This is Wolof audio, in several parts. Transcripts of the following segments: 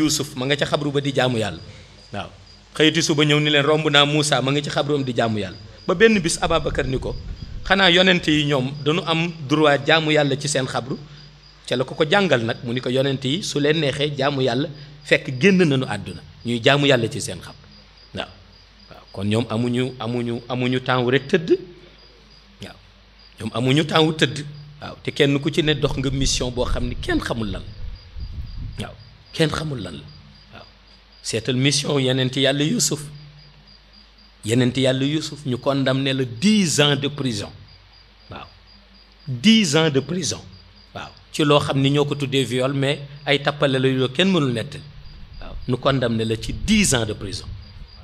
Yuusuf ma nga ca xabru ba di jaamu yàlla waaw xëyiti suba ñëw ni leen romb naa Moussa ma nga ci xabroom di jaamu yàlla ba benn bis Ababacar ni ko xanaa yonent yi ñoom dañu am droit jaamu yàlla ci seen xabru ca la ko ko jàngal nag mu ni ko yonent yi su leen neexee jaamu yàlla fekk génn nañu àdduna ñuy jaamu yàlla ci seen xabru waaw waaw kon ñoom amuñu amuñu amuñu temps wu rek tëdd waaw ñoom amuñu temps wu tëdd waaw te kenn ku ci ne dox nga mission boo xam ni kenn xamul lan waaw kenn xamul lan la waaw seetal mission yeneenti yàlla yusuf yeneenti yàlla yusuf ñu ne la dix ans de prison waaw dix ans de prison waaw ci loo xam ni ñoo ko tuddee viol mais ay tappale la yoo kenn mënul nettali waaw ñu ne la ci dix ans de prison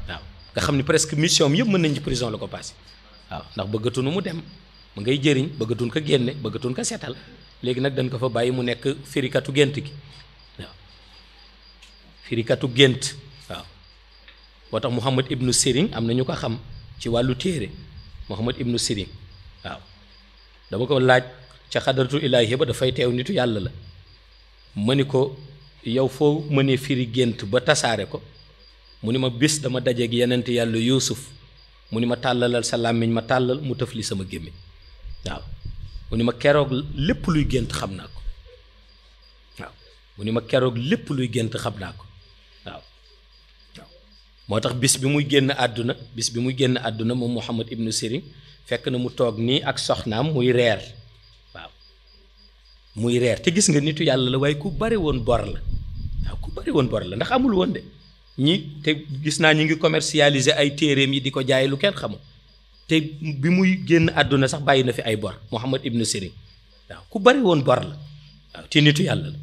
waaw nga xam ni presque mission am yëpp mën nañ ci prison la ko passé waaw ndax nu mu dem mu ngay jëriñ bëggatun ko génne bëggatun ko seetal léegi nag dañ ko fa bàyyi mu nekk firikatu gént gi firikatu gént waaw moo tax Muhammad ibnu Sirin am na ñu ko xam ci wàllu téere Muhammad ibnu Sirin waaw dama ko laaj ca xadaratu ilaahi ba dafay teew nitu yàlla la ma ni ko yow foo mënee firi gént ba tasaare ko mu ni ma bis dama dajeeg yenent yàlla yuusuf mu ni ma tàllalal sa làmmiñ ma tàllal mu tëf li sama gémmiñ waaw mu ni ma keroog lépp luy gént xam naa ko waaw mu ni ma keroog lépp luy gént xam naa ko moo tax bis bi muy génn àdduna bis bi muy génn àdduna moom Muhammad ibnu Sirin fekk na mu toog nii ak soxnaam muy reer waaw muy reer te gis nga nitu yàlla la waaye ku bari woon bor la waaw ku la ndax amul woon de te gis naa ñu ngi commercialiser ay téeréem yi di ko jaay lu kenn xamul te bi muy génn àdduna sax bàyyi na fi ay bor Muhammad ibnu Sirin waaw ku bari bor la waaw nitu yàlla la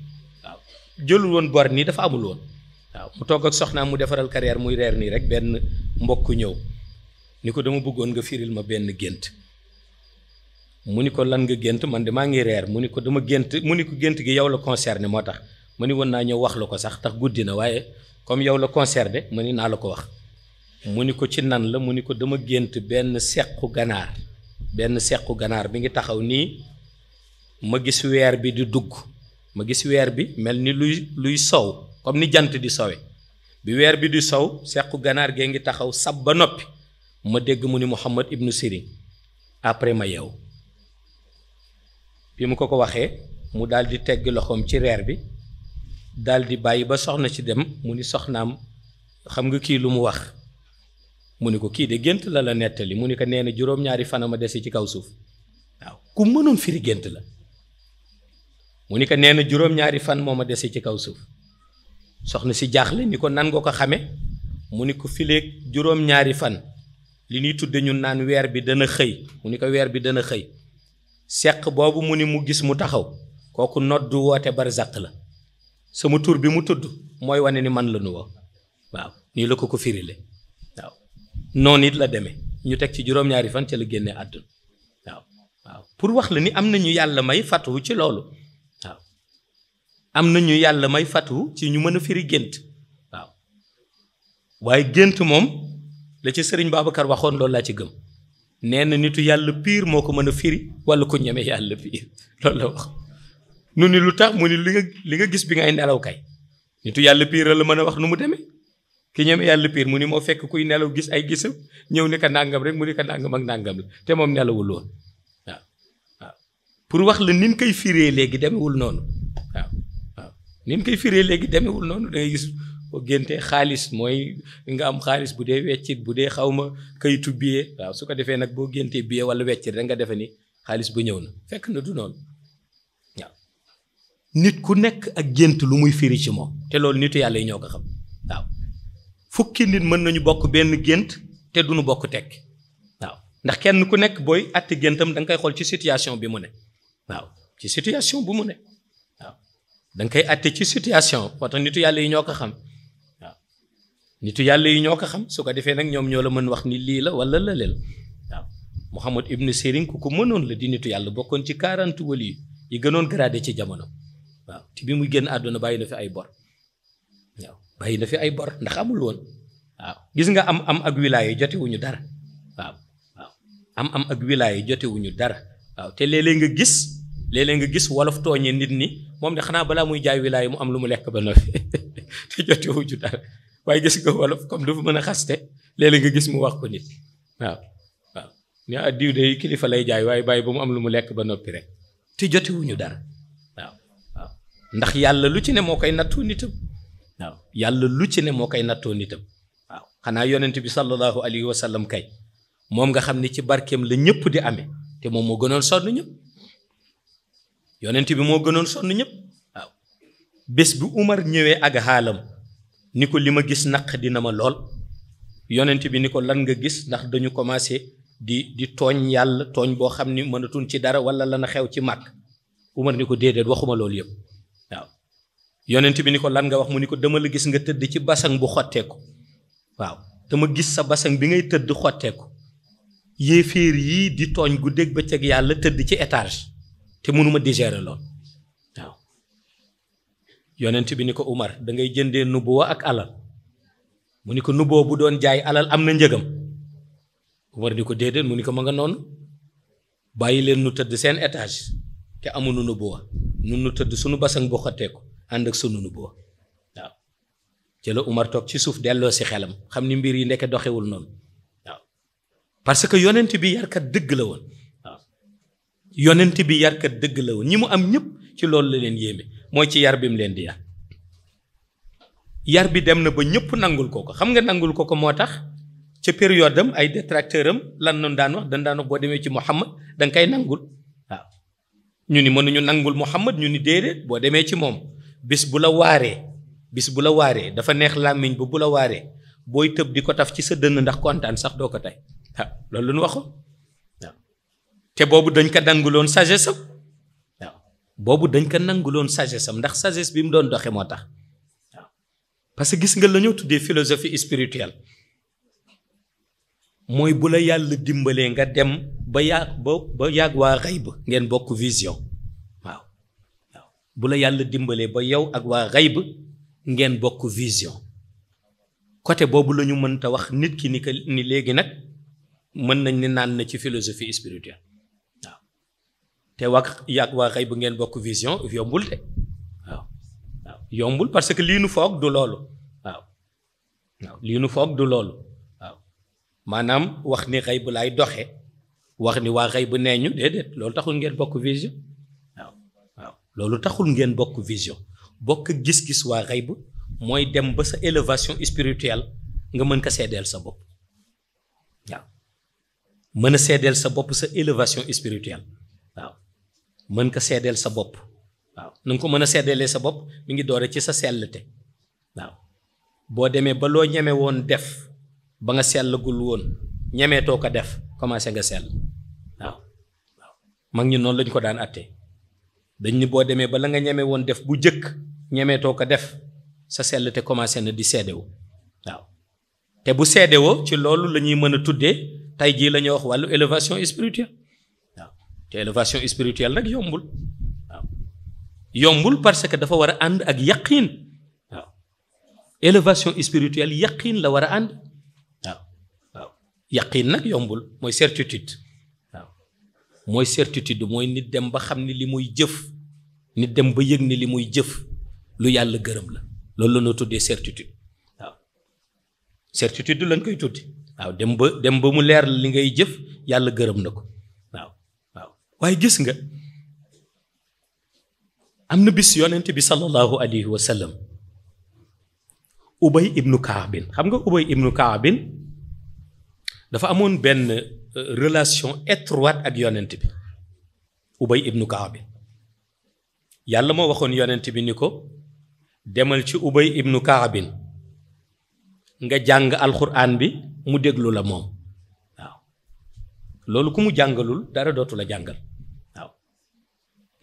waaw jëlul woon bor nii dafa amul woon waaw mu toog ak soxnaa mu defaral carrière muy reer nii rek benn mbokk ñëw ni ko dama bëggoon nga firil ma benn gént mu ni ko lan nga gént man de maa ngi reer mu ni ko dama gént mu ni ko gént gi yow la concerné moo tax mu ni woon naa ñëw wax la ko sax tax guddi na waaye comme yow la concerné mu ni naa la ko wax mu ni ko ci nan la mu ni ko dama gént benn sequ ganaar benn sequ ganaar bi ngi taxaw nii ma gis weer bi di dugg ma gis weer bi mel ni luy luy sow comme ni jant di sowe bi weer bi di sow sequ ganaar gee ngi taxaw sab ba noppi ma dégg mu ni Muhammad ibnu Sirin après ma yeew bi mu ko ko waxee mu daldi tegg loxoom ci reer bi daldi bàyyi ba soxna ci dem mu ni soxnaam xam nga kii lu mu wax mu ni ko kii de gént la la nettali mu ni ko nee na juróom-ñaari fan ma dese ci kaw suuf waaw ku mënoon firi gént la mu ni ko nee na juróom-ñaari fan moo ma dese ci kaw suuf soxna si jaaxle ni ko nan nga ko xame mu ni ko fileeg juróom-ñaari fan li ñuy tudd ñun naan weer bi dana xëy mu ni ko weer bi dana xëy seq boobu mu ni mu gis mu taxaw kooku noddu woote barzaq la sama tuur bi mu tudd mooy wane ni man la nu waaw nii la ko ko firile waaw noonu it la demee ñu teg ci juróom-ñaari fan ca la génnee àdduna waaw waaw pour wax la ni am nañu yàlla may fàttewu ci loolu am na ñu yàlla may fatu ci ñu mën a firi gént waaw waaye gént moom la ci sëriñ Babacar waxoon loolu laa ci gëm nee na nitu yàlla piir moo ko mën a firi wala ku ñeme yàlla piir loolu la ni lu tax mu ni li nga li nga gis bi ngay nelaw kay nitu yàlla piir la mën a wax nu mu demee ki ñeme yàlla piir mu ni moo fekk kuy nelaw gis ay gisam ñëw ni ko nàngam rek mu ni ko nàngam ak nàngam la te moom nelawul woon waaw waaw pour wax la nin koy firee léegi demewul noonu ni mu koy firee léegi demewul noonu ngay gis boo xaalis mooy nga am xaalis bu dee weccit bu dee xaw ma kayitu billet su ko defee nag boo géntee billet wala weccit rek nga defe ni xaalis ba ñëw na fekk na du noonu nit ku nekk ak gént lu muy firi ci moom te loolu nit yàlla yi ñoo ko xam waaw fukki nit mën nañu bokk benn gént te dunu bokk tekk waaw ndax kenn ku nekk booy atti géntam da nga koy xool ci situation bi mu ne waaw ci situation bu mu ne danga koy atte ci situation moo tax nitu yàlla yi ñoo ko xam waaw nitu yàlla yi ñoo ko xam su ko defee nag ñoom ñoo la mën wax ni lii la wala la leel waaw Muhammad ibnu Sirin ku ko mënoon la di nitu yàlla bokkoon ci quarante wali yi gënoon gradé ci jamono waaw te bi muy génn àdduna bàyyi na fi ay bor waaw bàyyi na fi ay bor ndax amul woon waaw gis nga am am ak wilaaya jotewuñu dara waaw am am ak wilaaya jotewuñu dara waaw te léeg-léeg nga gis léeg nga gis wolof tooñe nit ni moom de xanaa balaa muy jaay wilaay mu am lu mu lekk ba noppi te jote dara waaye gis nga wolof comme dafa mën a xaste léeg-léeg nga mu wax ko nit waaw waaw ne ah, de kilifa lay jaay waaye bàyyi ba mu am lu mu lekk ba noppi rek te jotewuñu wuñu dara waaw ndax yàlla lu ci ne moo koy nattoo nitam waaw yàlla lu ci ne moo koy nattoo nitam xanaa yonent bi sallallahu alayhi wa sallam kay moom nga xam ne ci barkeem la ñëpp di ame te moom moo gënoon sonn ñëpp yonent bi moo gënoon sonn ñëpp waaw bés bi Umar ñëwee ak xaalam ni ko li ma gis naq dina ma lool yonent bi ni ko lan nga gis ndax dañu commencé di di tooñ yàlla tooñ boo xam ni mënatul ci dara wala lana xew ci màkk Umar ni ko déedéet waxuma loolu yëpp waaw yonent bi ni ko lan nga wax mu ni ko dama la gis nga tëdd ci basang bu xotteeku waaw dama gis sa basang bi ngay tëdd xotteeku yéeféer yii di tooñ guddeeg bëccëg yàlla tëdd ci étage te mënuma digérer lool waaw yonent bi ni ko Umar da ngay jëndee nubuwa ak alal mu ni ko nubuwa bu doon jaay alal am na njëgam Umar ni ko déedéet mu ni ko ma nga noonu bàyyi leen nu tëdd seen étage te amuñu nubuwa nun nu tëdd sunu basang bu xotteeku ànd ak sunu nubuwa waaw jëla Umar toog ci suuf delloo si xelam xam ni mbir yi ndeke doxewul noonu waaw parce que yonent bi yarkat dëgg la woon yonent bi yar yarkat dëgg la woon ñi mu am ñëpp ci loolu la leen yéeme mooy ci yar bi mu leen di yar yar bi dem na ba ñëpp nangul ko ko xam nga nangul ko ko moo tax ca période am ay détracteur am lan noonu daan wax dañ daan wax boo demee ci Muhammad da koy nangul waaw ñu ni mënuñu nangul Muhammad ñu ni déedéet boo demee ci moom bis bu la waaree bis bu la waaree dafa neex làmmiñ ba bu la waaree booy tëb di ko taf ci sa dënn ndax kontaan sax doo ko tey loolu lu ñu te boobu dañ ko nanguloon sagesse am waaw boobu dañ ko nanguloon sagesse am ndax sages bi mu doon doxe moo tax waaw parce que gis nga la ñoo tuddee philosophie spirituelle mooy bu la yàlla dimbalee nga dem ba yàgg ba ba yàgg waa xayb ngeen bokk vision waaw waaw yàlla dimbalee ba yow ak waa xayb ngeen bokk vision côté boobu la ñu mënta wax nit ki ni ko ni léegi nag mën nañ ne naan na ci philosophie spirituelle te wax yàgg waa xëy bu ngeen bokk vision yombul de waaw waaw yombul parce que lii nu foog du loolu waaw waaw lii nu foog du loolu waaw maanaam wax ni xëy bu laay doxe wax ni waa xëy nee ñu déedéet loolu taxul ngeen bokk vision waaw waaw loolu taxul ngeen bokk vision bokk gis-gis waa xëy mooy dem ba sa élévation spirituelle nga mën ko seddeel sa bopp waaw mën a seddeel sa bopp sa élévation spirituelle mën ko seedeel sa bopp waaw na nga ko mën a seedeelee sa bopp mu ngi doore ci sa sellete waaw boo demee ba loo ñeme woon def ba nga sellagul woon ñemeetoo ko def commencé nga sell waaw mag ñi noonu lañ ko daan attee dañ ni boo demee ba la nga ñeme woon def bu jëkk ñemeetoo ko def sa sellte commencé na di seedewu waaw te bu seedewoo ci loolu la ñuy mën a tuddee tey jii la wax wàllu élévation spirituelle te élévation spirituelle nag yombul waaw yombul parce que dafa war a ànd ak yaqiin waaw élévation spirituelle yaqiin la war a ànd waaw waaw yaqiin nag yombul mooy certitude waaw mooy certitude mooy nit dem ba xam ni li muy jëf nit dem ba yëg ni li muy jëf lu yàlla gërëm la loolu la noo tuddee certitude waaw certitude du lañ koy tuddi waaw dem ba dem ba mu leer li ngay jëf yàlla gërëm na ko waaye gis nga am na bis yonent bi sallallahu alayhi wa ubay ibnu kaabin xam nga ubay ibnu kaabin dafa amoon benn euh, relation étroite ak yonent bi ubay ibnu kaabin yàlla moo waxoon yonent bi ni ko demal ci ubay ibnu kaabin nga jàng alxuraan bi mu déglu la moom waaw loolu ku mu jàngalul dara dootu la jàngal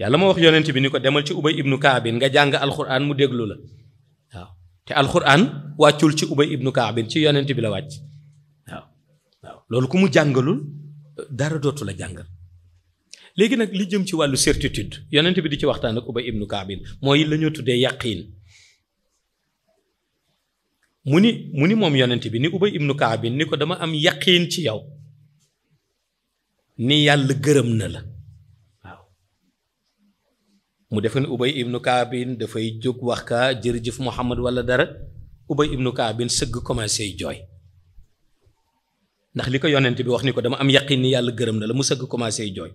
yàlla moo wax yonent bi ni ko demal ci ubay ibnu kaabin nga jàng alxuraan mu déglu la waaw te alxuraan wàccul ci uba ibnu kaabin ci yonent bi la wàcc waaw loolu ku mu jàngalul dara dootu la jàngal léegi nag li jëm ci wàllu certitude yonent bi di ci waxtaan ak ubay ibnu kaabin mooy la ñoo tuddee yaqiin mu ni mu ni moom yonent bi ni ubay ibnu kaabin ni ko dama am yaqiin ci yow ni yàlla gërëm na la mu defe ne ubay ibnu kaabin dafay jóg wax ka jërëjëf muhammad wala dara ubay ibnu kaabin sëgg commencé jooy ndax li ko yonent bi wax ni ko dama am yaqin ni yàlla gërëm na la mu sëgg commencé jooy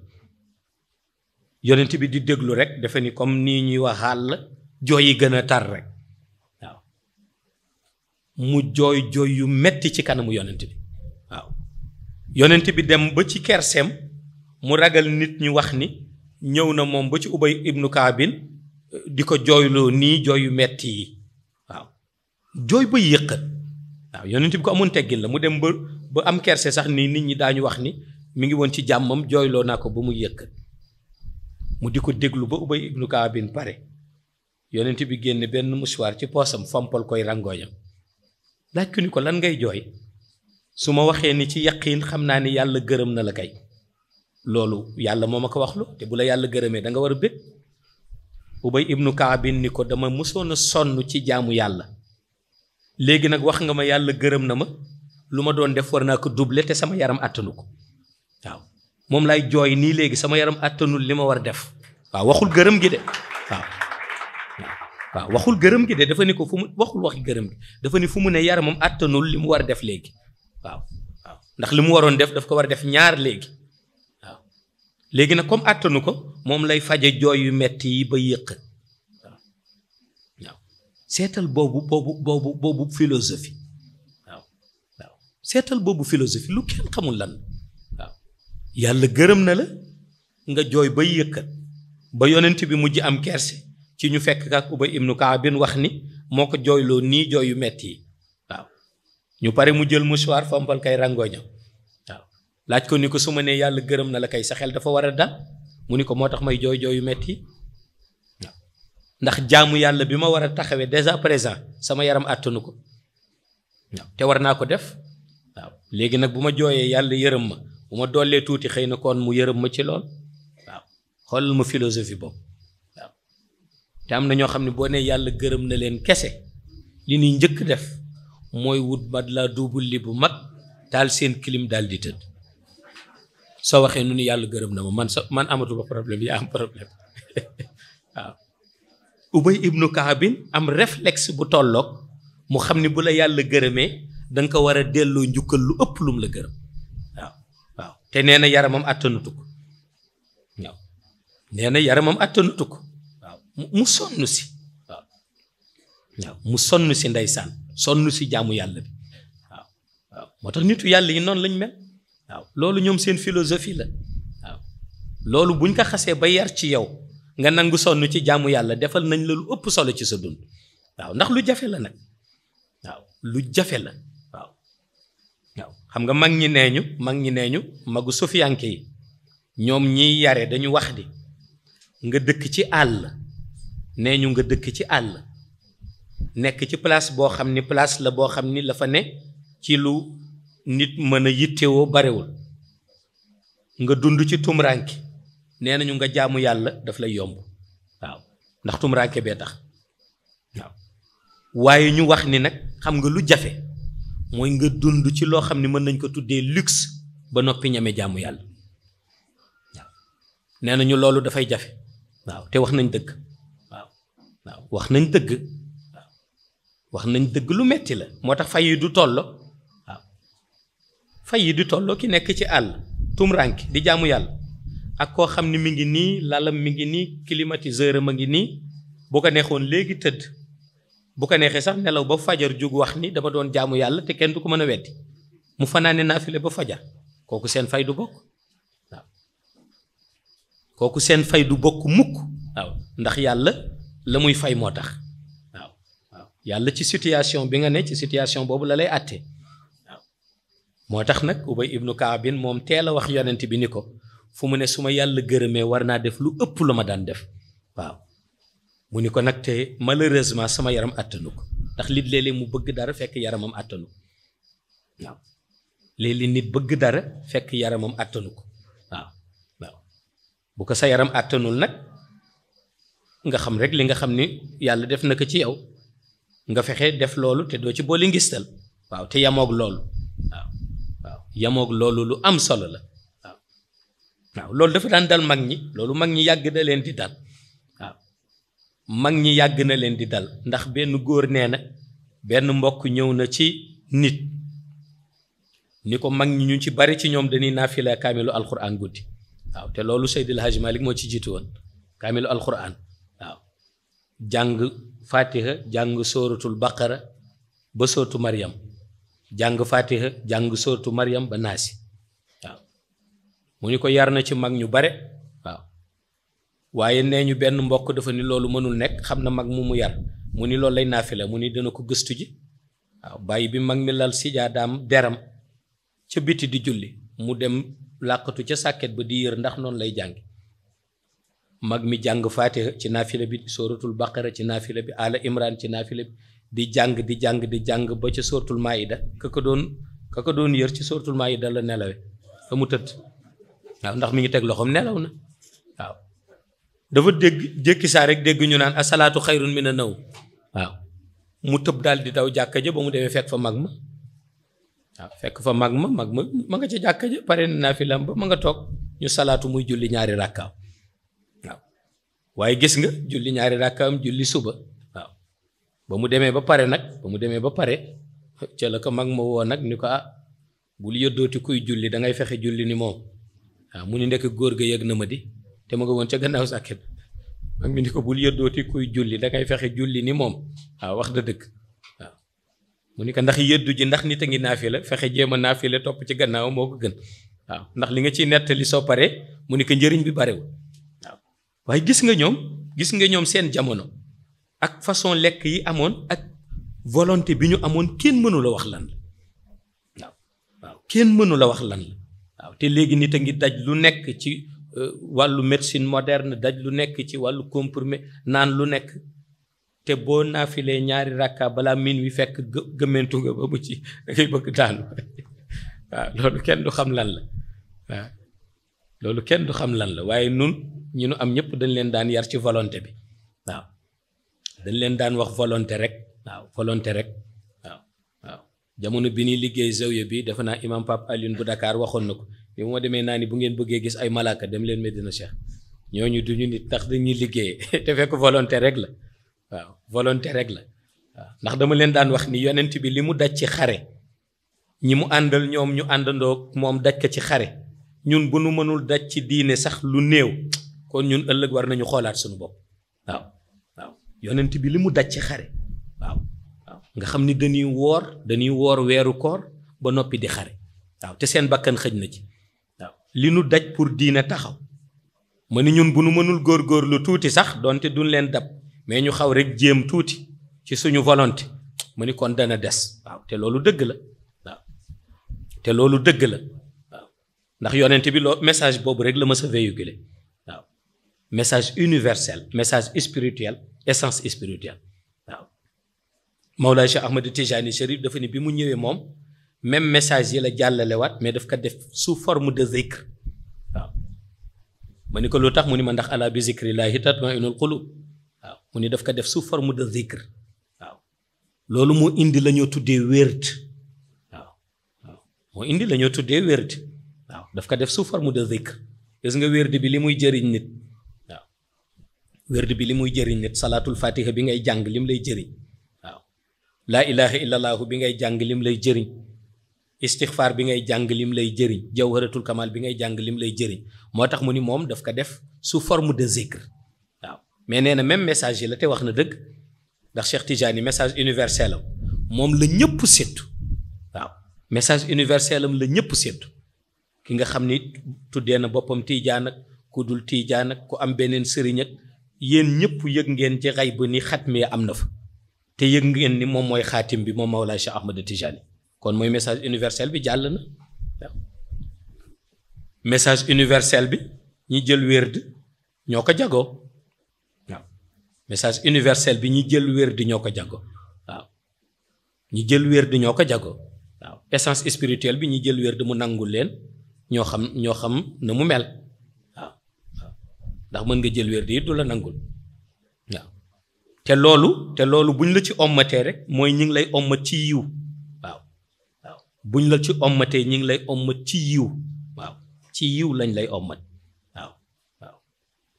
yonent bi di déglu rek dafa ni comme nii ñuy waxaal la jooy yi gën a tar rek waaw mu jooy jooy yu metti ci kanamu yonent bi waaw yonent bi dem ba ci kerseem mu ragal nit ñu wax ni ñëw na moom ba ci ubay ibnu kaabin di ko jooyloo nii jooyu metti yi waaw jooy ba yëqat waaw yonent bi ko amoon teggin la mu dem ba ba am kerse sax nii nit ñi daañu wax ni mi ngi woon ci jàmmam jooyloo naa ko ba mu yëqat mu di ko déglu ba ubay ibnu kaabin pare yonent bi génn benn musuwaar ci poosam fompal koy rangooñam laaj ko ni ko lan ngay jooy su ma waxee ni ci yaqiin xam naa ni yàlla gërëm na la kay loolu yàlla moo ma ko waxlu te bu la yàlla gërëmee da nga war a bëgg ubay ibnu kaabin ni ko dama mësoon sonn ci jaamu yàlla léegi nag wax nga ma yàlla gërëm na ma lu ma doon def war naa ko doubler te sama yaram àttanu ko waaw moom lay jooy nii léegi sama yaram àttanul li ma war a def waaw waxul gërëm gi de waxul gërëm gi de dafa ni ko fu mu gërëm dafa ni fu mu ne yaramam attanul li mu war a def léegi waaw waaw ndax li mu waroon def daf ko war a def ñaar léegi léegi nag comme àttanu ko moom lay faje jooy yu metti yi bay yëq waaw waaw seetal boobu boobu boobu boobu philosophie waaw waaw seetal boobu philosophie lu kenn xamul lan waaw yàlla gërëm na la nga jooy ba yëkkat ba yonent bi mujj am kerse ci ñu fekk ak Ubay ibnu Kaabin wax ni moo ko jooyloo nii jooy yu metti yi waaw ñu pare mu jël mouchoir fompal kay rangoñam laaj ko ni ko su ma nee yàlla gërëm na la kay sa xel dafa war a dal mu ni ko moo tax may jooy jooyu metti ndax jaamu yàlla bi ma war a taxawee dèjà présent sama yaram àttanu ko te war naa ko def waaw léegi nag bu ma jooyee yàlla yërëm ma bu ma doolee tuuti xëy na koon mu yërëm ma ci lool waaw xoolal ma philosophie boobu waaw te am na ñoo xam ne boo nee yàlla gërëm na leen kese li ñuy njëkk def mooy wut mat laa duubul li bu mag taal seen clim daal di tëdd soo waxee nu ni yàlla gërëm na ma man sa man amatuma problème yaa am problème waaw ubay ibnu kaabin am réflexe bu tolloog mu xam ni bu la yàlla gërëmee danga ko war a delloo njukkal lu ëpp lum la gërëm waaw waaw te nee na yaramam àttanutu ko waaw na yaramam àttanutu ko waaw mu sonn si waaw mu sonn si ndeysaan sonn si jaamu yàlla bi waaw waaw moo tax nitu yàlla yi noonu lañ mel waaw loolu ñoom seen philosophie la waaw loolu buñ ko xasee ba yar ci yow nga nangu sonn ci jaamu yàlla defal nañ la lu ëpp solo ci sa dund waaw ndax lu jafe la nag waaw lu jafe la waaw xam nga mag ñi nee ñu mag ñi nee ñu magu sufiyanke yi ñoom ñiy yare dañu wax di nga dëkk ci àll nee ñu nga dëkk ci àll nekk ci place boo xam ni place la boo xam ni la fa ne ci lu nit mën a yittewoo barewul nga dund ci tumuraanke nee nañu nga jaamu yàlla daf lay yomb waaw ndax tumuraanke bee tax waaw waaye ñu wax ni nag xam nga lu jafe mooy nga dund ci loo xam ne mën nañ ko tuddee luxe ba noppi ñame jàmm yàlla waaw nee nañu loolu dafay jafe waaw te wax nañ dëgg waaw wax nañ dëgg wax nañ dëgg lu metti la moo tax fay yi du tollo fay yi di tolloo ki nekk ci àll tumrank di jaamu yàlla ak koo xam ni mi ngi nii lalam mi ngi nii climatiseur am a ngi nii bu ko neexoon léegi tëdd bu ko neexee sax nelaw ba fajar jóg wax ni dama doon jaamu yàlla te kenn du ko mën a weddi mu fanaane naafile ba fajar kooku seen fay du bokk waaw kooku seen fay du bokk mukk waaw ndax yàlla la muy fay moo tax waaw yàlla ci situation bi nga ne ci situation boobu la lay àtte moo tax nag ubay ibnu kaabin moom teel a wax yonent bi ni ko fu mu ne suma yàlla gërëmee war naa def lu ëpp lu ma daan def waaw mu ni ko nag te malheureusement sama yaram àttanu ko ndax lit léeg-léeg mu bëgg dara fekk yaramam àttanu ko waaw nit bëgg dara fekk yaramam àttanu ko waaw bu ko sa yaram àttanul nag nga xam rek li nga xam ni yàlla def na ko ci yow nga fexe def loolu te doo ci boole ngistal waaw te yamook loolu waaw yamoog loolu lu am solo la waaw waaw loolu dafa daan dal mag ñi loolu mag ñi yàgg na leen di dal waaw mag ñi yàgg na leen di dal ndax benn góor nee na benn mbokk ñëw na ci nit ni ko mag ñi ñu ci bari ci ñoom dañuy naafila kaamilu alquran guddi waaw te loolu Seydil Hadji Malick moo ci jiitu woon kaamilu alquran waaw jàng fatiha jàng sóoratul baqara ba sóotu Maryam jàng fatiha jàng sortu Maryam ba naasi waaw mu ni ko yar na ci mag ñu bare waaw waaye nee ñu benn mbokk dafa ni loolu mënul nekk xam na mag mu mu yar mu ni lool lay naafila mu ni dina ko gëstu ji waaw bàyyi bi mag mi lal sijaadaam deram ca biti di julli mu dem làqatu ca sàkket ba di yër ndax noonu lay jàng mag mi jàng faatiha ci naafila bi sóoratul baqara ci naafila bi ala imran ci naafila bi di jàng di jàng di jàng ba ca sortul maayida ka ko doon ka ko doon yër ci sortul maayida la nelawe fa mu tëdd waaw ndax mi ngi teg loxoom nelaw na waaw dafa dégg jékki saa rek dégg ñu naan asalaatu xayrun mina naw waaw mu tëb daal di daw jàkka ja ba mu demee fekk fa mag ma fekk fa mag ma mag ma ma nga ca jàkka ja pare naa fi lam ba ma nga toog ñu salaatu muy julli ñaari ràkkaam waaw waaye gis nga julli ñaari ràkkaam julli suba ba mu demee ba pare nag ba mu demee ba pare ca la ko mag ma woo nag ni ko ah bul yëddooti kuy julli dangay ngay fexe julli ni moom waaw mu ni ndekk góor ga yëg na ma di te ma woon ca gannaaw sàkket mag ko bul yëddooti kuy julli da ngay fexe julli ni moom wax da dëgg mu ni ko ndax yëddu ji ndax nit a ngi naafila fexe jéem a naafila topp ci gannaaw moo ko gën waaw ndax li nga ciy nettali soo paree mu ni ko njëriñ bi barewul waaye gis nga ñoom gis nga ñoom seen jamono ak façon lekk yi amoon ak volonté bi ñu amoon kenn mënu wax lan la waaw kenn mënula wax lan la waaw te léegi nit a ngi daj lu nekk ci euh, wàllu médecine moderne daj lu nekk ci wàllu comprimé naan lu nekk te boo naafilee ñaari rakka balaa min wi fekk gëmmentu nga ba mu ci da ngay bëgg daanu waaw loolu kenn du xam lan la loolu kenn du xam lan la waaye nun ñu nu am ñëpp dañ leen daan yar ci volonté bi waaw dañ leen daan wax volonté rek waaw volonté rek waaw waaw jamono bi ñuy liggéey zawiya bi dafa naa imam Pape Alioune bu Dakar waxoon na ko bi moo demee naa ni bu ngeen bëggee gis ay malaaka dem leen Medina ñooñu duñu nit tax dañuy liggéeyee te fekk volonté rek la waaw volonté rek la ndax dama leen daan wax ni yonent bi li mu daj ci xare ñi mu àndal ñoom ñu àndandoo moom daj ko ci xare ñun bu nu mënul daj ci diine sax lu néew kon ñun ëllëg war nañu xoolaat suñu bopp waaw yonent bi li mu daj ci xare waaw waaw nga xam ni dañuy woor dañuy woor weeru koor ba noppi di xare waaw te seen bakkan xëj na ci waaw li nu daj pour diine taxaw ma ni ñun bu nu mënul lu tuuti sax donte du leen dab mais ñu xaw rek jéem tuuti ci suñu volonté ma ni kon dana des waaw te loolu dëgg la waaw te loolu dëgg la waaw ndax yonent bi loo message boobu rek la ma sa véhiculer waaw message universel message spirituel essence spirituelle waaw Mawlaay Cheikh Ahmad Tijani Chérif dafa ni bi mu ñëwee moom même message yi la jàllalewaat mais daf ko def sous forme de zikr waaw ma ko lu tax mu ni ma ndax ala bi zikrillahi tatma'innul qulub waaw mu ni daf ko def sous forme de zikr waaw loolu moo indi la ñoo tuddee wérd waaw moo indi la tuddee wérd waaw daf ko def sous forme de zikr gis nga wérd bi li muy jëriñ nit werd bi li muy jëriñ nit salaatul fatiha bi ngay jàng lim lay jëriñ waaw laa ilaha illallahu bi ngay jàng lim lay jëriñ istixfaar bi ngay jàng lim lay jëriñ jawharatul kamal bi ngay jàng lim lay jëriñ moo tax mu ni moom daf ko def su forme de zikr waaw mais nee na même message yi la te wax na dëgg ndax Cheikh Tidiane message universel am moom la ñëpp séddu waaw message universel am la ñëpp séddu ki nga xam ni tuddee na boppam Tidiane ak ku dul Tidiane ku am beneen sëriñ yéen ñëpp yëg ngeen ci xay ba ni xatmee am na fa te yëg ngeen ni moom mooy xaatim bi moom Mawlaay Cheikh Ahmad Tijani kon mooy message universel bi jàll na message universel bi ñi jël wérd ñoo ko jagoo waaw message universel bi ñi jël wérd ñoo ko jagoo waaw ñi jël wérd ñoo ko jagoo waaw essence spirituelle bi ñi jël wérd mu nangu leen ñoo xam ñoo xam na mu mel. ndax mën nga jël wérdi yi du la nangul waaw te loolu te loolu buñ la ci ommatee rek mooy ñi ngi lay ommat ci yiw waaw waaw buñ la ci ommatee ñi ngi lay ommat ci yiw waaw ci yiw lañ lay omat waaw waaw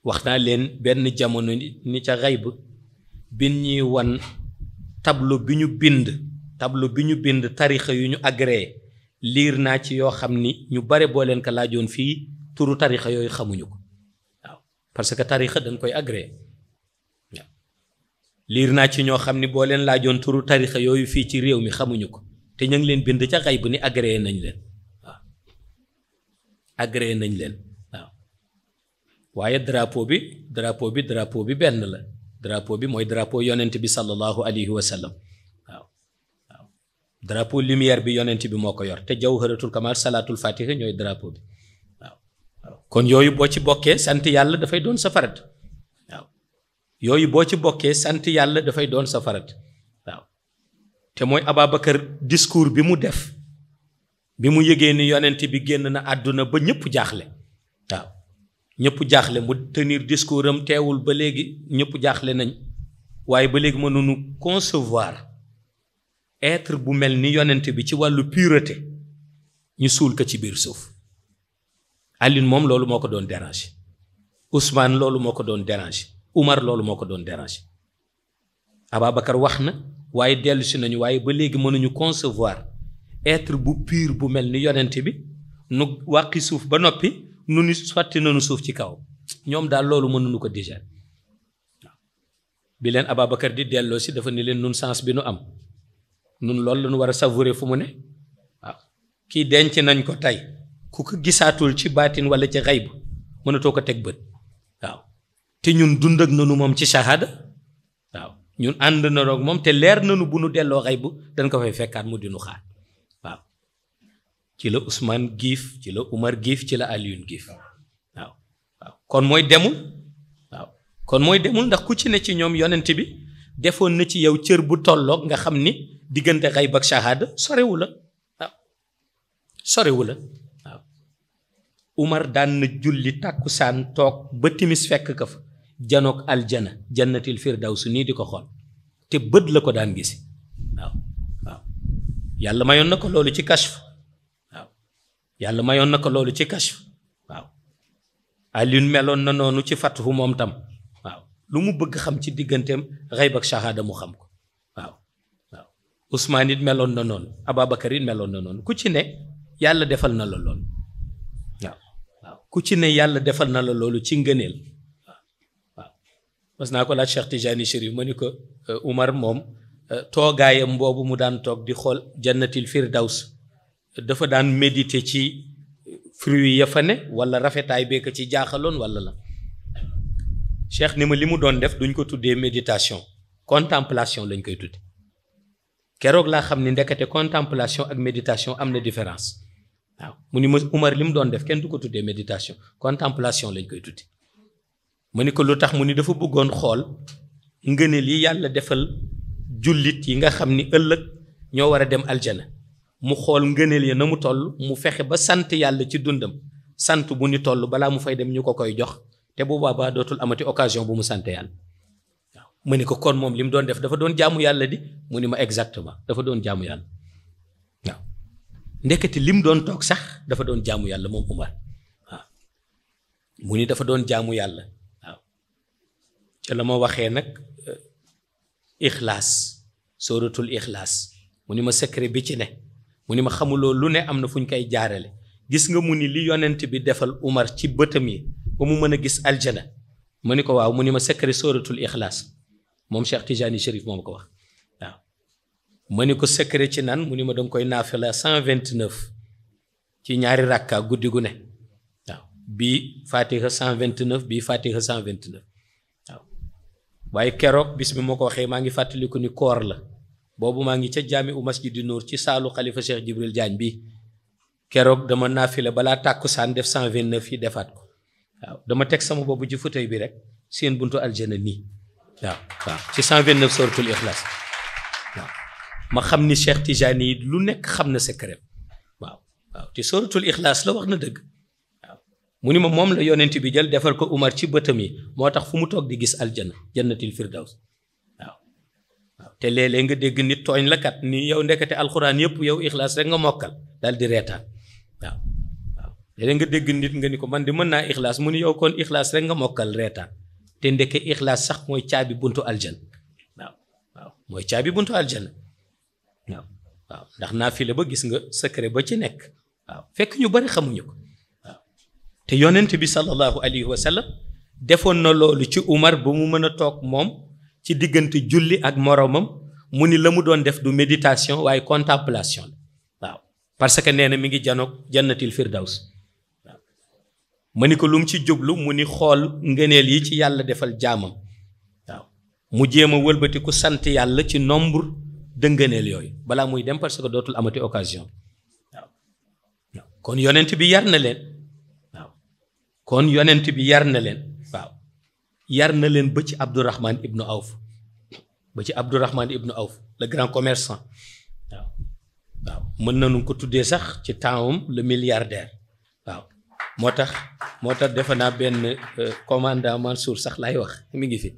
wax naa leen benn jamono ni ca xayb bin ñuy wan tableau bi ñu bind tableau bi ñu bind tarixa yu ñu agréé liir naa ci yoo xam ni ñu bare boo leen ko laajoon fii turu tarixa yooyu xamuñu ko parce que tarixa dañ koy agréé liir naa ci ñoo xam ni boo leen laajoon turu tarixa yooyu fii ci réew mi xamuñu ko te ñu ngi leen bind ca xay bu ni agréé nañ leen waaw agréé nañ leen waaw waaye drapeau bi drapeau bi drapeau bi benn la drapeau bi mooy drapeau yonent bi sallallahu alayhi wa sallam waaw waaw drapeau bi moo ko yor te jawharatul kamal salaatul fatiha ñooy drapeau bi kon yooyu boo ci bokkee sant yàlla dafay doon sa waaw yooyu boo ci bokkee sant yàlla dafay doon safarat farat waaw te mooy Ababacar discours bi mu def bi mu yëgee ni yonent bi génn na àdduna ba ñëpp jaaxle waaw ñëpp jaaxle mu tenir discours am teewul ba léegi ñëpp jaaxle nañ waaye ba léegi mënuñu concevoir être bu mel ni yonent bi ci wàllu pureté ñu suul ko ci biir suuf Alioune moom loolu moo ko doon déranger Ousmane loolu moo ko doon déranger Umar loolu moo ko doon déranger Ababacar wax na waaye dellusi nañu waaye ba léegi mënuñu concevoir être bu pur bu mel ni yonent bi nu wàqi suuf ba noppi nu ni sotti nañu suuf ci kaw ñoom daal loolu mën mënuñu ko digérer bi leen Ababacar di delloo si dafa ni leen nun sens bi nu am nun loolu lañu war a savourer fu mu ne waaw kii denc nañ ko tey ku ko gisaatul ci baatin wala ci xayb mënatoo ko teg bët waaw te ñun dund ak nanu moom ci shahada waaw ñun ànd na roog moom te leer nanu bu nu delloo xayb dañ ko fay fekkaat mu dinu xaar waaw ci la Ousmane giif ci la Umar giif ci la Alioune giif waaw waaw kon mooy demul waaw kon mooy demul ndax ku ci ne ci ñoom yonent bi defoon na ci yow cër bu tollook nga xam ni diggante xayb ak shahada sorewula waaw sorewu Umar daan na julli tàkkusaan toog ba timis fekk ka fa janoog aljana jannatil firdawsu nii di ko xool te bët la ko daan gisi waaw waaw yàlla mayoon na ko loolu ci kashf waaw yàlla mayoon na ko loolu ci kashf waaw Alioune meloon na noonu ci fathu moom tam waaw lu mu bëgg xam ci digganteem xayb ak mu xam ko waaw waaw Ousmane it meloon na noonu Ababacar meloon na noonu ku ci ne yàlla defal na la lool ku ci ne yàlla defal na la loolu ci ngëneel waaw mas naa ko laaj Cheikh Tijani Chérif ma ni ko euh, Umar moom euh, toogaayam boobu mu daan toog di xool jannatil firdaws dafa daan médité ci fruit ya fa ne wala rafetaay bee ko ci jaaxaloon wala la Cheikh ni ma li mu doon def duñ ko tuddee méditation contemplation lañ koy tudde keroog laa xam ni ndekete contemplation ak méditation am na différence waaw mu ni ma Umar li mu doon def kenn du ko tuddee méditation contemplation lañu koy tuddi mu ni ko lu tax mu ni dafa bëggoon xool ngëneel yi yàlla defal jullit yi nga xam ni ëllëg ñoo war a dem aljana mu xool ngëneel ya na mu toll mu fexe ba sant yàlla ci dundam sant bu ni toll balaa mu fay dem ñu ko koy jox te bu boobaa dootul amati occasion bu mu sant yàlla waaw mu ni ko kon moom li mu doon def dafa doon jàmm yàlla di mu ni ma exactement dafa doon jaamu yàlla ndekete lim doon toog sax dafa doon jaamu yàlla moom Umar waaw mu ni dafa doon jaamu yàlla waaw ca la ma waxee nag eh, ixlaas sooratul ixlaas mu ni ma secret bi ci ne mu ni ma xamuloo lu ne am na fu ñu koy jaarale gis nga mu ni li yonent bi defal Umar ci bëtam yi ba mu mën a gis aljana mu ni ko waaw mu ni ma secret sooratul ixlaas moom Cheikh Tijani Chérif moom ko wax ma ni ko secret ci nan mu ni ma danga koy naafila cent vingt neuf ci ñaari rakka guddi gu ne waaw bii fatiha cent vingt neuf bii fatiha cent vingt neuf waaye keroog bis bi moo ko waxee maa ngi fàttaliku ni koor la boobu maa ngi ca jaami u masjidi nuur ci saalu xalifa Cheikh Jibril Jaañ bi keroog dama naafile balaa tàkkusaan def cent vingt neuf yi defaat ko waaw dama teg sama boobu ci fauteuil bi rek seen buntu aljana nii waaw waaw ci cent vingt neuf suratul ixlaas ma xam ni Cheikh Tijani yi lu nekk xam na secret waaw waaw te sooratul ixlaas la wax na dëgg waaw mu ni ma moom la yonent bi jël defal ko Umar ci bëtam yi moo tax fu mu toog di gis aljanna jannatil firdaws waaw waaw te léeg nga dégg nit tooñ yow ndekete alxuraan yëpp yow ixlaas rek nga mokkal daal di reetaan nga dégg ni ko man di mën naa ixlaas mu ni yow kon ixlaas rek nga mokkal reetaan te ndeke ixlaas sax mooy caabi buntu aljanna waaw mooy caabi buntu aljanna waaw waaw ndax naafile ba gis nga secret ba ci nekk waaw fekk ñu bari xamuñu ko waaw te yonent bi sallallahu alayhi wa defoon na loolu ci Umar ba mu mën a toog moom ci diggante julli ak moroomam mu ni la mu doon def du méditation waaye contemplation la waaw parce que nee na mi ngi janoog jannatil firdaws waaw ma ni ko lu ci jublu mu ni xool ngëneel yi ci yàlla defal jaamam waaw mu jéem a wëlbatiku sant yàlla ci nombre dëngëneel yooyu balaa muy dem parce que dootul amati occasion waaw waaw kon yonent bi yar na leen waaw kon bi yar na leen waaw na leen ba ci Abdourahman ibnu Awf ba ci Abdourahman ibnu Awf le grand commerçant waaw waaw mën nañu ko tuddee sax ci tempsam le milliardaire waaw moo tax moo tax defe naa benn euh, commandant Mansour sax lay wax mi ngi fi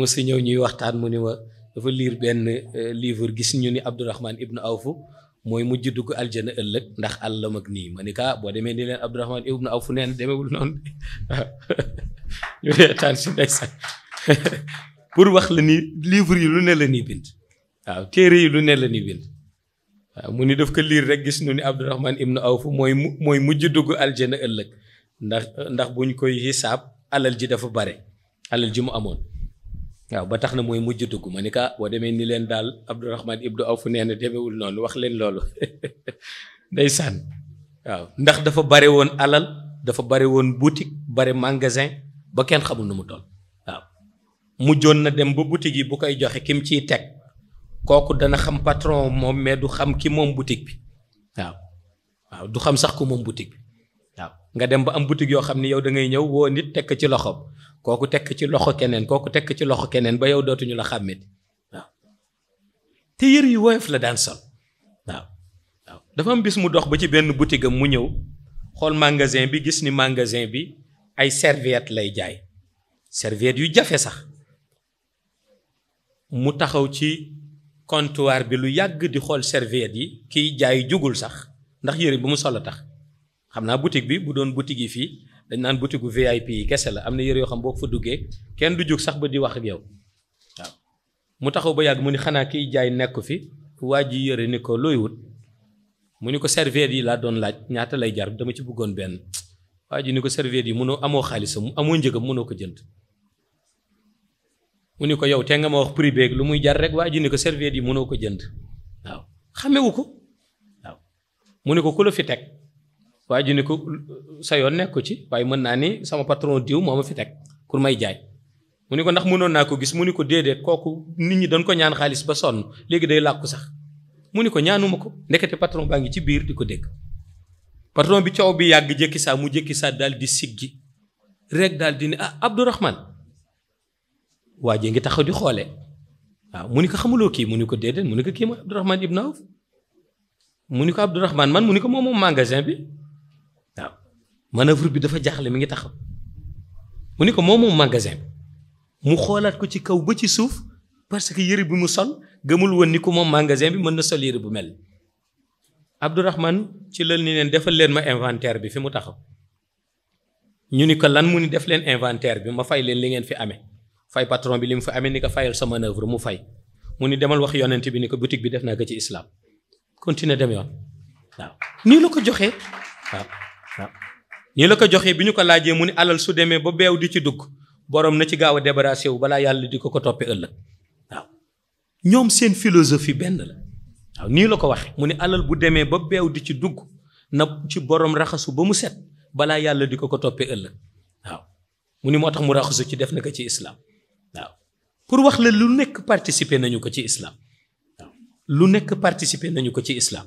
mu si ñëw ñuy waxtaan mu ni dafa liir benn euh, livre gis ñu ni Abdourahman ibnu Awf mooy mujj dugg aljana ëllëg ndax àllam ak nii ma ni ka boo demee ni leen Abdourahman ibnu Awf nee na demewul noonu waaw ñu reetaan si ndeysaan pour wax la ni livre yi lu ne la nii bind waaw lu ne la nii bind mu ni daf ko liir rek gis nu ni Abdourahman ibnu Awf mooy mooy mujj dugg aljana ëllëg ndax ndax buñ koy xisaab alal ji dafa bare alal ji mu amoon waaw ba tax na mooy mujj dugg ma ni ka ah, boo demee ni leen daal Abdourahman Ibnu Awf nee na demewul noonu wax leen loolu ndeysaan waaw ndax dafa bare woon alal dafa bare woon boutique bare magasin ba kenn xamul nu mu toll waaw mujjoon na dem ba boutique yi bu koy joxe mu ciy teg kooku dana xam patron moom mais du xam ki moom boutique bi waaw waaw du xam sax ku moom boutique bi waaw nga dem ba am boutique yoo xam ni yow dangay ñëw woo nit teg ko ci loxoom kooku tekk ci loxo keneen kooku tekk ci loxo keneen ba yow dootuñu la xàmmit waaw te yër yu woyof la daan sol waaw waaw dafa am bis mu dox ba ci benn boutique mu ñëw xool magasin bi gis ni magasin bi ay serviette lay jaay serviette yu jafe sax mu taxaw ci comptoir bi lu yàgg di xool serviette yi kiy jaay jugul sax ndax yëre bi mu solo tax xam naa boutique bi bu doon boutique yi fii dañ naan boutique VIP yi kese la am na yére yoo xam boo ko fa duggee kenn du jug sax ba di wax ak yow waaw mu taxaw ba yàgg mu ni xanaa kiy jaay nekku fi waa ji yëre ni ko looy wut mu ni ko serviette yi laa doon laaj ñaata lay jar dama ci bëggoon benn waa ji ni ko serviette yi mënoo amoo xaalisam amoo njëgam mënoo ko jënd mu ni ko yow te nga ma wax prix beeg lu muy jar rek waa ji ni ko serviette yi mënoo ko jënd waaw xamewu ko waaw mu ni ko ku la fi teg waa ji ni ko sa yoon nekk ko ci waaye mën naa ni sama patron diw moo ma fi teg pour may jaay mu ni ko ndax mënoon naa ko gis mu ni ko déedéet kooku nit ñi dañ ko ñaan xaalis ba sonn léegi day làkku sax mu ni ko ñaanuma ko ndekete patron baa ngi ci biir di ko dégg patron bi coow bi yàgg jékki saa mu jékki saa daal di siggi rek daal di ne ah Abdourahman waa ji ngi taxaw di xoole waaw mu ni ko xamuloo kii mu ni ko déedéet mu ni ko kii mooy Abdourahman manœuvre bi dafa jaaxle mu ngi taxaw mu ni ko moom moom magasin mu xoolaat ko ci kaw ba ci suuf parce que yëre bi mu sol gëmul woon ni ko moom magasin bi mën na sol yëre bu mel Abdourahman ci lal ni leen defal leen ma inventaire bi fi mu taxaw ñu ni ko lan mu ni def leen inventaire bi ma fay leen li ngeen fi amee fay patron bi li mu fi amee ni ko fayal sa manœuvre mu fay mu ni demal wax yonent bi ni ko boutique bi def naa ko ci islaam continuer dem yoon waaw ñi la ko joxee bi ñu ko laajee mu ne alal su demee ba beew di ci dugg borom na ci gaaw a débarrassé wu balaa yàlla di ko ko toppee ëllëg waaw ñoom seen philosophie benn la waaw nii la ko waxee mu ne alal bu demee ba beew di ci dugg na ci boroom raxasu ba mu set balaa yàlla di ko ko toppee ëllëg waaw mu ni moo tax mu raxasu ci def na ko ci islam waaw pour wax la lu nekk participer nañu ko ci islam waaw lu nekk participer nañu ko ci islam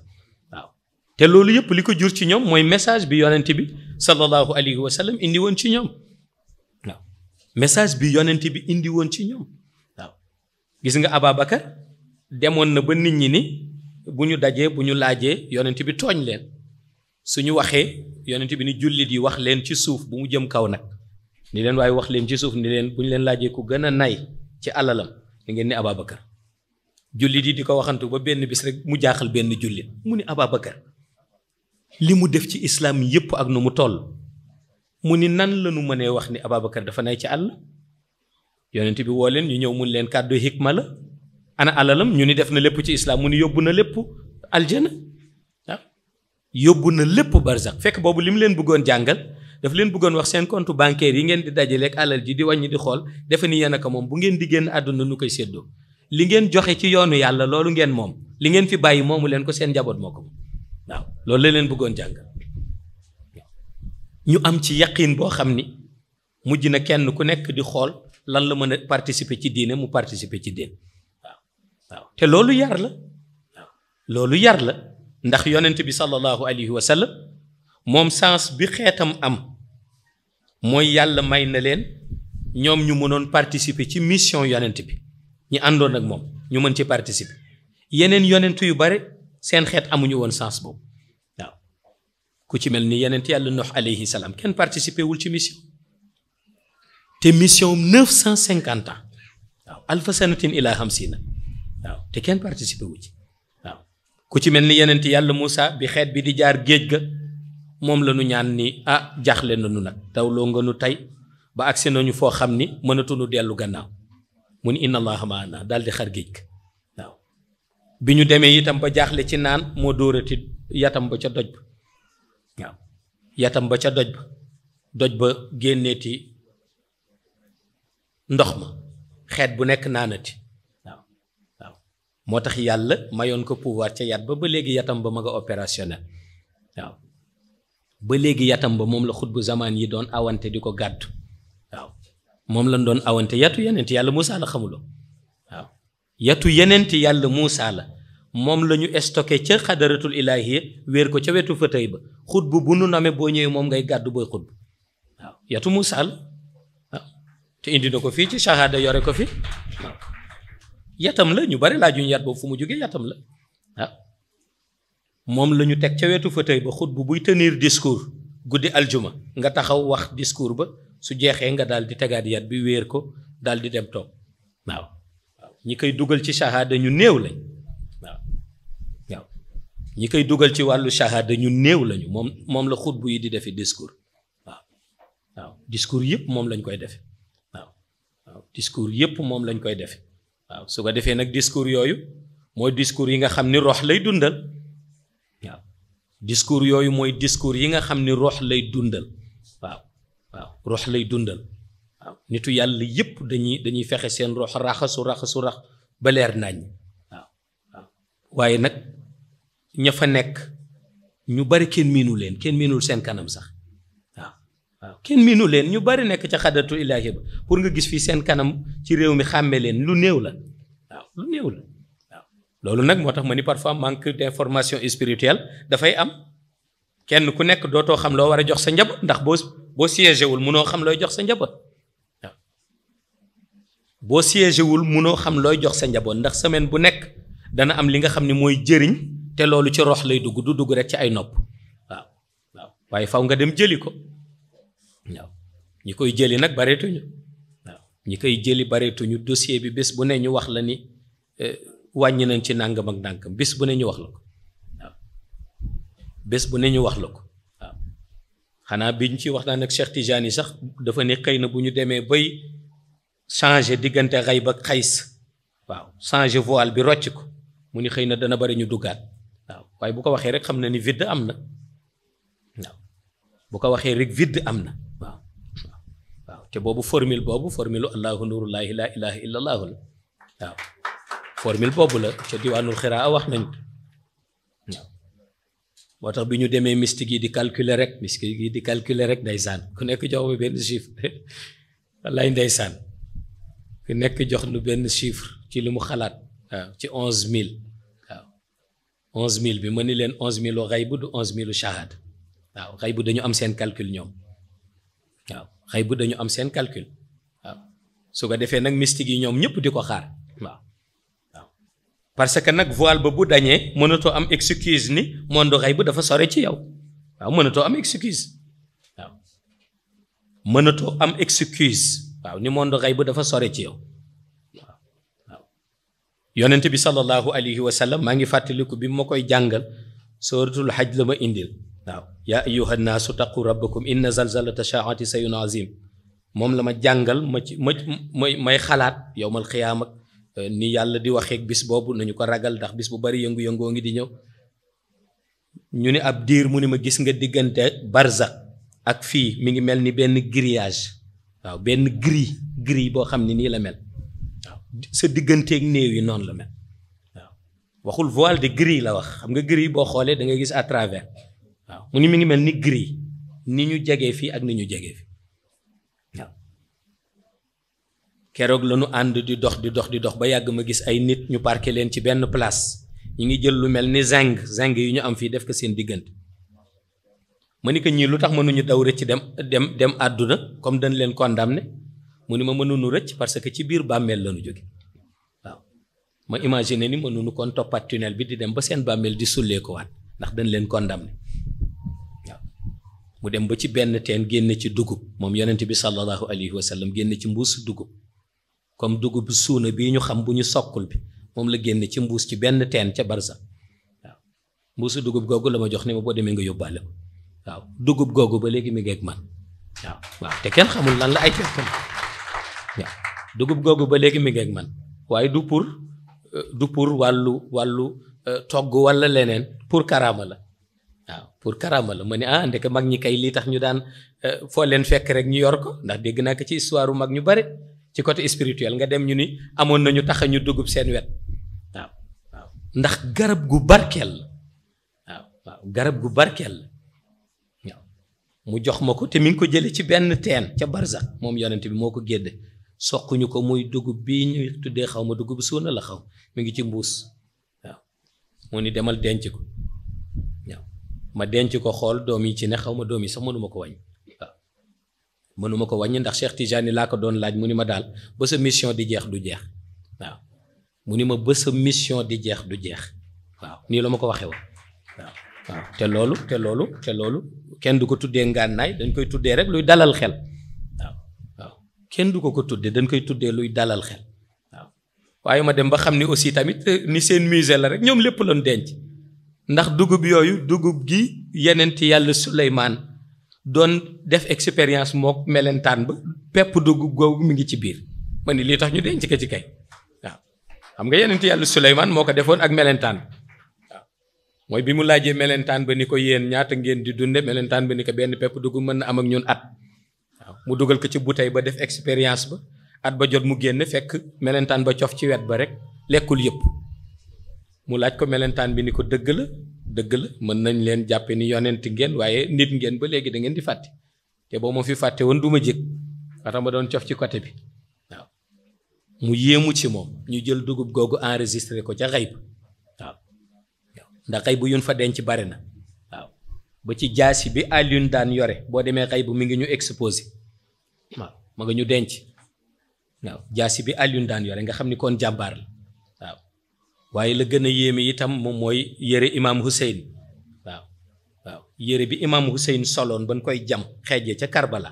te loolu yëpp li ko jur ci ñoom mooy message bi yonent bi. sallallahu alayhi wa sallam indi woon ci ñoom waaw message bi yonent bi indi woon ci ñoom waaw gis nga Ababacar demoon na ba nit ñi ni bu ñu dajee bu ñu laajee yonent bi tooñ leen suñu waxee yonent bi ni jullit yi wax leen ci suuf bu mu jëm kaw nag ni leen waaye wax leen ci suuf ni leen bu ñu leen laajee ku gën a nay ci alalam da ngeen ni Ababacar jullit yi di ko waxantu ba benn bis rek mu jaaxal benn jullit mu ni Ababacar li mu def ci islaam yépp ak nu mu toll mu ni nan la nu mënee wax ni Ababacar dafa nay ci àll yonent bi woo leen ñu ñëw mun leen kàddu hikma la ana alalam ñu ni def na lépp ci islaam mu ni yóbbu na lépp aljana waaw yóbbu na lépp barzak fekk boobu li mu leen bëggoon jàngal daf leen bëggoon wax seen compte bancaire yi ngeen di dajale ak alal ji di wàññi di xool defe ni yéen a ko moom bu ngeen di génn àdduna nu koy seddoo li ngeen joxe ci yoonu yàlla loolu ngeen moom li ngeen fi bàyyi moomu leen ko seen njaboot moo ko waaw loolu la leen bëggoon jàngal ñu am ci yaqin boo xam ni mujj na kenn ku nekk di xool lan la mën a participer ci diine mu participer ci diine waaw te loolu yar la loolu yar la ndax yonent bi sallallahu alayhi wa sallam moom sens bi xeetam am mooy yàlla may na leen ñoom ñu mënoon participer ci mission yonent bi ñu àndoon ak moom ñu mën ci participer yeneen yonent yu bare seen xeet amuñu woon sens boobu waaw ku ci mel ni yeneen yàlla Nuux alayhi salaam kenn participé wul ci mission te mission am cinquante ans waaw alfa sanatin ilaa xamsina waaw te kenn participé wu ci waaw ku ci mel ni yeneen yàlla Moussa bi xeet bi di jaar géej ga moom la ñu ñaan ni ah jaaxle nañu nag dawloo nga nu tey ba agsi nañu foo xam ni mënatuñu dellu gannaaw mu ni inna allaha maana daal di xar géej ga bi ñu demee itam ba jaaxle ci naan moo dóorati yatam ba ca doj ba yatam ba ca doj ba doj ba génneeti ndox ma xeet bu nekk naanati waaw waaw moo tax yàlla mayoon ko pouvoir ca yat ba ba léegi yatam ba ma opérationnel waaw ba léegi yatam ba moom la xutbu zamaan yi doon awante di ko gàddu waaw moom lañ doon awante yatu yeneen yàlla Muusaa la xamuloo waaw yatu yeneen yàlla Muusaa la moom la ñu stocké ca xadaratul ilaahiya wéer ko ca wetu fëtëy ba xutbu bu nu name boo ñëwee moom ngay gàddu booy xutbu waaw yatu mu saal waaw te indi na ko fii ci shahada yore ko fi yatam la ñu bari laajuñu yat boobu fu mu jógee yatam la moom la ñu teg ca wetu fëtëy ba xutbu buy tenir discours guddi aljuma nga taxaw wax diskuur ba su jeexee nga dal di tegaat yat bi wéer ko daal di dem toog waaw waaw ñi koy dugal ci shahada ñu néew lañ. ñi koy dugal ci wàllu shahada ñu néew lañu moom moom la bu yi di defe discours waaw waaw discours yëpp moom lañ koy defe waaw yëpp moom lañ koy defe su ko defee nag discours yooyu mooy discours yi nga xam ni rox lay dundal waaw discours yooyu mooy discours yi nga xam ni rox lay dundal waaw waaw lay dundal waaw nitu yàlla yëpp dañuy dañuy fexe seen rox raxasu raxasu rax ba leer nañ waaw waaw waaye nag ña fa nekk ñu bari kenn miinu leen kenn miinul seen kanam sax waaw waaw kenn miinu leen ñu bari nekk ca xadatu ilaahi ba pour nga gis fii seen kanam ci réew mi xàmme leen lu néew la waaw lu néew loolu nag moo tax ma ni parfois manque d'information spirituelle dafay am kenn ku nekk dootoo xam loo war a jox sa njaboot ndax boo boo siégé wul munoo xam looy jox sa njaboot boo siégé wul munoo xam looy jox sa njaboot ndax semaine bu nekk dana am li nga xam ne mooy jëriñ te loolu ci rox lay dugg du dugg rek ci ay nopp waaw waaye faw nga dem jëli ko waaw ñi koy jëli nag bareetuñu waaw ñi koy jëli bareetuñu dossier bi bés bu nee ñu wax la ni eh, wàññi nañ ci nàngam ak nàngam bés bu ne ñu wax la ko waaw bés bu ne ñu wax la ko waaw xanaa biñ ci wax naan ak Cheikh Tijani sax dafa ne xëy na bu ñu demee bay changer diggante xay ba xays waaw changer voile bi rocc ko mu ni xëy na dana bari ñu duggaat waaye bu ko waxee rek xam na ni vide am na waaw bu ko waxee rek vide am na waaw te boobu formil boobu formule allahu nurullahi la ilaha illa allahu la waaw formule boobu la ca diwaanul xiraa wax nañ moo tax bi ñu demee mystique yi di calculer rek mystique yi di calculer rek ndeysaan ku nekk jox ma benn chiffre wallaay ndeysaan ku nekk jox nu benn chiffre ci li mu xalaat waaw ci onze mille onze mille bi ma ni leen onze mille u xaybu du onze mille u shahada waaw xaybu dañu am seen calcul ñoom waaw xaybu dañu am seen calcul waaw su ko defee nag mystique yi ñoom ñëpp di ko xaar waaw parce que nag voile ba bu dañee mënatoo am excuse ni monde xaybu dafa sore ci yow waaw mënatoo am excuse waaw am excuse waaw ni monde xaybu dafa sore ci yow yonent bi sallallahu alayhi wa sallam maa ngi fàttaliku bi ma koy jàngal sooratul xaj la ma indil waaw yaa ayyuhan naasu taqu rabbakum inna zalzalata shaati sayun azim moom la ma jàngal ma ci ma may may xalaat yowmal xiyaam euh, ni yàlla di waxeek bis boobu nañu ko ragal ndax bis bu bari yëngu-yëngoo ngi di ñëw ñu ni ab diir mu ni ma gis nga diggante barzak ak fii mi ngi mel ni benn grillage waaw benn gris gris boo xam ne nii la mel sa digganteeg néew yi noonu la mel waaw waxul voile de gris la wax xam nga gris boo xoolee dangay gis à travers waaw mu ni mi ngi mel ni gris ni ñu jege fii ak ni ñu jege fii keroog la ñu ànd di dox di dox di dox ba yàgg ma gis ay nit ñu parqué leen ci benn place ñu ngi jël lu mel ni zinc zinc yi ñu am fii def ko seen diggante ma ni ko ñii lu tax mënuñu daw rëcc dem dem dem àdduna comme dañ leen ne mu ni ma mënunu rëcc parce que ci biir bàmmeel la ñu jóge waaw ma imaginer ni mënunu kon toppaat tunnel bi di dem ba seen bàmmeel di sullee ko waat ndax dañ leen condamné waaw mu dem ba ci benn teen génn ci dugub moom yonent bi sallallahu alayhi wa sallam génn ci mbuus dugub comme dugub suuna bii ñu xam bu ñu sokkul bi moom la génn ci mbuus ci benn teen ca barsa waaw mbuusu dugub googu la ma jox ni ma boo demee nga yóbbaale ko waaw dugub googu ba léegi mi ngeeg man dugub googu ba léegi mi ngi man waaye du pour euh, du pour wàllu wàllu euh, togg walla leneen pour karaama la waaw pour karaama la ma ni ah ndeke mag ñi kay lii tax ñu daan euh, foo leen fekk rek ñu yor ko ndax dégg naa ko ci histoire mag ñu bare ci côté spirituel nga dem ñu ni amoon nañu tax ñu dugub seen wet waaw ndax garab gu barkeel la waaw waaw garab gu barkeel la waaw mu jox ma ko te mi ngi ko jële ci benn teen ca barzak moom yonent bi moo ko gédde soquñu ko muy dugub bii ñuy tuddee xaw ma dugub suuna la xaw mi ngi ci mbuus waaw mu ni demal denc ko waaw ma denc ko xool doom yi ci ne xaw ma doom yi sax mënuma ko wañ mënuma ko wàññi ndax Cheikh Tijani laa ko doon laaj mu ni ma daal ba sa mission di jeex du jeex waaw mu ni ma ba sa mission di jeex du jeex waaw nii la ma ko waxee woon waaw waaw te loolu te loolu te loolu kenn du ko tuddee ngànnaay dañ koy tuddee rek luy dalal xel kenn du ko ko tuddee dañ koy tuddee luy dalal xel waaw waaye ma dem ba xam ni aussi tamit eh, ni seen musée la rek ñoom lépp lañ denc ndax dugub yooyu dugub gi yenent yàlla Suleymaan doon def expérience mook melentaan ba pepp dugub googu mi ngi ci biir ma ni lii tax ñu denc ko ci kay waaw xam nga yenent moo ko defoon ak melentaan mooy bi mu laajee melentaan ba ni ko yéen ñaata ngeen di dunde mellentaan ba ni ko benn pepp dugub mën na am ak ñun at mu dugal ko ci bouteille ba def expérience ba at ba jot mu génn fekk mellentaan ba cof ci wet ba rek lekkul yëpp mu laaj ko melentaan bi ni ko dëgg la dëgg la mën nañ leen jàppe ni yonent ngeen waaye nit ngeen ba léegi da ngeen di fàtte te boo ma fi fàtte woon du ma jég wata ma doon cof ci côté bi waaw mu yéemu ci moom ñu jël dugub googu enregistré ko ca xayb waaw ndax xayb yun fa denc bare na ba ci jaasi bi Alioune daan yore boo demee xay bu mi ngi ñu exposé waaw ma nga ñu denc waaw jaasi bi Alioune daan yore nga xam ni kon jàmbaar la waaw waaye la gën a yéeme itam moom mooy yére imaam Hussein waaw waaw yére bi imaam Hussein soloon ba ñu koy jam xeejee ca Karbala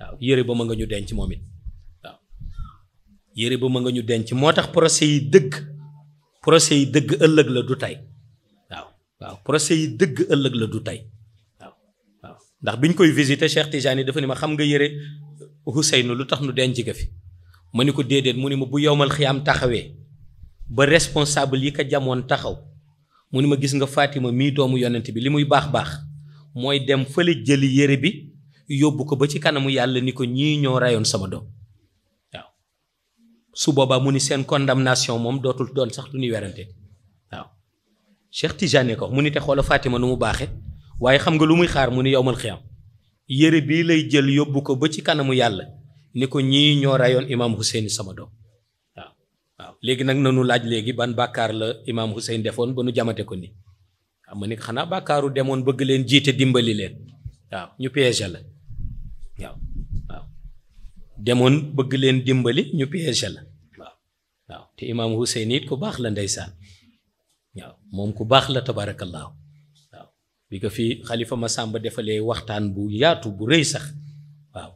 waaw yére ba ma nga ñu denc moom it waaw yére ba ma nga ñu denc moo tax procès yi dëgg procès yi dëgg ëllëg la du tey waaw procès yi dëgg ëllëg la du tey waaw waaw ndax bi ñu koy visité Cheikh Tidiane dafa ne ma xam nga yëre Ousseynou lu tax nu denc ga fi ma ni ko déedéet mu ni ma bu yowmal xiyaam taxawee ba responsable yi ko jamoon taxaw mu ni ma gis nga Fatima mii doomu yonent bi li muy baax baax mooy dem fële jëli yére bi yóbbu ko ba ci kanamu yàlla ni ko ñii ñoo rayoon sama doom waaw su boobaa mu ni seen condamnation moom dootul doon sax lu ñuy werante Cheikh Tijane ko mu ni te xoola Fatima nu mu baaxe waaye xam nga lu muy xaar mu ni yowmal xiyaam yére bii lay jël yóbbu ko ba ci kanamu yàlla ni ko ñii ñoo rayoon imaam Hussein sama doom waaw waaw léegi nag nanu laaj léegi ban bàkkaar la imaam Hussein defoon ba nu jamate ko ni am ma ni xanaa bàkkaaru demoon bëgg leen jiite dimbali leen waaw ñu piégé la waaw demoon bëgg leen dimbali ñu piégé la waaw waaw te imaam Hussein it ku baax la ndeysaan waaw moom ku baax la tabaarakallaahu waaw bi ko fi xalifa Masamba defalee waxtaan bu yaatu bu rëy sax waaw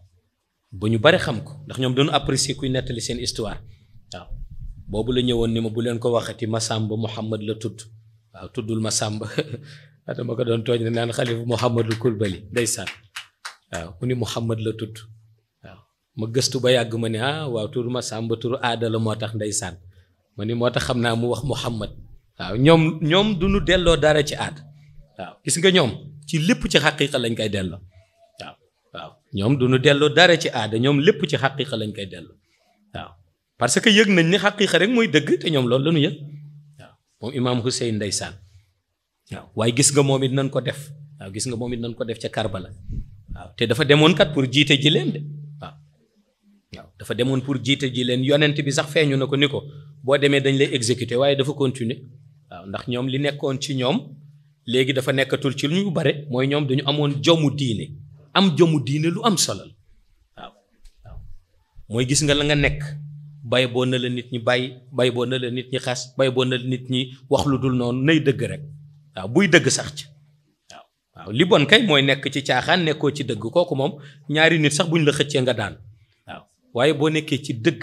ba ñu bari xam ko ndax ñoom dañu apprécier kuy nettali seen histoire waaw boobu la ñëwoon ni ma bu leen ko waxati Masamba Mouhamad la tudd waaw tuddul Masamba dama ko doon tooñ ne naan xalifa Mouhamadul Kulbali ndeysaan waaw mu ni Mouhamad la tudd waaw ma gëstu ba yàgg ma ne ah waaw turu Masamba turu aada la moo tax ndeysaan ma ni moo tax xam naa mu wax Mouhamad. waaw ñoom ñoom du ñu delloo dara ci aada waaw gis nga ñoom ci lépp ci xaqiiqa lañ koy delloo waaw waaw ñoom du ñu delloo dara ci aada ñoom lépp ci xaqiiqa lañ koy delloo waaw parce que yëg nañ ni xaqiiqa rek mooy dëgg te ñoom loolu la ñu yëg waaw moom imaam Hussein ndeysaan waaw waaye gis nga moom it nañ ko def waaw nga moom it nañ ko def ca Karbala waaw te dafa demoon kat pour jiite ji leen de waaw dafa demoon pour jiite ji leen yonent bi sax feeñu na ko ni ko boo demee dañ lay exécuter waaye dafa continuer ndax ñoom li nekkoon ci ñoom léegi dafa nekkatul ci lu ñu bare mooy ñoom dañu amoon jomu diine am jomu diine lu am solo waaw waaw mooy gis nga la nga nekk bay boo na la nit ñi bàyyi bay boo na la nit ñi xas bay boo na la nit ñi wax lu dul noonu nay dëgg rek waaw buy dëgg sax ci waaw li bon kay mooy nekk ci caaxaan nekkoo ci dëgg kooku moom ñaari nit sax buñ la xëccee nga daan waaw waaye boo nekkee ci dëgg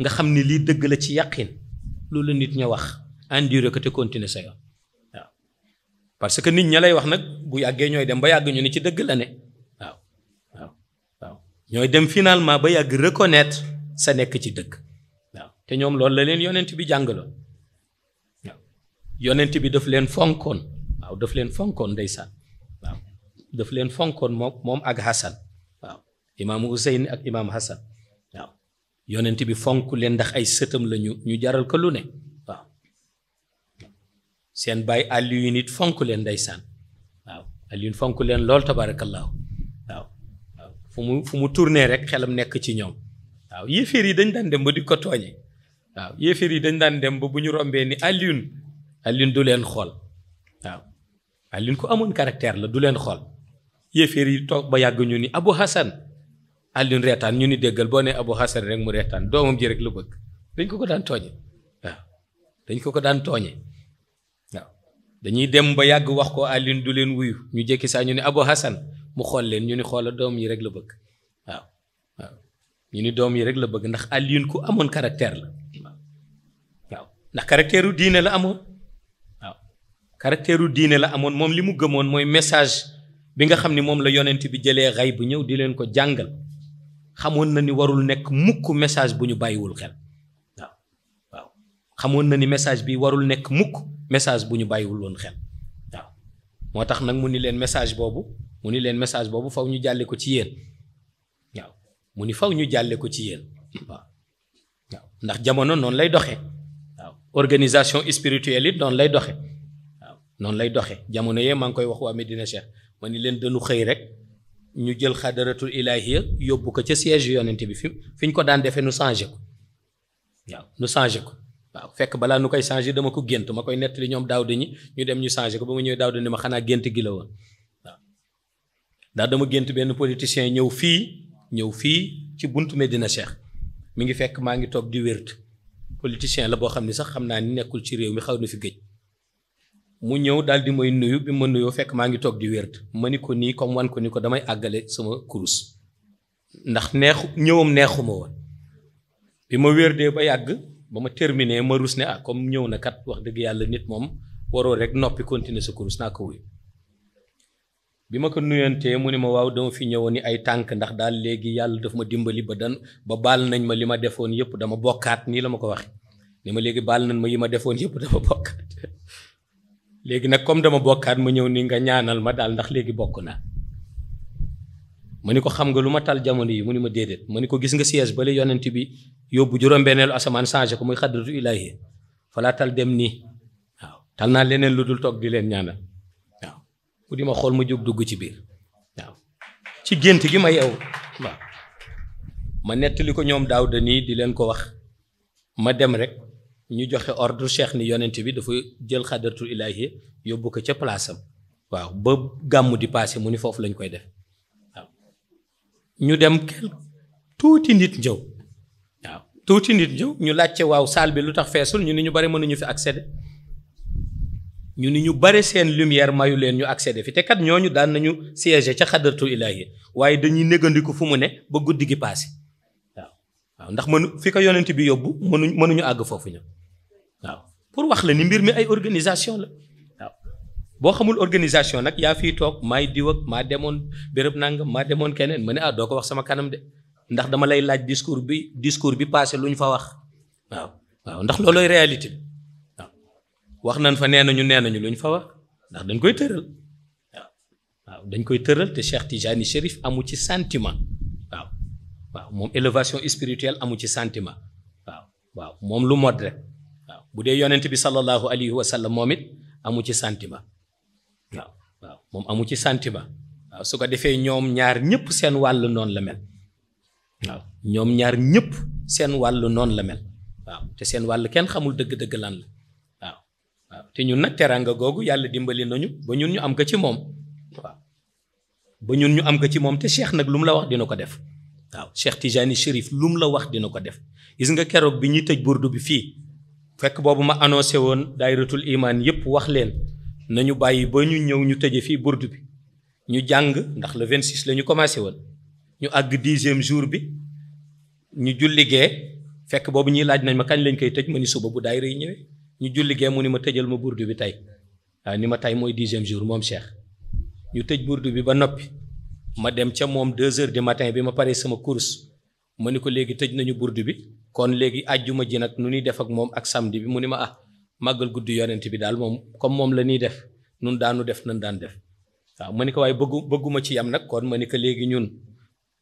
nga xam ni lii dëgg la ci yàqin loolu la nit ña wax enduré ko te continuer sa yoon waaw parce que nit ña lay wax nag bu yàggee ñooy dem ba yàgg ñu ni ci dëgg la ne waaw waaw waaw ñooy dem finalement ba yàgg reconnaître sa nekk ci dëgg waaw te ñoom loolu la leen yonent bi jàngaloon waaw yonent bi daf leen fonkoon waaw daf leen fonkoon ndeysaan waaw daf leen fonkoon moom moom ak Hassan waaw imaamu Ousseyni ak imaamu Hassan waaw yonent bi fonk leen ndax ay sëtam lañu ñu ñu jaral ko lu ne seen bàyyi Alioune nit fonk leen ndeysaan waaw Alioune fonk leen loolu tabaarakallaahu waaw waaw fu mu fu mu tourné rek xelam nekk ci ñoom waaw yéeféer yi dañ daan dem ba di ko tooñe waaw yéeféer yi dañ daan dem ba bu ñu rombee ni Alioune Alioune du leen xool waaw Alioune ku amoon caractère la du leen xool yéeféer yi toog ba yàgg ñu ni Abu Hassan Alioune reetaan ñu ni déggal boo nee Abu Hassan rek mu reetaan doomam ji rek lu bëgg dañ ko ko daan tooñe waaw dañ ko ko daan tooñe dañuy dem ba yàgg wax ko Alioune du leen wuyu ñu jékki saa ñu ne Abu Hassan mu xool leen ñu ni xoola doom yi rek la bëgg waaw waaw ñu ni doom yi rek la bëgg ndax Alioune ku amoon caractère la waaw ndax caractère diine la amoon waaw caractère diine la amoon moom li mu gëmoon mooy message bi nga xam ni moom la yonent bi jëlee xay bu ñëw di leen ko jàngal xamoon na ni warul nekk mukk message bu ñu bàyyiwul xel waaw xamoon na ni message bi warul nekk mukk message bu ñu bàyyiwul woon xel waaw moo tax nag mu ni leen message boobu mu ni leen message boobu faw ñu jàlle ko ci yéen waaw mu ni faw ñu jàlle ko ci yéen waaw ndax jamono noonu lay doxee waaw organisation spirituelle it noonu lay doxe waaw noonu lay doxe jamono yee maa ngi koy wax waa Medina Cheikh ma ni leen dañu xëy rek ñu jël xadaratul ilahiya yóbbu ko ca siège yonent bi fi fi ñu ko daan defee nu changé ko waaw nu changé ko waaw fekk balaa nu koy changé dama ko gént ma koy nettali ñoom daaw dañi ñu dem ñu changé ko ba ma ñëwee daaw dañi ma xanaa gént gi la woon waaw ndax dama gént benn politicien ñëw fii ñëw fii ci buntu Medina Cheikh mi ngi fekk maa ngi toog di wértu politicien la boo xam ne sax xam naa ni nekkul ci réew mi xaw na fi géej mu ñëw daal di may nuyu bi ma nuyoo fekk maa ngi toog di wér ma ni ko nii comme wan ko ni ko damay àggale sama kurus ndax neexu ñëwam neexuma woon bi ma wér dee ba yàgg ba ma terminé ma rus ne ah comme ñëw na kat wax dëgg yàlla nit moom waroo rek noppi continuer sa course naa ko wuyu bi ma ko nuyantee mu ne ma waaw dama fi ñëwoon ni ay tànk ndax daal léegi yàlla dafa ma dimbali ba dan ba baal nañ ma li ma defoon yëpp dama bokkaat nii la ma ko waxee ni ma léegi baal nañ ma yi ma defoon yëpp dama bokkaat léegi nag comme dama bokkaat ma ñëw nii nga ñaanal ma daal ndax léegi bokk naa ma ni ko xam nga lu ma tal jamono yi mu ni ma déedéet ma ni ko gis nga siège bale yonent bi yóbbu juróom-benneelu asamaan changé ko muy xadratu ilaahi falaa dem nii waaw naa leneen lu dul toog di leen ñaanal waaw ku di ma xool ma jóg dugg ci biir ci gént gi ma yeew waaw nettali ko ñoom daaw nii di leen ko wax ma dem rek ñu joxe ordre cheikh ni yonent bi dafa jël xadratu ilaahi yóbbu ko ca place waaw ba gàmmu di passé mu ni foofu lañ koy def ñu dem kel tuuti nit njëw waaw tuuti nit njëw ñu laajte waaw salle bi lu tax feesul ñu ni ñu bari mënuñu fi accéder ñu ni ñu bare seen lumière mayu leen ñu accéder fi te kat ñooñu daan nañu siéger ca xadartu ilaahi waaye dañuy négandiku fu mu ne ba guddi gi paase waaw waaw ndax mënu fi ko yonent bi yóbbu mënuñu mënuñu àgg foofu ñu waaw pour wax la ni mbir mi ay organisation la boo xamul organisation nag yaa fiy toog maay diw ak maa demoon béréb nangam maa demoon keneen ma ne ah doo ko wax sama kanam de ndax dama lay laaj discours bi discours bi passé lu ñu fa wax waaw ndax loolooy réalité bi waaw wax nañ fa nee na ñu nee nañu lu ñu fa wax ndax dañ koy tëral waaw waaw dañ koy tëral te Cheikh Tijani Chérif amu ci santiment waaw waaw moom élévation spirituelle amu ci sentiment waaw waaw moom lu mod rek waaw bu dee yonent bi sallallahu alayhi wa moom it amu ci sentiment waaw waaw moom amu ci sentiment waaw su ko defee ñoom ñaar ñëpp seen wàll noonu la mel waaw ñoom ñaar ñëpp seen wàll noon la mel waaw te seen wàll kenn xamul dëgg-dëgg lan la waaw te ñun nag teraanga googu yàlla dimbali nañu ba ñun ñu am ko ci moom waaw ñun ñu am ko ci moom te cheikh nag lu mu la wax dina ko def waaw cheikh Tijani Chérif lu mu la wax dina ko def gis nga keroog bi ñu tëj burdu bi fii fekk boobu ma annoncé woon daayratul imaan yëpp wax leen nañu bàyyi ba ñu ñëw ñu tëje fii burdu bi ñu jàng ndax le 26 la ñu commencé woon ñu àgg dixième jour bi ñu julli gee fekk boobu ñuy laaj nañ ma kañ lañ koy tëj ma ni suba bu daayira yi ñëwee ñu julli gee mu ni ma tëjal ma burdu bi tey waaw ni ma tey mooy dixième jour moom Cheikh ñu tëj burdu bi ba noppi ma dem ca moom deux heures du matin bi ma paree sama course ma ni ko léegi tëj nañu burdu bi kon léegi àjjuma ji nag nu ñuy def ak moom ak samedi bi mu ni ma ah màggal guddi yonent bi daal moom comme moom la ñuy def nun daanu def nan daan def waaw ma ni ko waaye bëggu bëgguma ci yam nag kon ma ni ko léegi ñun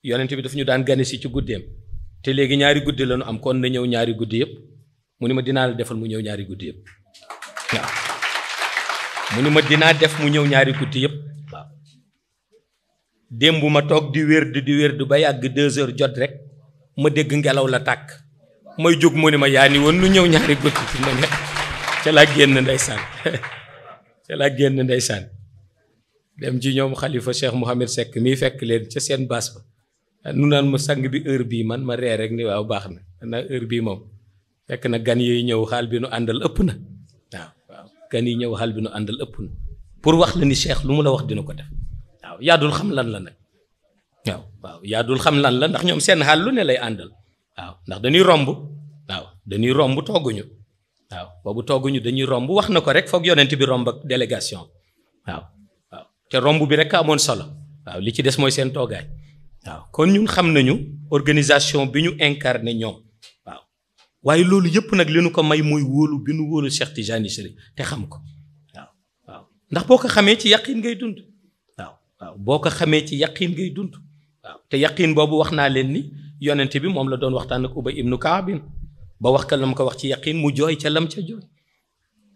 yonent bi daf ñu daan gane si ci guddeem te léegi ñaari guddi la ñu am kon na ñëw ñaari guddi yëpp mu ni ma dinaa la mu ñëw ñaari guddi yëpp waaw ma dinaa def mu ñëw ñaari guddi yëpp waaw démb ma toog di wér di wér du ba yàgg deux heures jot rek ma dégg ngelaw la tàkk may jóg mu ni ma yaa ni woon lu ñëw ñaari guddi fi ma ne ca laa génn ndeysaan ca laa génn ndeysaan dem ci ñoom xalifa Cheikh Mouhamed Seck mii fekk leen ca seen baas ba nu naan ma sang bi heure bii man ma ree rek ni waaw baax na na heure bii moom fekk na gan yi ñëw xaal bi nu àndal ëpp na waaw ñëw xaal bi nu àndal ëpp pour wax la ni Cheikh lu mu la wax dina ko def waaw yaadul xam lan la nag waaw waaw yaadul xam lan la ndax ñoom seen xaal lu ne lay àndal waaw ndax dañuy romb waaw dañuy romb tooguñu waaw boobu tooguñu dañuy romb wax na ko rek foog yonent bi romb ak délégation waaw waaw te romb bi rek amoon solo waaw li ci des mooy seen toogaay waaw kon ñun xam nañu organisation bi ñu incarné ñoom waaw waaye loolu yëpp nag li nu ko may mooy wóolu bi nu wóolu Cheikh Tijani Chérif te xam ko waaw waaw ndax boo ko xamee ci yaqin ngay dund waaw waaw boo ko xamee ci yaqin ngay dund waaw te yaqin boobu wax naa leen ni yonent bi moom la doon waxtaan ak Ubay ibnu Kaabin ba wax ka mu ko wax ci yaqin mu jooy ca lam ca jooy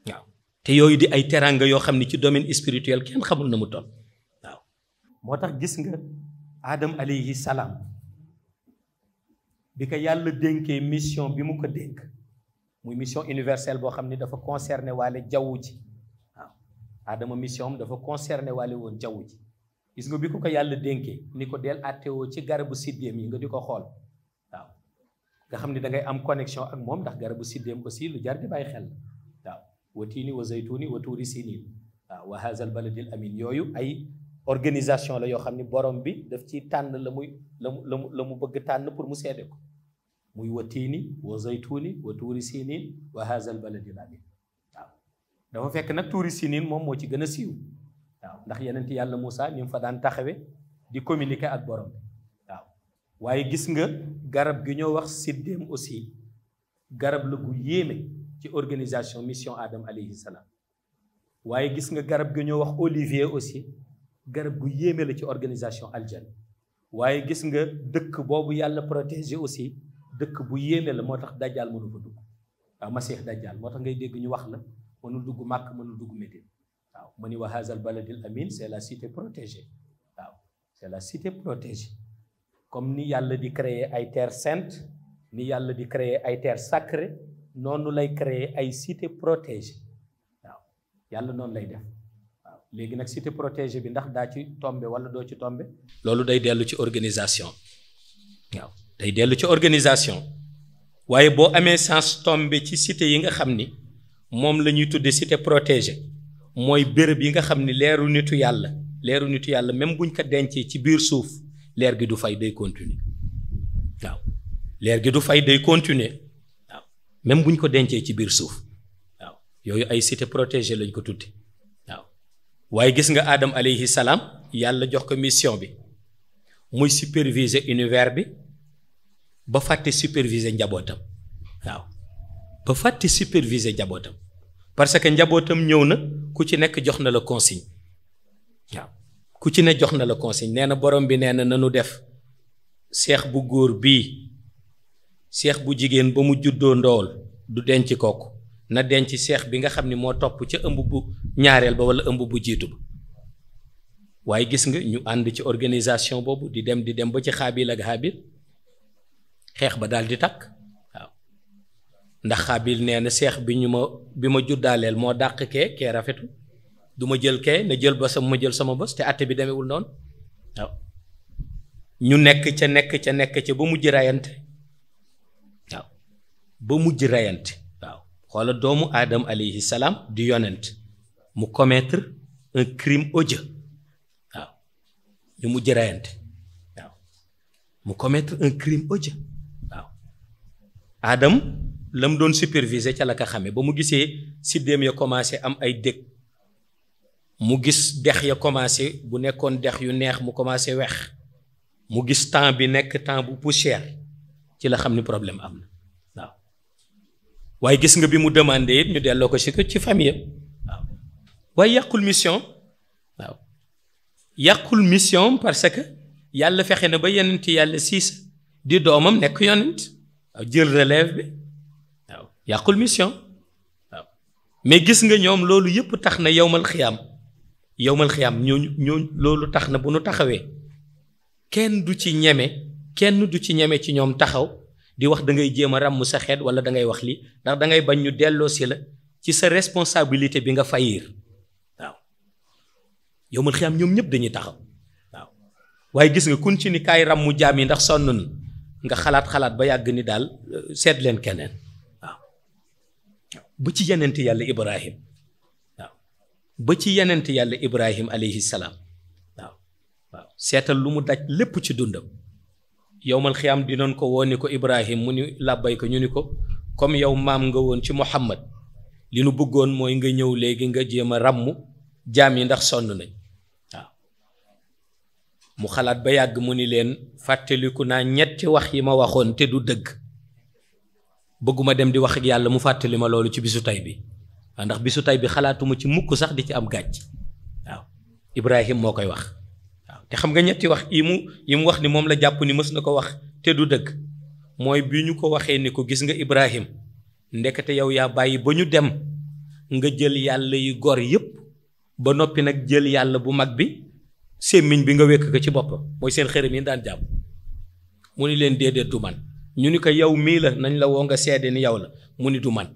waaw te yooyu di ay teraanga yoo xam ne ci domaine spirituel kenn xamul na mu toll waaw moo tax gis nga aadam salaam bi ko yàlla dénkee mission bi mu ko dénk muy mission universelle boo xam ni dafa concerné waale jaww ji waaw mission am dafa concerné waale woon jaww ji gis nga bi ko ko yàlla dénkee ni ko del àttewoo ci garabu siddéem yi nga di ko xool nga xam ni da ngay am connexion ak moom ndax garabu siddeem aussi lu jar di xel waaw wa tiini wa zaytuuni wa tuuri siniin waaw wa haazal ay organisation la yoo xam ni borom bi daf ci tànn la muy la mu la mu la mu bëgg tànn pour mu seede ko muy wa tiini wa zaytuuni wa tuuri siniin wa haazal baladil amin waaw dafa nag tuuri siniin moom moo ci gën a siiw waaw ndax yeneen yàlla Moussa ni mu fa daan taxawe di communiquer ak borom waaye gis nga garab gi ñoo wax siddéem aussi garab la gu yéeme ci organisation mission Adam alayhi salaam waaye gis nga garab gi ñoo wax olivier aussi garab gu yéeme la ci organisation aljan waaye gis nga dëkk boobu yàlla protégé aussi dëkk bu yéeme la moo tax dajjaal mënu fa dugg waaw masiix dajjaal moo tax ngay dégg ñu wax la mënul dugg màkk mënul dugg Médine waaw mu ni wa hazal baladil amin c'est la cité protégée waaw c'est la cité protégée comme ni yàlla di créer ay terre sainte ni yàlla di créer ay terre sacrée noonu lay créer ay cité protégée waaw yàlla noonu lay def waaw léegi nag cité protégée bi ndax daa ci tombe wala doo ci tombe loolu day dellu ci organisation waaw day dellu ci organisation waaye boo amee sens tombe ci cité yi nga xam ni moom la ñuy tudde cité protégée mooy béréb yi nga xam ni leeru nitu yàlla leeru nitu yàlla même buñ ko dencee ci biir suuf leer gi du fay day continuer waaw leer gi du fay day continuer waaw même bu ñu ko dencee ci biir suuf waaw yooyu ay cité protégée lañ ko tudde waaw waaye gis nga aadam aleyhi salaam yàlla jox ko mission bi muy superviser univers bi ba fàtte superviser njabootam waaw ba fàtte superviser njabootam parce que njabootam ñëw na ku ci nekk jox na la consigne waaw ku ci ne jox na la consigne nee na borom bi neena na nanu def seex bu góor bii seex bu jigéen ba mu juddoo ndool du denc kooku na denc seex bi nga xam ni moo topp ca ëmb bu ñaareel ba wala ëmb bu jiitu ba waaye gis nga ñu ànd ci organisation boobu di dem di dem ba ci xaabil ak xaabil xeex ba daal di takk waaw ndax xaabil nee na seex bi ñu ma bi ma juddaaleel moo dàq kee kee rafetu du ma jël kay na jël ba basam ma jël sama bës te atte bi demewul noonu ñu nekk ca nekk ca nekk ca ba mujj rayante waaw ba mujj rayante waaw xoola doomu aadam alayhi salaam di yonant mu commettre un crime odieux waaw ñu mujj rayante waaw mu lam doon superviser ca la ko xame ba mu gisee siddéem ya commencé am ay dëkk mu gis dex ya commencé bu nekkoon dex yu neex mu commencé wex mu gis temps bi nekk temps bu poussière ci la xam ni problème am na waaw waaye gis nga bi mu demandé ñu delloo ko ci ci famille waaw waaye yàqul mission waaw yàqul mission parce que yàlla fexe na ba yonent yàlla siis di doomam nekk yonent waaw yàqul mission mais gis nga ñoom loolu yëpp tax na yowmal xiyaam yowmal xiyaam ñooñu ñooñu loolu tax na bu nu taxawee kenn du ci ñeme kenn du ci ñeme ci ñoom taxaw di wax da ngay jéem a ràmm sa wala da ngay wax li ndax da bañ ñu delloo si la ci sa responsabilité bi nga fayir waaw yowmal xiyaam ñoom ñëpp dañuy taxaw waaw waaye gis nga kun ci ni kaay ràmmu jaam yi ndax sonn na nga xalaat xalaat ba yàgg ni daal seet leen keneen waaw bu ci yenente yàlla Ibrahim ba ci yenent yàlla ibrahim alayhi salaam waaw seetal lu mu daj lépp ci dundam yowmal xiyaam dinoon ko woo ko ibrahim mu ni làbbay ko ñu ni ko comme yow maam nga woon ci muhammad li nu bëggoon mooy nga ñëw léegi nga jéem a ràmm jaam yi ndax sonn nañ waaw mu xalaat ba yàgg mu ni leen fàttaliku naa ñetti wax yi ma waxoon te du dëgg bëgguma dem di wax ak yàlla mu fàttali ma loolu ci bisu tey bi ndax bisu tay bi xalaatuma ci mukk sax di ci am gàcc waaw Ibrahim moo koy wax waaw te xam nga ñetti wax yi mu yi mu wax ni moom la jàpp ni mës na ko wax te du dëgg mooy bi ñu ko waxee ni ko gis nga Ibrahim ndekete yow yaa bàyyi ba ñu dem nga jël yàlla yu gor yépp ba noppi nag jël yàlla bu mag bi sémmiñ bi nga wékk ko ci boppam mooy seen xërëm yi daan jàpp mu ni leen déedéet du man ñu ni ko yow mii la nañ la woo nga seede ni yow la mu ni du man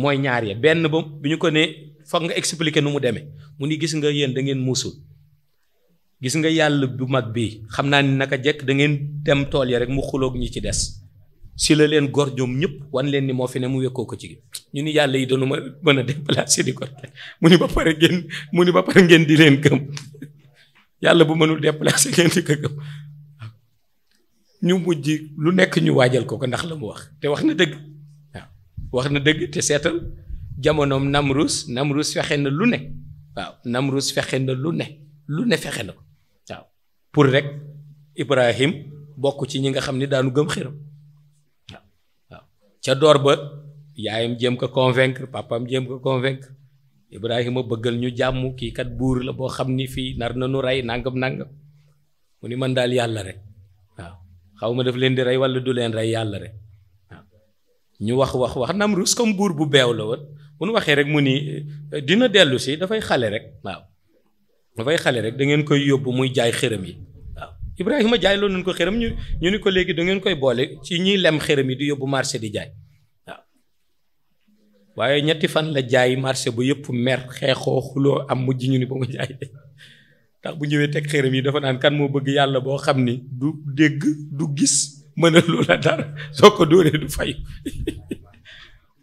mooy ñaar ya benn ba bu ñu ko ne foog nga expliquer nu mu demee mu ni gis nga yéen da ngeen muusul gis nga yàlla bu mag bii xam naa ni naka jekk da ngeen dem tool ya rek mu xuloog ñi ci des si leen gor ñoom ñëpp wan leen ni moo fi mu wekkoo ko ci ñu ni yàlla yi doonu ma mën a déplacer di gor mu ni ba pare ngeen mu ni ba pare ngeen di leen gëm yàlla bu mënul déplacer ngeen di ko gëm ñu mujj lu nekk ñu waajal ko ko ndax la mu wax te wax na dëgg wax na dëgg te seetal jamonoom Namrus Namrus fexe na lu ne waaw Namrus fexe na lu ne lu ne fexe na ko waaw pour rek Ibrahim bokk ci ñi nga xam ni daanu gëm xiram waaw waaw ca door ba yaayam jëm ko convaincre papaam jéem ko convaincre Ibrahima bëggal ñu jàmm kii kat buur la boo xam ni fii nar na nu rey nangam nangam mu ni man daal yàlla rek waaw xaw ma daf leen di rey wala du leen rey yàlla rek. ñu wax wax wax Namrus comme buur bu beew la woon bu waxee rek mu ni euh, dina dellu si dafay xale rek waaw dafay xale rek dangeen koy yóbbu muy jaay xërëm yi waaw Ibrahima jaay loolu nañ ko xërëm ñu ñu ni ko léegi da ngeen koy boole ci ñiy lem xërëm yi di yóbbu marché di jaay waaw waaye ñetti fan la jaay marché ba yëpp mer xeexoo xuloo am mujj ñu ni ba mu jaay ndax bu ñëwee teg xërëm yi dafa naan kan moo bëgg yàlla boo xam ni du dégg du gis. mënalu la dara soo ko dóoree du fay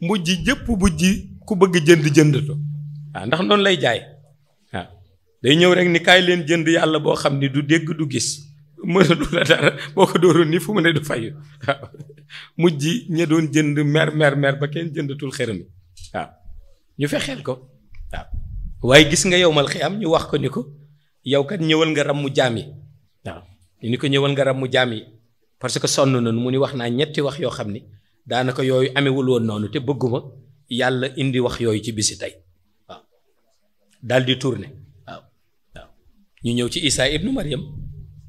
mujj jëpp mujj ku bëgg jënd jëndatu waaw ndax noonu lay jaay waaw day ñëw rek ni kaay leen jënd yàlla boo xam ni du dégg du gis mënalu la dara boo ko dóoroon nii fu mu ne du fay mujj ña doon jënd mer mer mer ba kenn jëndatul xërëm mi waaw ñu fexeel ko waaw waaye gis nga yow mal xiyam ñu wax ko ni ko yow kat ñëwal nga ràmmu jaam yi waaw ñu ni ko ñëwal nga ràmmu jaam yi parce que sonn nañu mu ni wax naa ñetti wax yoo xam ni daanaka yooyu amewul woon noonu te bëgguma yàlla indi wax yooyu ci bisi tey waaw daal di tourner waaw waaw ñu ñëw ci isaa ibnu mariam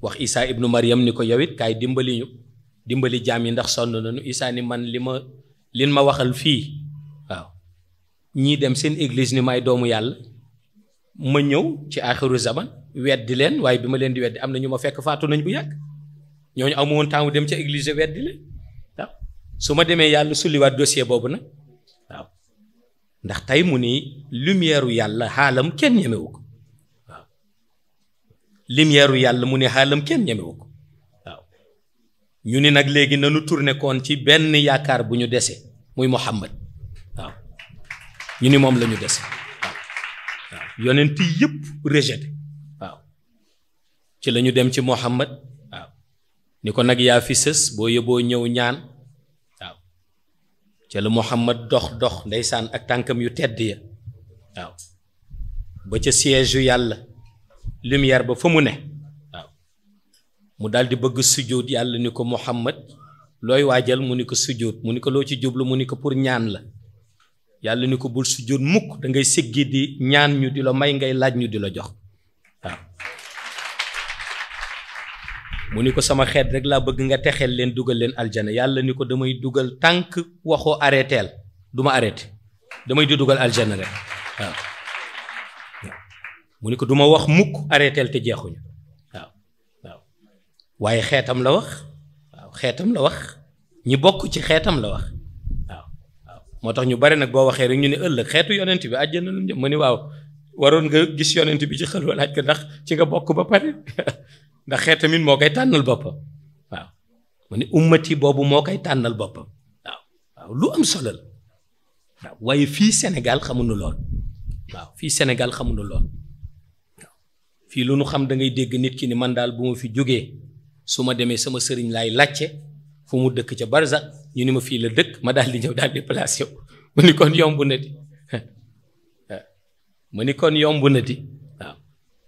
wax isaa ibnu mariam ni ko yow kaay dimbali ñu dimbali jaam yi ndax sonn nañu isaa ni man li ma lin ma waxal fii waaw ñii dem seen église ni may doomu yàlla ma ñëw ci aaxiru zaman weddi leen waaye bi ma leen di weddi am na ñu ma fekk faatu nañ bu yàgg ñooñu amu woon temps dem ca église weddi la su ma demee yàlla sulliwaat dossier boobu nag waaw ndax tey mu ni lumière yàlla xaalam kenn ñemewu ko waaw lumière yàlla mu ni xaalam kenn ñemewu ko waaw ñu ni nag léegi nanu tourné koon ci benn yaakaar bu ñu desee muy Muhammad waaw ñu ni moom la ñu dese waaw yonent yëpp rejeté waaw ci la dem ci Muhammad ni ko nag yaa fi sës boo yóbboo ñëw ñaan waaw ca la Muhammad dox dox ndeysaan ak tànkam yu tedd ya waaw ba ca siège yu yàlla lumière ba fa mu ne waaw mu daldi bëgg sujjóot yàlla ni ko Muhammad looy waajal mu ni ko sujjóot mu ni ko loo ci jublu mu ni ko pour ñaan la yàlla ni ko bul sujjóot mukk dangay ngay siggi di ñaan ñu di la may ngay laaj ñu di la jox waaw mu ni ko sama xeet rek laa bëgg nga texeel leen dugal leen aljana yàlla ni ko damay dugal tànk waxoo arrêteel du ma arrêté damay di dugal aljana rek waaw mu ni ko duma wax mukk arrêteel te jeexuñu waaw waaw xeetam la wax waaw xeetam la wax ñi bokk ci xeetam la wax waaw waaw moo tax ñu bari nag boo waxee rek ñu ne ëllëg xeetu yonent bi àjjana lu ma ni waaw waroon nga gis yonent bi ci xalwa laaj ko ndax ci nga bokk ba pare ndax xeet moo koy tànnal boppam waaw mu ne ummati boobu moo koy tànnal boppam waaw waaw lu am solo la waaw waaye fii Sénégal xamuñu lool waaw fii Sénégal xamuñu lool fii lu nu xam dangay dégg nit ki ni man daal bu ma fi jógee su ma demee sama sëriñ laay làcce fu mu dëkk ca Barzak ñu ni ma fii la dëkk ma daal di ñëw daal di placé wu mu ni kon yomb na di mu ni kon yomb na di waaw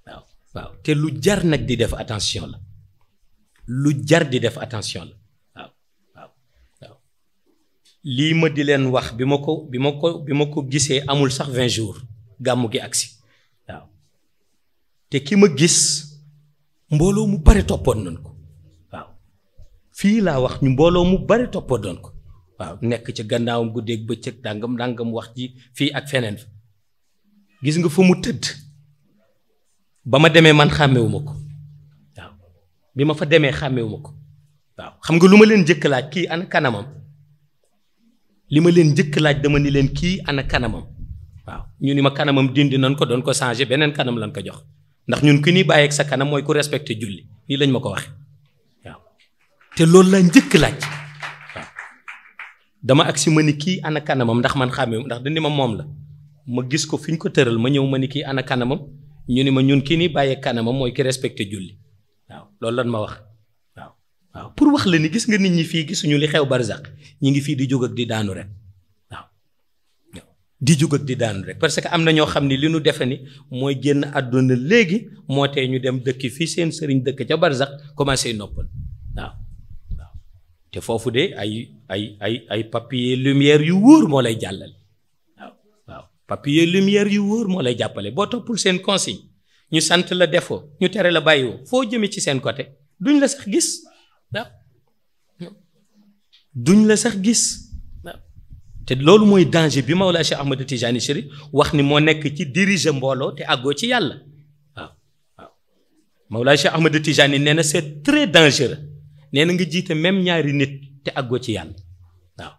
waaw waaw te lu jar nag di def attention la lu jar di def attention la waaw waaw waaw lii ma di leen wax bi ma ko bi ma ko bi ma ko gisee amul sax vingt jours gàmmu gi agsi waaw te ki ma gis mbooloo mu bare toppoon nañ ko waaw fii laa wax ñu mbooloo mu bare toppoon nañ ko waaw nekk ci gannaawam guddeeg bëccëg dàngam mu wax ji fii ak feneen fa gis nga fa mu tëdd ba ma demee man xàmmewuma ko waaw bi ma fa demee xàmmewuma ko waaw xam nga lu ma leen jëkk laaj kii ana kanamam li ma leen jëkk laaj dama ni leen kii ana kanamam waaw ñu ni ma kanamam dindi nan ko doon ko changé beneen kanam lan ko jox ndax ñun ku ñuy bàyyeeg sa kanam mooy ku respecté julli nii lañ ma ko waxee waaw loolu laa njëkk laaj waaw dama agsi ma ni kii ana kanamam ndax man xàmmewuma ndax dindi ma moom la ma gis ko fi ñu ko tëral ma ñëw ma ni kii ana kanamam ñu ni ma ñun kii nii bàyyee kanamam mooy ki respecté julli waaw loolu lan ma wax waaw waaw pour wax la ni gis nga nit ñi fii gisuñu li xew barzak ñi ngi fii di jóg ak di daanu rek waaw di jóg ak di daanu rek parce que am na ñoo xam ni li nu defe ni mooy génn àdduna léegi moo tee ñu dem dëkk fii seen sëriñ dëkk ca barzak commencé noppal waaw waaw te foofu de ay ay ay ay papier lumière yu wóor moo lay jàllale papier lumière yu wóor moo lay jàppale boo toppul seen consigne ñu sant la defoo ñu tere la bàyyiwoo foo jëmee ci seen côté duñ la sax gis waaw duñ la sax gis te loolu mooy danger bi Mawlaa Cheikh Ahmad Tijani Chérif wax ni moo nekk ci diriger mbooloo te àggoo ci yàlla waaw waaw Mawlaa Cheikh Ahmad Tijani nee na c'est très dangereux nee na nga jiite même ñaari nit te àggoo ci yàlla waaw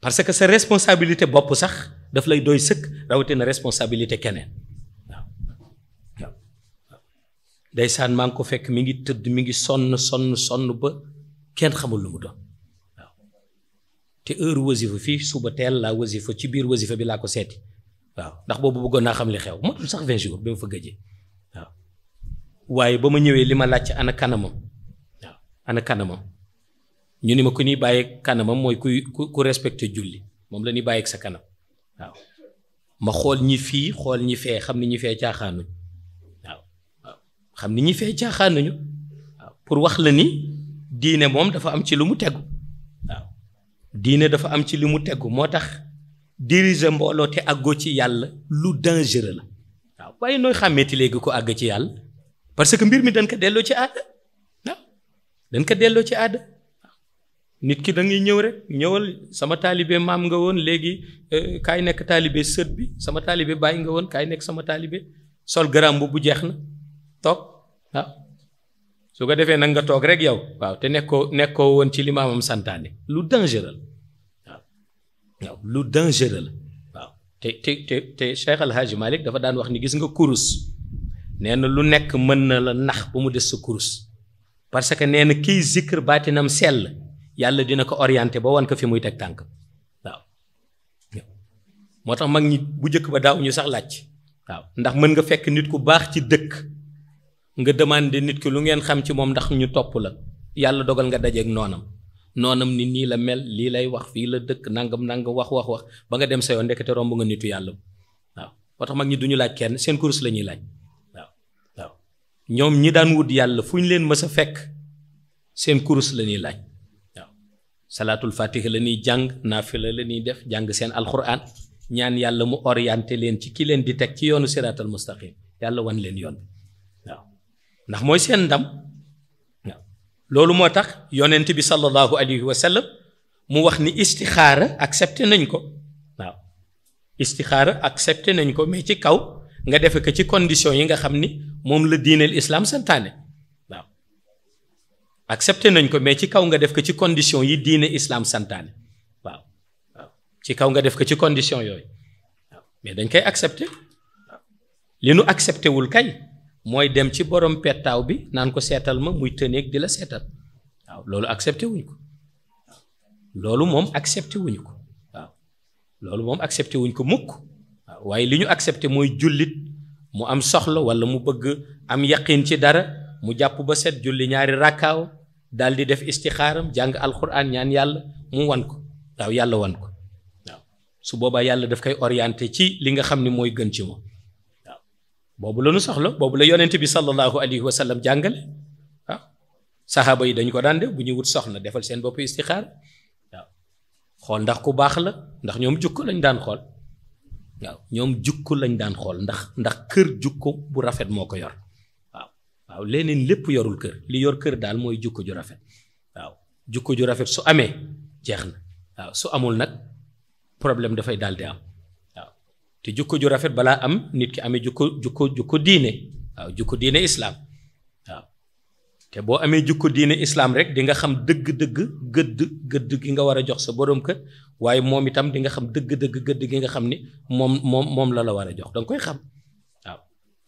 parce que sa responsabilité bopp sax. daf lay dooy sëkk rawatina responsabilité keneen waaw waaw ndeysaan maa ngi ko fekk mi ngi tëdd mi ngi sonn sonn sonn ba kenn xamul lu mu doon waaw te heure wasifa fii suba teel laa wasifa ci biir wasifa bi laa ko seeti waaw ndax boobu bëggoon naa xam li xew matul sax vingt jours ba ma fa gëjee waaw waaye ba ma ñëwee li ma laajte ana kanamam waaw ana kanamam ñu ni ma ku ñuy bàyyeeg kanamam mooy ku ku respecté julli moom la ñuy bàyyeeg sa kanam waaw ma xool ñi fii xool ñi fee xam ni ñi fee caaxaan nañu waaw waaw xam ni ñi fee caaxaan nañu waaw pour wax la ni diine moom dafa am ci lu mu tegu waaw diine dafa am ci lu mu tegu moo tax diriger mbooloo te àggoo ci yàlla lu dangereux la waaw waaye nooy xàmmeeti léegi ko àgg ci yàlla parce que mbir mi dañ ko delloo ci aada waaw dañ ko delloo ci aada nit ki da ngay ñëw rek ñëwal sama taalibe maam nga woon léegi eh, kaay nekk taalibe sët bi sama taalibee bàyyi nga woon kaay nekk sama taalibe sol garam bu jeex na toog su ko defee nag nga toog rek yow waaw te nekkoo nekkoo woon ci li maamam santaane lu dangereux waaw waaw lu dangereux la waaw te te te te Cheikh Al dafa daan wax ni gis nga kurus nee na lu nekk mën na la nax ba mu des sa kurus parce que nee na kiy zikr baatinam sell. yàlla dina ko orienté ba wan ko fi muy teg tànk waaw moo tax mag ñi bu njëkk ba daawuñu sax laaj waaw ndax mën nga fekk nit ku baax ci dëkk nga demandé nit ki lu ngeen xam ci moom ndax ñu topp la yàlla dogal nga dajeeg noonam noonam ni nii la mel lii lay wax fii la dëkk nangam nangam wax wax wax ba nga dem sa yoon ndekete romb nga nitu yàlla waaw moo tax mag ñi duñu laaj kenn seen kurus la ñuy laaj waaw ñi daan wut yàlla fu leen mës a fekk seen course la laaj. salaatul fatiha la ñuy jàng naafila la ñuy def jàng seen alquran ñaan yàlla mu orienté leen ci ki leen di teg ci yoonu siraatal mustaqim yàlla wan leen yoon waaw ndax mooy seen ndam waaw loolu moo tax yonent bi sallallahu alayhi wa sallam mu wax ni istixaara accepté nañ ko waaw istixaara septe nañ ko mais ci kaw nga defe ko ci condition yi nga xam ni moom la diineel islam santaane accepté nañ ko mais ci kaw nga def ko ci condition yi diine islam santaane waaw waaw ci kaw nga def ko ci condition yooyu waaw mais dañ koy accepté waaw li nu accepté wul kay mooy dem ci borom pettaaw bi naan ko seetal ma muy tëneeg di la seetal waaw loolu accepté wuñ ko loolu moom accepté wuñ ko waaw loolu moom accepté wuñ ko mukk waaw waaye li ñu accepté mooy jullit mu am soxla wala mu bëgg am yaqin ci dara mu jàpp ba set julli ñaari ràkkaaw dal di def istixaaram jàng alquran ñaan yàlla mu wan ko waaw yàlla wan ko waaw su boobaa yàlla daf koy orienté ci li nga xam ni mooy gën ci moom waaw boobu lanu soxla boobu la yonent bi sallallahu alayhi wa sallam jàngale waaw saxaaba yi dañ ko daan def bu ñuy wut soxna defal seen bopp istixaar waaw xool ndax ku baax la ndax ñoom jukko lañ daan xool waaw ñoom jukko lañ daan xool ndax ndax kër jukko bu rafet moo ko yor. waaw leneen lépp yorul kër li yor kër daal mooy jukko ju rafet waaw jukko ju rafet su amee jeex na waaw su amul nag problème dafay daal di am waaw te jukko ju rafet balaa am nit ki amee jukko jukko jukko diine waaw jukko diine islaam waaw te boo amee jukko diine islaam rek di nga xam dëgg-dëgg gëdd gëdd gi nga war a jox sa boroom kër waaye moom itam di nga xam dëgg-dëgg gëdd gi nga xam ni moom moom la la war a jox danga koy xam waaw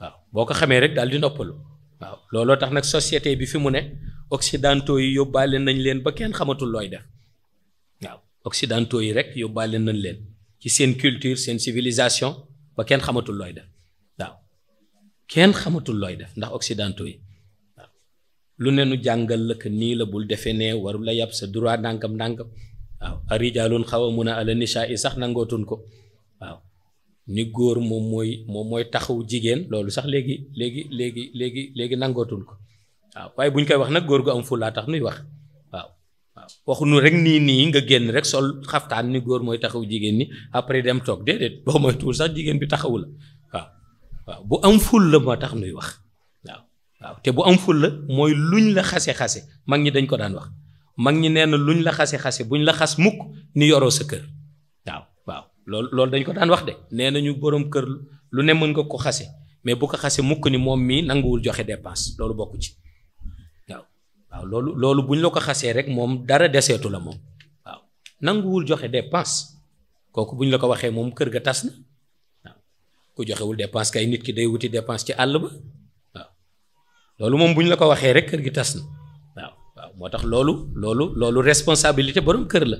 waaw boo ko xamee rek daal di noppalu. waaw looloo tax nag société bi fi mu ne occidentaux yi yóbbaale nañ leen ba kenn xamatul looy def waaw occidentaux yi rek yóbbaale nañ leen ci seen culture seen civilisation ba kenn xamatul looy def waaw kenn xamatul looy def ndax occidentaux yi waaw lu ne nu jàngal la que nii la bul defee nee waru la yàpp sa droit ndànkam ndànkam waaw a rijaalun xawamuuna ala nisaa i sax nangootuñ ko waaw ni góor moom mooy moom mooy taxaw jigéen loolu sax léegi léegi léegi léegi léegi nangootul ko waaw waaye bu ñu koy wax nag góor gu am fulla tax nuy wax waaw waaw rek nii nii nga génn rek sol xaftaan ni góor mooy taxaw jigéen ni après dem toog déedéet boo moytuwul sax jigéen bi taxawu waaw bu am fulla moo tax nuy wax waaw te bu am fulla mooy luñ la xase-xase mag ñi dañ ko daan wax mag ñi nee na luñ la xase-xase buñ la xas mukk ni yoroo sa kër loolu loolu dañ ko daan wax de nee nañu boroom kër lu ne mën nga ko xase mais bu ko xasee mukk ni moom mii nanguwul joxe dépense loolu bokk ci waaw waaw loolu loolu buñ la ko xasee rek moom dara deseetu la moom waaw nanguwul joxe dépense kooku buñ la ko waxee moom kër ga tas ku joxewul dépense kay nit ki day wuti dépense ci àll ba loolu moom buñ la ko waxee rek kër gi tas na waaw waaw moo tax loolu loolu loolu responsabilité borom kër la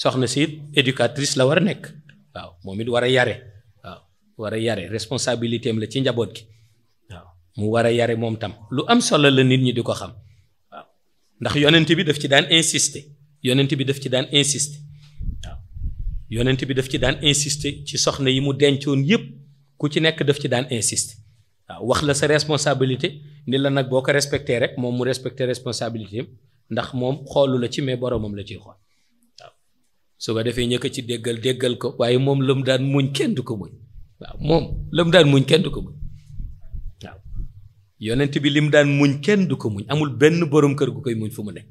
soxna siit it éducatrice la war a nekk waaw moom it war a yare waaw war a yare responsabilité am la ci njaboot gi waaw mu war a yare moom tam lu am solo la nit ñi di ko xam waaw ndax yonent bi daf ci daan insisté yonent bi daf ci daan insister waaw yonent bi daf ci daan insisté ci soxna yi mu dencoon yépp ku ci nekk daf ci daan insister waaw wax la sa responsabilité ni la nag boo ko respecté rek moom mu respecté responsabilité ndax moom xoolu la ci mais boromam la ciy xool. su ko defee ñëkk ci déggal déggal ko waaye moom la mu daan muñ kenn du ko muñ waaw moom la mu daan muñ kenn du ko muñ waaw yonent bi li mu daan muñ kenn du ko muñ amul benn boroom kër gu koy muñ fu mu ne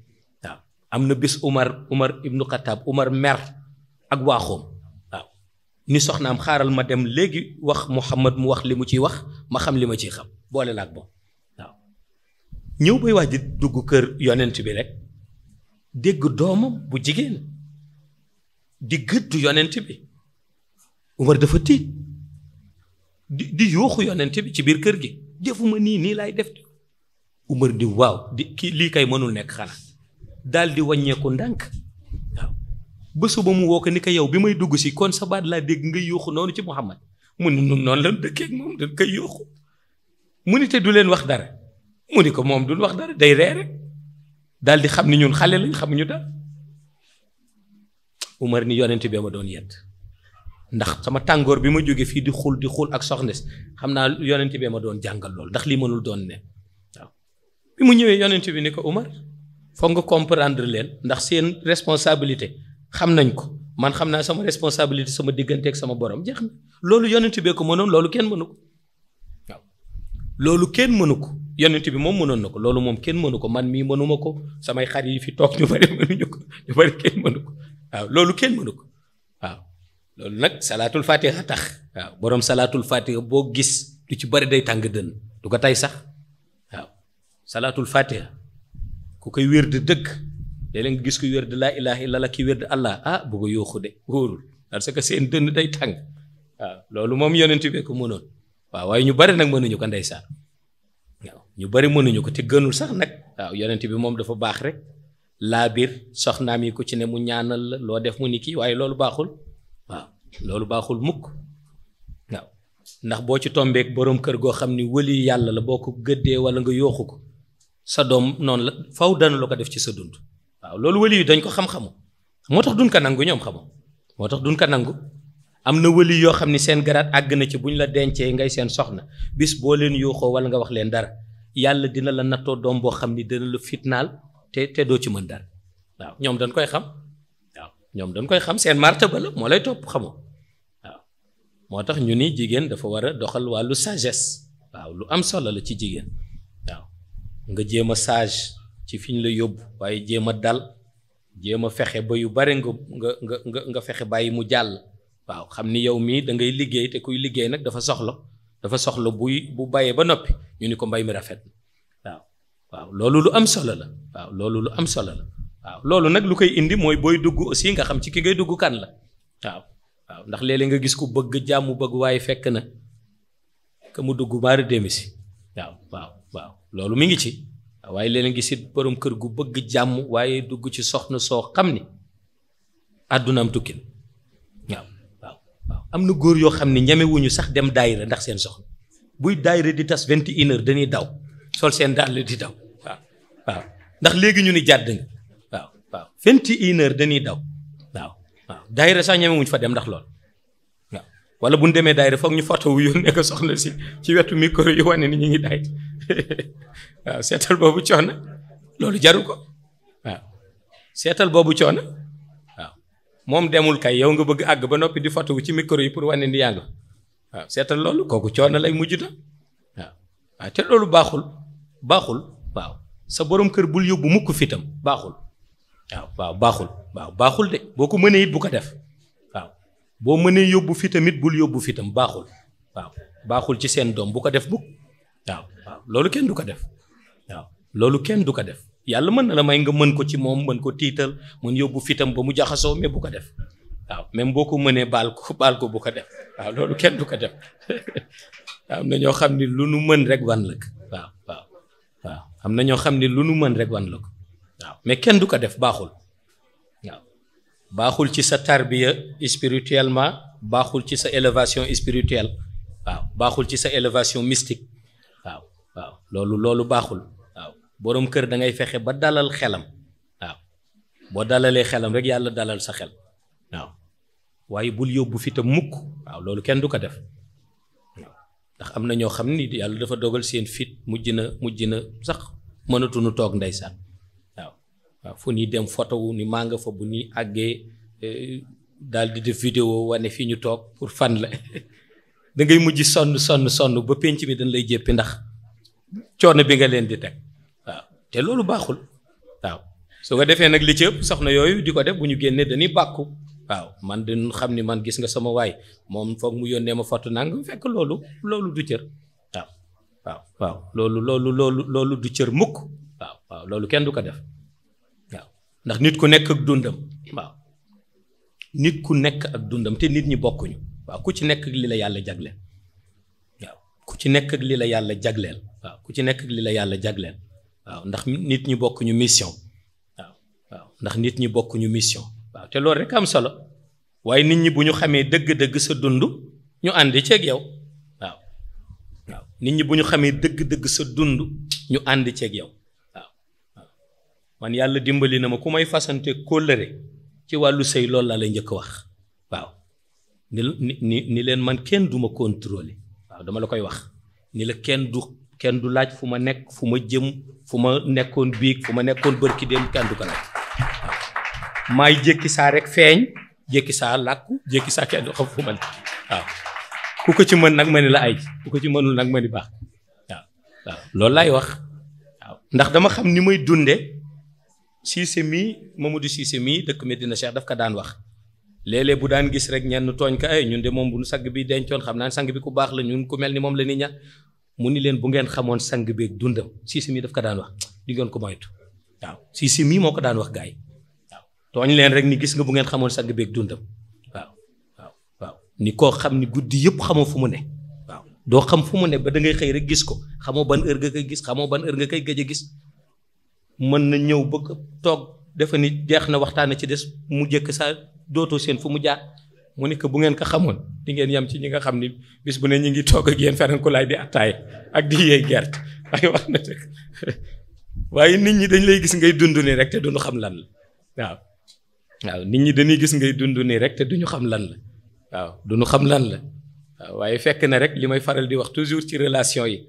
waaw am na bis Umar Umar ibnu Xataab Umar mer ak waaxoom waaw ni soxnaam xaaral ma dem léegi wax Muhammad mu wax li mu ciy wax ma xam li ma ci xam boole laak moom waaw ñëw bay waaj dugg kër yonent bi rek dégg doomam bu jigéen. di gëddu yonent bi Umar dafa tiit di di yuuxu yonent bi ci biir kër gi defuma nii nii laay def Umar di waaw di kii lii kay mënul nekk xanaa daal di wàññeeku ndànk ba suba mu woo ko ni ko yow bi may dugg si kon sa baat laa dégg nga yuuxu noonu ci Muhammad mu ni nun noonu lan dëkkee ak moom dañ koy yuuxu mu ni te du leen wax dara mu ni ko moom duñ wax dara day ree rek daal di xam ni ñun xale lañ xamuñu dara Umar ni yonent bee ma doon yedd ndax sama tàngoor bi ma jógee fii di xul di xul ak soxna xam naa yonent bi ma doon jàngal loolu ndax lii mënul doon ne waaw bi mu ñëwee yonent bi ni ko Umar foog nga comprendre leen ndax seen responsabilité xam nañ ko man xam naa sama responsabilité sama diggante ak sama borom jeex na loolu yonent bee ko mënoon loolu kenn mënu ko waaw loolu kenn mënu ko yonent bi moom mënoon na ko loolu moom kenn mënu ko man mii mënuma ko samay xar yi fi toog ñu bari mënuñu ko loolu kenn mënu ko waaw loolu nag salaatul fatiha tax waaw boroom salaatul fatiha boo gis lu ci bari day tàng dënn du ko tey sax waaw salaatul fatiha ku koy wér di dëkk léeg-léeg gis ku wér di laa ilaha illa allah ki wér di allah ah bu ko de wóorul parce seen dënn day tàng waaw loolu moom yonent bi ko mënoon waaw waaye ñu bari nag mënuñu ko ndeysaan waaw ñu bari mënuñu ko te gënul sax nag waaw yonent bi moom dafa baax rek laa biir soxnaam yi ko ci ne mu ñaanal la loo def mu ni kii waaye loolu baaxul waaw loolu baaxul mukk waaw ndax boo ci tombeek boroom kër goo xam ni wëli yàlla la boo ko gëddee walla nga yooxu ko sa doom noonu la faw dana la ko def ci sa dund waaw loolu wëli yi dañ ko xam-xamu moo tax dun ko nangu ñoom xamu moo tax dun ko nangu am na wëli yoo xam ni seen garaat àgg na ci buñ la dencee ngay seen soxna bis boo leen yooxoo walla nga wax leen dara yàlla dina la nattoo doom boo xam ni dina la fitnaal te te doo ci mën dara waaw ñoom dañ koy xam waaw ñoom dañ koy xam seen marta ba la moo lay topp xamoo waaw moo tax ñu ni jigéen dafa war a doxal wàllu sagesse waaw lu am solo la ci jigéen waaw nga jéem a sage ci fiñ la yóbbu waaye jéem a dal jéem a fexe ba yu bare nga nga nga nga fexe bàyyi mu jàll waaw xam ni yow mii da ngay liggéey te kuy liggéey nag dafa soxla dafa soxla buy bu bàyyee ba noppi ñu ni ko mbay mi rafet waaw loolu lu am solo la waaw loolu lu am solo la waaw loolu nag lu koy indi mooy booy dugg aussi nga xam ci ki ngay dugg kan la waaw waaw ndax léeg-léeg nga gis ku bëgg jàmm bëgg waaye fekk na ka mu dugg baari démb si waaw waaw waaw loolu mi ngi ci waaye léeg-léeg ngi si borom kër gu bëgg jàmm waaye dugg ci soxna soo xam ni àdduna am tukkin waaw waaw waaw am na góor yoo xam ne ñamewuñu sax dem daayira ndax seen soxna buy daayira di tas vingt et une heures dañuy daw sol seen dàll di daw waaw waaw ndax léegi ñu ni jàdd nga waaw waaw vingt et une heures dañuy daw waaw waaw daayira sax ñemewuñ fa dem ndax lool waaw wala bu ñu demee daayira foog ñu foto wu yónnee ko soxna si ci wetu micro yi wane ni ñu ngi daay waaw seetal boobu loolu jaru ko waaw seetal boobu coono waaw moom demul kay yow nga bëgg àgg ba noppi di foto ci micro yi pour wane ni yaa nga seetal loolu kooku coono lay mujj na waaw te loolu baaxul. baaxul waaw sa boroom kër bul yóbbu mukk fitam baaxul waaw waaw baaxul waaw baaxul de boo ko mënee it bu ko def waaw boo mënee yóbbu fitam it bul yóbbu fitam baaxul waaw baaxul ci seen doom bu ko def mukk loolu kenn du ko def waaw loolu kenn du ko def yàlla mën na la may nga mën ko ci moom mën ko tiital mën yóbbu fitam ba mu jaxasoo mais bu ko def waaw même boo ko mënee baal ko baal ko bu ko def waaw loolu kenn du ko def am na ñoo xam ni lu nu mën rek wan waaw am na ñoo xam ne lu nu mën rek wan la ko waaw mais kenn du ko def baaxul waaw baaxul ci sa tarbiya spirituellement baaxul ci sa élévation spirituelle waaw baaxul ci sa élévation mystique waaw waaw loolu loolu baaxul waaw boroom kër dangay fexe ba dalal xelam waaw boo dalalee xelam rek yàlla dalal sa xel waaw waaye bul yóbbu fi mukk waaw loolu kenn du ko def waaw ndax am na ñoo xam ni yàlla dafa dogal seen fit mënatuñu toog ndeysaan waaw waaw fu ñuy dem fotowu ni maa nga fa bu ñuy àggee eh, daal di def vidéo wane fii ñu toog pour fan la da ngay mujj sonn sonn sonn ba penc mi dañ lay jéppi ndax coono bi nga leen di teg waaw te loolu baaxul waaw su nga defee nag li ci soxna yooyu di ko def bu ñu génnee dañuy bàkku waaw man dañu xam ni man gis nga sama waay moom foog mu yónnee ma foto nang fekk loolu loolu du cër waaw loolu loolu loolu loolu du cër mukk waaw waaw loolu kenn du ko def waaw ndax nit ku nekk ak dundam waaw nit ku nekk ak dundam te nit ñi bokkuñu waaw ku ci nekk ak li la yàlla jagleel waaw ku ci nekk ak la yàlla jagleel waaw ci nekk ak la yàlla jagleel waaw ndax nit ñi bokkuñu mission waaw waaw ndax nit ñi bokkuñu mission waaw te loolu rek am solo waaye nit ñi bu ñu xamee dëgg-dëgg sa dund ñu ànd ceeg yow. nit ñi bu ñu xamee dëgg-dëgg sa dund ñu ànd ceeg yow waaw waaw man yàlla dimbali na ma ku may fasante kóllëre ci wàllu sëy loolu laa lay njëkk wax waaw ni ni ni leen man kenn du ma contrôler waaw la koy wax ni la kenn du kenn du laaj fu ma nekk fu ma jëm fu ma nekkoon biig fu ma nekkoon bërki dem kenn du ko laaj maay jékki saa rek feeñ jékki saa làkku jékki saa kenn du xam fu ma nekk waaw ku ko ci mën nag ma ni la ay ku ko ci mënul nag ma ni baax waaw loolu laay wax waaw ndax dama xam ni may dunde Cissé mii Mamadou Cissé mii dëkk Medina Cheikh daf ko daan wax léeg bu daan gis rek ñenn tooñ ko ay eh, ñun de moom bu nu sang bi dencoon xam naa ne sang bi ku baax la ñun ku mel ni moom la ni ña mu ni leen bu ngeen xamoon sang beeg dundam Cissé mii daf ko daan wax di ngeen ko moytu waaw Cissé mii moo ko daan wax gars yi waaw tooñ leen rek ni gis nga bu ngeen xamoon sang beeg dundam. ni koo xam ni guddi yëpp xamoo fu mu ne waaw doo xam fu mu ne ba dangay xëy rek gis ko xamoo ban heure nga koy gis xamoo ban heure nga koy gëj a gis mën na ñëw bëgg toog defe nit jeex na waxtaan a ci des mu jëkk sa dootoo seen fu mu jaar mu ne bu ngeen ko xamoon di ngeen yam ci ñi nga xam ni bis bu ne ñu ngi toog ak yéen feneen ku laay di attaay ak di yeey gerte waaye wax na dëgg waaye nit ñi dañ lay gis ngay dund nii rek te duñu xam lan la waaw nit ñi dañuy gis ngay dund nii rek te duñu xam lan la. waaw du ñu xam lan la waaw waaye fekk na rek li may faral di wax toujours ci relation yi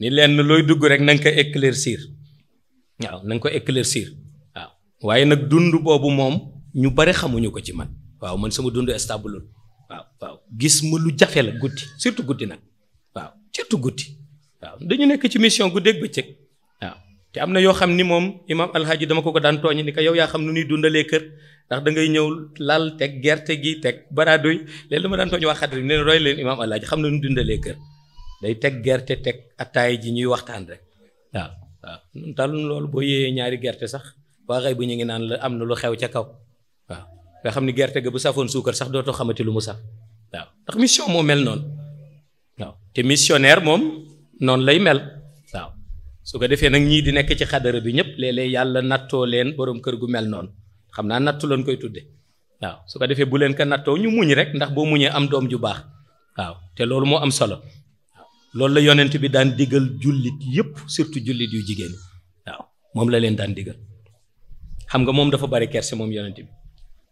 ni lenn looy dugg rek na nga ko éclaircir waaw ko éclaircir waaw waaye nag dund boobu moom ñu bare xamuñu ko ci man waaw man sama dund stable waaw waaw gis ma lu jafe la guddi surtout guddi nag waaw surtout guddi waaw dañu nekk ci mission guddeeg bëccëg waaw te am na yoo xam ni moom imaam alxaaji dama ko ko daan tooñ ni ko yow yaa xam nu ñuy dundalee kër ndax da ngay ñëw lal teg gerte gi teg bara doy léegi dama daan tooñ waa bi ne roy leen imaam alaaji xam na nu dundalee kër day teg gerte teg attaay ji ñuy waxtaan rek waaw waaw nun talun loolu boo yéeyee ñaari gerte sax waa xëy bu ñu ngi naan la am na lu xew ca kaw waaw nga xam ni gerte ga bu safoon suukar sax dootoo xamati lu mu sax waaw ndax mission moo mel noonu waaw te missionnaire moom noonu lay mel waaw su ko defee nag ñii di nekk ci xadara bi ñëpp léeg yàlla nattoo leen borom kër gu mel noonu xam naa nattu lañ koy tudde waaw su ko defee bu leen ko nattoo ñu muñ rek ndax boo muñee am doom ju baax waaw te loolu moo am solo loolu la yonent bi daan digal jullit yépp surtout jullit yu jigéen waaw moom la leen daan digal xam nga moom dafa bari kerse moom yonent bi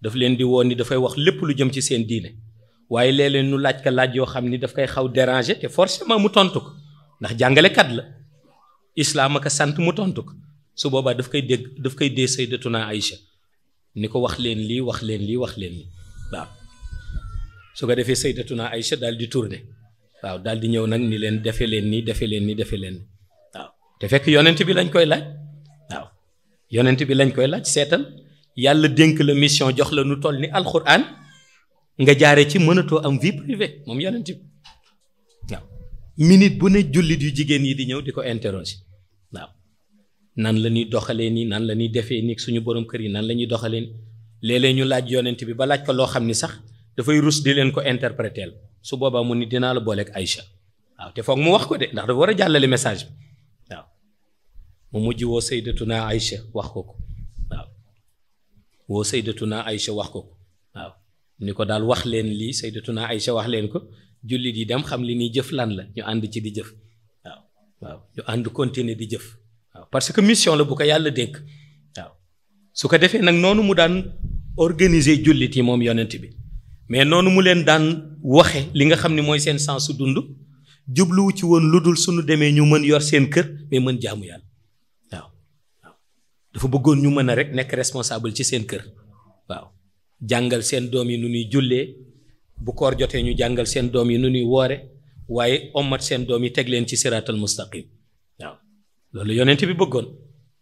daf leen di woon ni dafay wax lépp lu jëm ci seen diine waaye léeg leen lu laaj ka laaj yoo xam ni daf koy xaw déranger te forcément mu tontu ko ndax jàngalekat la islaam ak sant mu tontu su boobaa daf koy dégg daf koy dee sayyidatuna Aïcha ni ko wax leen lii wax leen lii wax leen lii waaw su ko defee sayyidatuna Aïcha daal di tourné waaw daal di ñëw nag ni leen defee leen nii defee leen nii defee leen nii waaw te fekk yonent bi lañ koy laaj waaw yonent bi lañ koy laaj seetal yàlla dénk la mission jox la nu toll ni alxuraan nga jaare ci mënatoo am vie privée moom yonent bi waaw minute bu ne jullit yu jigéen yi di ñëw di ko interroger waaw nan la ñuy doxalee nii nan la ñuy defee nii suñu boroom kër yi nan la ñuy doxalee nii léeg-léeg ñu laaj yonent bi ba laaj ko loo xam ni sax dafay rus di leen ko interpréter su boobaa mu ni dinaa la booleeg Aïcha waaw te foog mu wax ko de ndax dafa war a jàllale message bi waaw mu mujj woo sayyidatuna Aïcha wax ko ko waaw woo sayyidatuna Aïcha wax ko ko waaw ni ko daal wax leen lii naa Aïcha wax leen ko jullit yi dem xam li ni jëf lan la ñu ànd ci di jëf waaw waaw ñu ànd continuer jëf. parce que mission la bu ko yàlla dénk waaw su ko defee nag noonu mu daan organiser jullit yi moom yonent bi mais noonu mu leen daan waxe li nga xam ni mooy seen sens su dund jubluwu ci woon lu dul suñu demee ñu mën yor seen kër mais mën jaamu yàlla waaw dafa bëggoon ñu mën a rek nekk responsable ci seen kër waaw jàngal seen doom yi nu ñuy jullee bu koor jotee ñu jàngal seen doom yi nu ñuy woore waaye ommat seen doom yi teg leen ci siraatal mustaqim loolu yonent bi bëggoon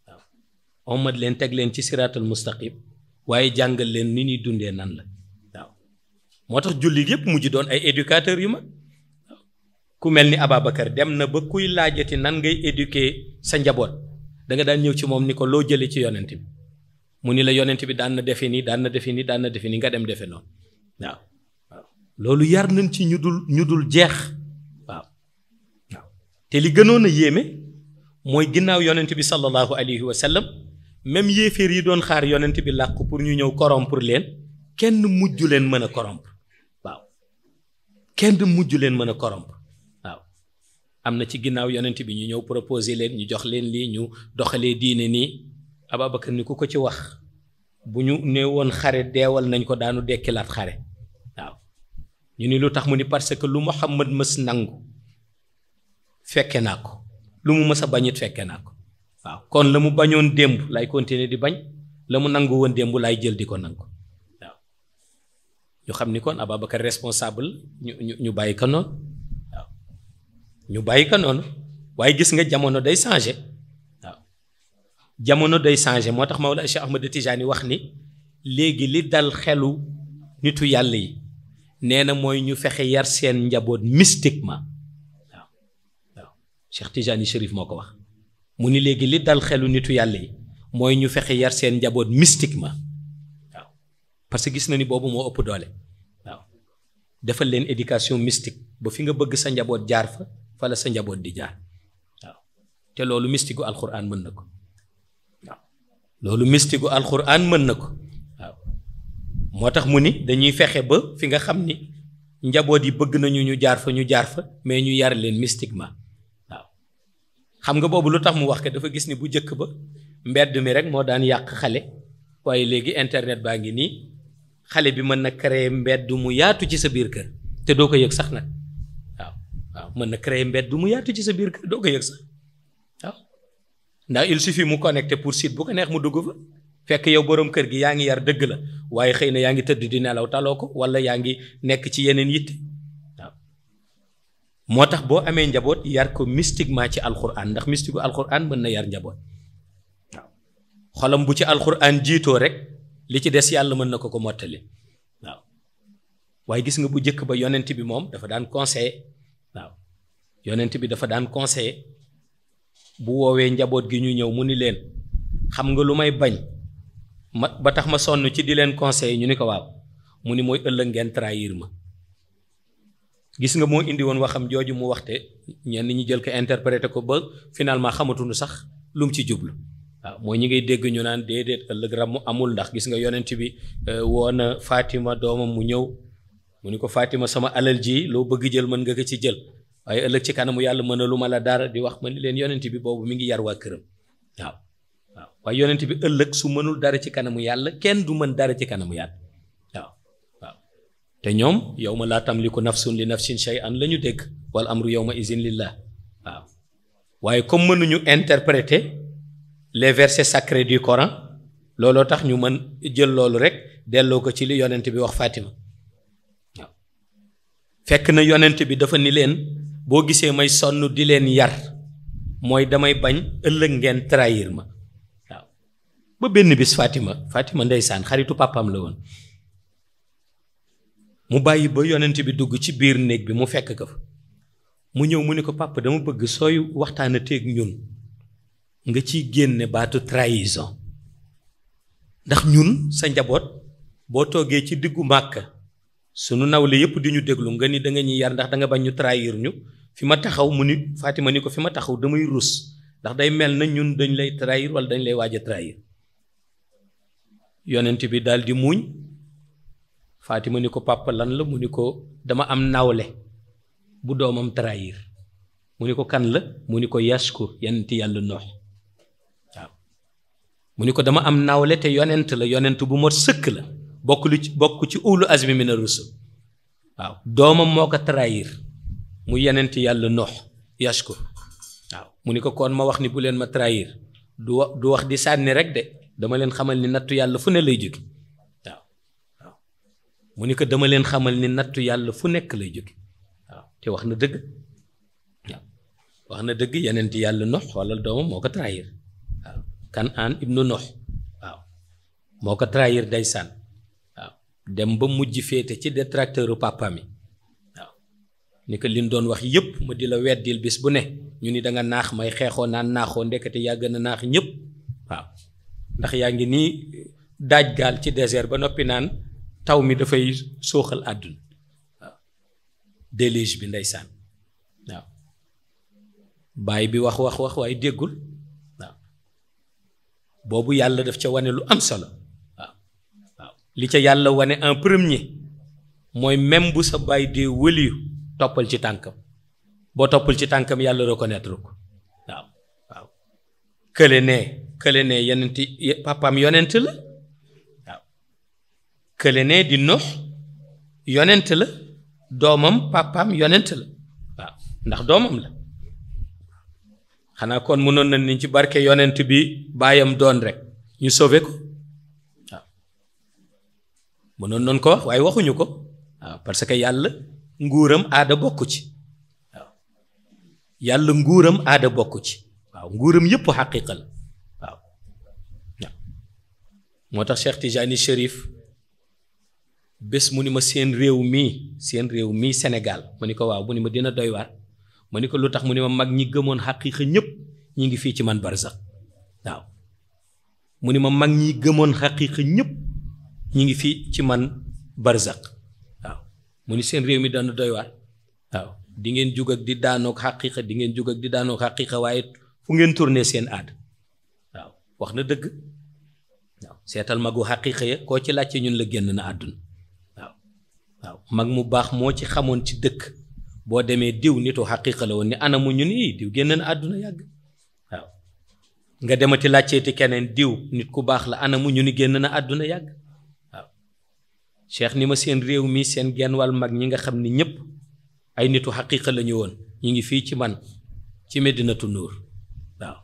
waaw ommat leen teg leen ci siraatal mustaqim waaye jàngal leen ni ñuy dundee nan la waaw moo tax jullit yépp mu ji doon ay éducateur yu mag ku mel ni Ababacar dem na ba kuy laajati nan ngay éduquer sa njaboot danga daan ñëw ci moom ni ko loo jëlee ci yonent bi mu ni la yonent bi daan na defe nii daan na defe nii daan na defe nii nga dem defe noonu waaw waaw loolu yar nañ ci ñu dul ñu dul jeex waaw waaw te li mooy ginnaaw yonent bi sallallahu alayhi wa sallam même yéeféer yi doon xaar yonent bi làq pour ñu ñëw corrompre leen kenn mujj leen mën a corrompre waaw kenn leen mën a corrompre waaw am na ci ginnaaw yonent bi ñu ñëw proposer leen ñu jox leen lii ñu doxalee diine nii Ababacar ni ku ko ci wax bu ñu nee woon xare deewal nañ ko daanu dekkilaat xare waaw ñu ni lu tax mu ni parce que lu Muhammad mës nangu fekke naa ko lu mu mës a bañit fekkee naa ko waaw kon la mu bañoon démb lay continuer di bañ la mu nangu woon démb lay jël di ko nangu waaw ñu xam ni kon Ababacar responsable ñu ñu ñu bàyyi ko noonu waaw ñu bàyyi ko noonu waaye gis nga jamono day changé waaw jamono day changé moo tax ma Mawlana Cheikh Ahmad Tijaani wax ni léegi li dal xelu nitu yàlla yi nee na mooy ñu fexe yar seen njaboot mystiquement. Cheikh Tidiane Chérif moo ko wax mu ni léegi li dal xelu nitu yàlla yi mooy ñu fexe yar seen njaboot mystiquement waaw parce que gis na ni boobu moo ëpp doole waaw defal leen éducation mystique ba fi nga bëgg sa njaboot jaar fa fa la sa njaboot di jaar waaw te loolu mystique gu alxuraan mën na ko waaw loolu mystique gu alxuraan mën na ko waaw moo tax mu ni dañuy fexe ba fi nga xam ni njaboot yi bëgg nañu ñu jaar fa ñu jaar fa mais ñu yar leen mystiquement. xam nga boobu lu tax mu wax ko dafa gis ni bu njëkk ba mbedd mi rek moo daan yàq xale waaye léegi internet baa ngi nii xale bi mën na créer mbedd mu yaatu ci sa biir kër te doo ko yëg sax nag waaw mën na créer mbedd mu yaatu ci sa biir doo ko yëg sax waaw ndax il suffit mu connecté pour site bu ko neex mu dugg fa fekk yow borom kër gi yaa ngi yar dëgg la waaye xëy na yaa ngi tëdd di nelaw taloo ko wala yaa ngi nekk ci yeneen yitte moo tax boo amee njaboot yar ko mystiquement ci alxuraan ndax mystique alxuraan mën na yar njaboot waaw xolam bu ci alxuraan jiitoo rek li ci des yàlla mën na ko ko mottali waaw waaye gis nga bu njëkk ba yonent bi moom dafa daan conseiller waaw yonent bi dafa daan conseiller bu woowee njaboot gi ñu ñëw mu ni leen xam nga lu may bañ ma ba tax ma sonn ci di leen conseiller ñu ni ko waaw mu ni mooy ëllëg ngeen trahir ma gis nga moo indi woon waxam jooju mu waxte ñenn ñi jël ko interprété ko ba finalement xamatuñu sax lu ci jublu waaw mooy ñi ngay dégg ñu naan déedéet ëllëg mu amul ndax gis nga yonent bi euh, woo na Fatima doomam mu ñëw mu ni ko Fatima sama alal ji loo bëgg jël mën nga ko ci jël waaye ëllëg ci kanamu yàlla mën a lu ma la dara di wax ma ni leen yonent bi boobu mi ngi yar waa këram waaw waaw waaye yonent bi ëllëg su mënul dara ci kanamu yàlla kenn du mën dara ci kanamu yàlla te ñoom yow ma laa tamliku nafsun li nafsin shay'an la ñu dégg wal amru yow ma izin lillah waaw waaye comme mënuñu interpréter les versets sacrés du Coran looloo tax ñu mën jël loolu rek delloo ko ci li yonent bi wax Fatima waaw fekk na yonent bi dafa ni leen boo gisee may sonn di leen yar mooy damay bañ ëllëg ngeen trahir ma waaw ba benn bis Fatima Fatima ndeysaan xaritu pàppam la woon mu bàyyi ba yonent bi dugg ci biir néeg bi mu fekk ko mu ñëw mu ne ko papa dama bëgg sooy waxtaanateeg ñun nga ciy génne baatu trahison ndax ñun sa njaboot boo toogee ci diggu màkk sunu nawle yépp di ñu déglu nga ni da nga ñuy yar ndax danga bañ ñu trahir ñu fi ma taxaw mu ni Fatima ni ko fi ma taxaw damay rus ndax day mel na ñun dañ lay trahir wala dañ lay waaj a trahir yonent bi daal di muuñ Fatima ni ko papa lan la mu ni ko dama am nawle bu doomam trahir mu ni ko kan la mu ni ko yasku yonenti yàlla noox waaw mu ni ko dama am nawle te yonent la yonent bu mot sëkk la bokk lu ci bokk ci ulu azmi mina waaw doomam moo ko trahir mu yonent yàlla noox yasku waaw mu ni ko kon ma wax ni bu leen ma trahir du du wax di sànni rek de dama leen xamal ni nattu yàlla fu ne lay jóge mu ni ko dama leen xamal ni nattu yàlla fu nekk lay jóge waaw te wax na dëgg wax na dëgg yeneen yeneenti yàlla nox xoolal doomam moo ko trahir waaw kan aan ibnu nox waaw moo ko trahir ndeysaan waaw dem ba mujj féete ci détracteuru tracteur mi waaw ni ko liñ doon wax yépp ma di la weddil bis bu ne ñu ni danga naax may xeexoo naan naaxoo ndekete yaa gën a naax ñépp waaw ndax yaa ngi nii daaj gaal ci désert ba noppi naan taw mi dafay sooxal àdduna waaw déluge bi ndeysaan waaw baay bi wax wax wax waaye déggul waaw boobu yàlla def ca wane lu am solo waaw li ca yàlla wane en premier mooy même bu sa baay dee wëliyu toppal ci tànkam boo toppal ci tànkam yàlla reconnaître ko waaw waaw kële ne kële ne yonenti papaam yonent la kële ne di Nuux yonent la doomam papaam yonent la waaw ndax doomam la xanaa kon mënoon na ni ci barke yonent bi baayam doon rek ñu sauvé ko waaw mënoon noonu ko wax waaye waxuñu ko waaw parce que yàlla nguuram aada bokk ci waaw nguuram aada bokk ci waaw nguuram yépp xaqiiqa la waaw moo tax Cheikh Tijani Chérif bés mu ni ma seen réew mii seen réew mii Sénégal ma ni ko waaw mu ni ma dina doy waar ma ni ko lu tax mu ni ma mag ñi gëmoon xaqiiqa ñëpp ñi ngi fii ci man barsax waaw mu ni ma mag ñi gëmoon xaqiiqa ñëpp ñi ngi fii ci man barsax waaw mu ni seen réew mi dana doy waar waaw di ngeen jug ak di daanook xaqiiqa di ngeen jug ak di daanook xaqiiqa waaye fu ngeen tourné seen aada waaw wax na dëgg waaw seetal magu xaqiiqa ya koo ci laajte ñun la génn na àdduna waaw mag mu baax moo ci xamoon ci dëkk boo demee diw nitu xaqiqa la woon ni anamu ñu ni diw génn na àdduna yàgg waaw nga demati laajteeti keneen diw nit ku baax la anamu ñu ni génn na àdduna yàgg waaw cheikh ni ma seen réew mi seen genn wàll mag ñi nga xam ni ñëpp ay nitu xaqiqa la ñu woon ñu ngi fii ci man ci Medinatu Nuur waaw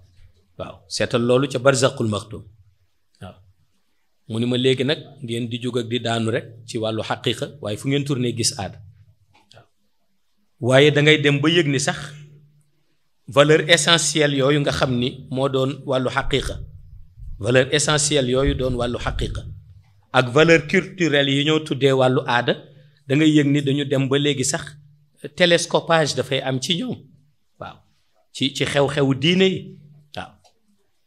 waaw seetal loolu ca barzaqul maxtum mu ni ma léegi nag ngeen di jóg ak di daanu rek ci wàllu xaqiqa waaye fu ngeen tourné gis aada waaye da ngay dem ba yëg ni sax valeur essentielle yooyu nga xam ni moo doon wàllu xaqiqa valeur essentielle yooyu doon wàllu xaqiqa ak valeur culturelle yi ñoo tuddee wàllu aada da ngay yëg ni dañu dem ba léegi sax télescopage dafay am ci ñoom waaw ci ci xew-xewu diine yi waaw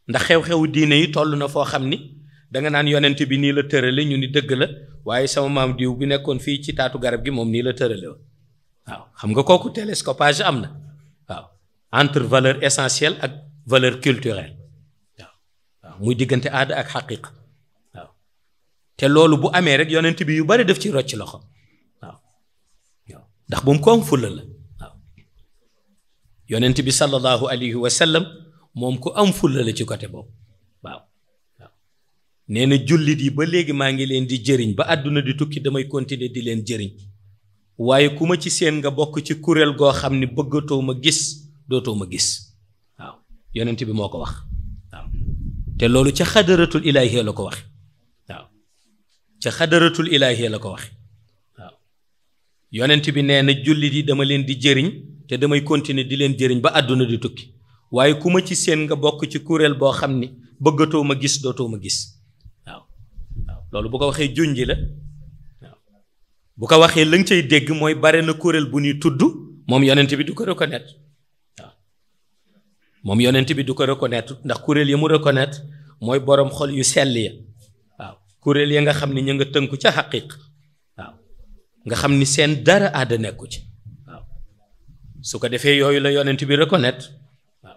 ndax xew-xewu diine yi toll na foo xam ni danga naan yonent bi nii la tërale ñu ni dëgg la waaye sama maam diw bi nekkoon fii ci taatu garab gi moom nii la tërale woon waaw xam nga kooku télescopage am na waaw entre valeur essentielle ak valeur culturelle waaw muy diggante aada ak xaqiqa waaw te loolu bu amee rek yonent bi yu bari def ci rocc loxo waaw ndax bu mu ko am fulla la waaw yonent bi sallallahu alayhi wa sallam moom ku am fulla la ci côté boobu nee na jullit yi ba léegi maa ngi leen di jëriñ ba àdduna di tukki damay continuer di leen jëriñ waaye ku ma ci seen nga bokk ci kuréel goo xam ne bëggatoo ma gis dootoo ma gis waaw yonent bi moo ko wax te loolu ca xadaratul ilaahi la ko wax ca xadaratul ilaahi la ko wax waaw bi nee na jullit yi dama leen di jëriñ te damay continuer di leen jëriñ ba àdduna di tukki waaye ku ma ci seen nga bokk ci kuréel boo xam ni bëggatoo ma gis dootoo ma gis loolu bu ko waxee junji la waaw bu ko waxee la nga cay dégg mooy bare na kuréel bu ñuy tudd moom yonent bi du ko reconnaître waaw moom yonent du ko reconnaître ndax kuréel ya mu reconnaître mooy boroom xol yu sell ya waaw kuréel ya nga xam ni ñu nga tënku ca xaqiq waaw nga xam ni seen dara aada nekku ci waaw su ko defee yooyu la yonent bi reconnaître waaw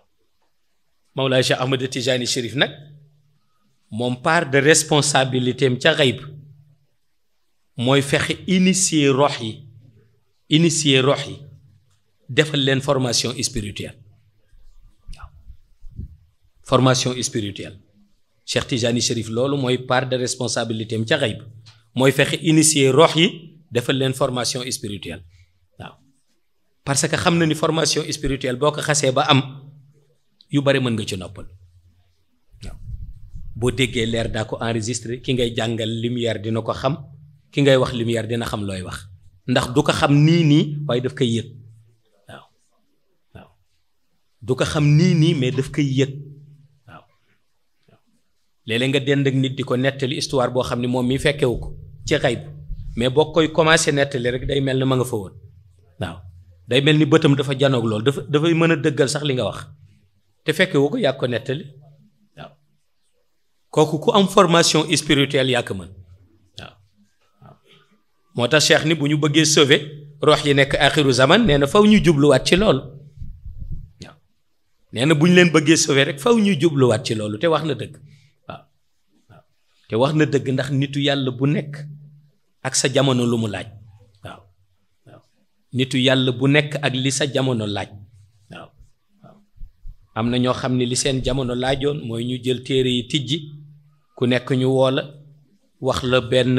Mawlaay Cheikh Ahmad Tijani Chérif nag moom par de responsabilité am ca xayb mooy fexe initier rox yi initier rox yi defal leen formation spirituelle waaw formation spirituelle Cheikh Tijani Cherif loolu mooy part de responsabilité am ca xayb mooy fexe initier rox yi defal leen formation spirituelle waaw parce que xam na ni formation spirituelle boo ko xasee ba am yu bari mën nga ci noppal. boo déggee leer daa ko enregistré ki ngay jàngal lumière dina ko xam ki ngay wax lumière dina xam looy wax ndax du ko xam nii nii waaye daf koy yëg waaw waaw du ko xam nii nii mais daf koy yëg waaw léeg nga dend ak nit di ko nettali histoire boo xam ne moom mi fekkewu ko ci xayb mais boo koy commencé nettali rek day mel ni ma nga fa woon waaw day mel ni bëtam dafa janoog loolu dafa dafay mën a dëggal sax li nga wax te fekkewu ko yàgg ko nettali kooku ku am formation spirituelle yaa ko mën waaw moo tax cheikh ni bu ñu bëggee sauver rox yi nekk axiru zaman nee na faw ñu jubluwaat ci loolu waaw nee na bu ñu leen bëggee sauver rek faw ñu jubluwaat ci loolu te wax na dëgg waaw waaw te wax na dëgg ndax nitu yàlla bu nekk ak sa jamono lu mu laaj waaw nitu yàlla bu nekk ak li sa jamono laaj waaw am na ñoo xam ne li seen jamono laajoon mooy ñu jël téere yi tijji ku nekk ñu woola wax la benn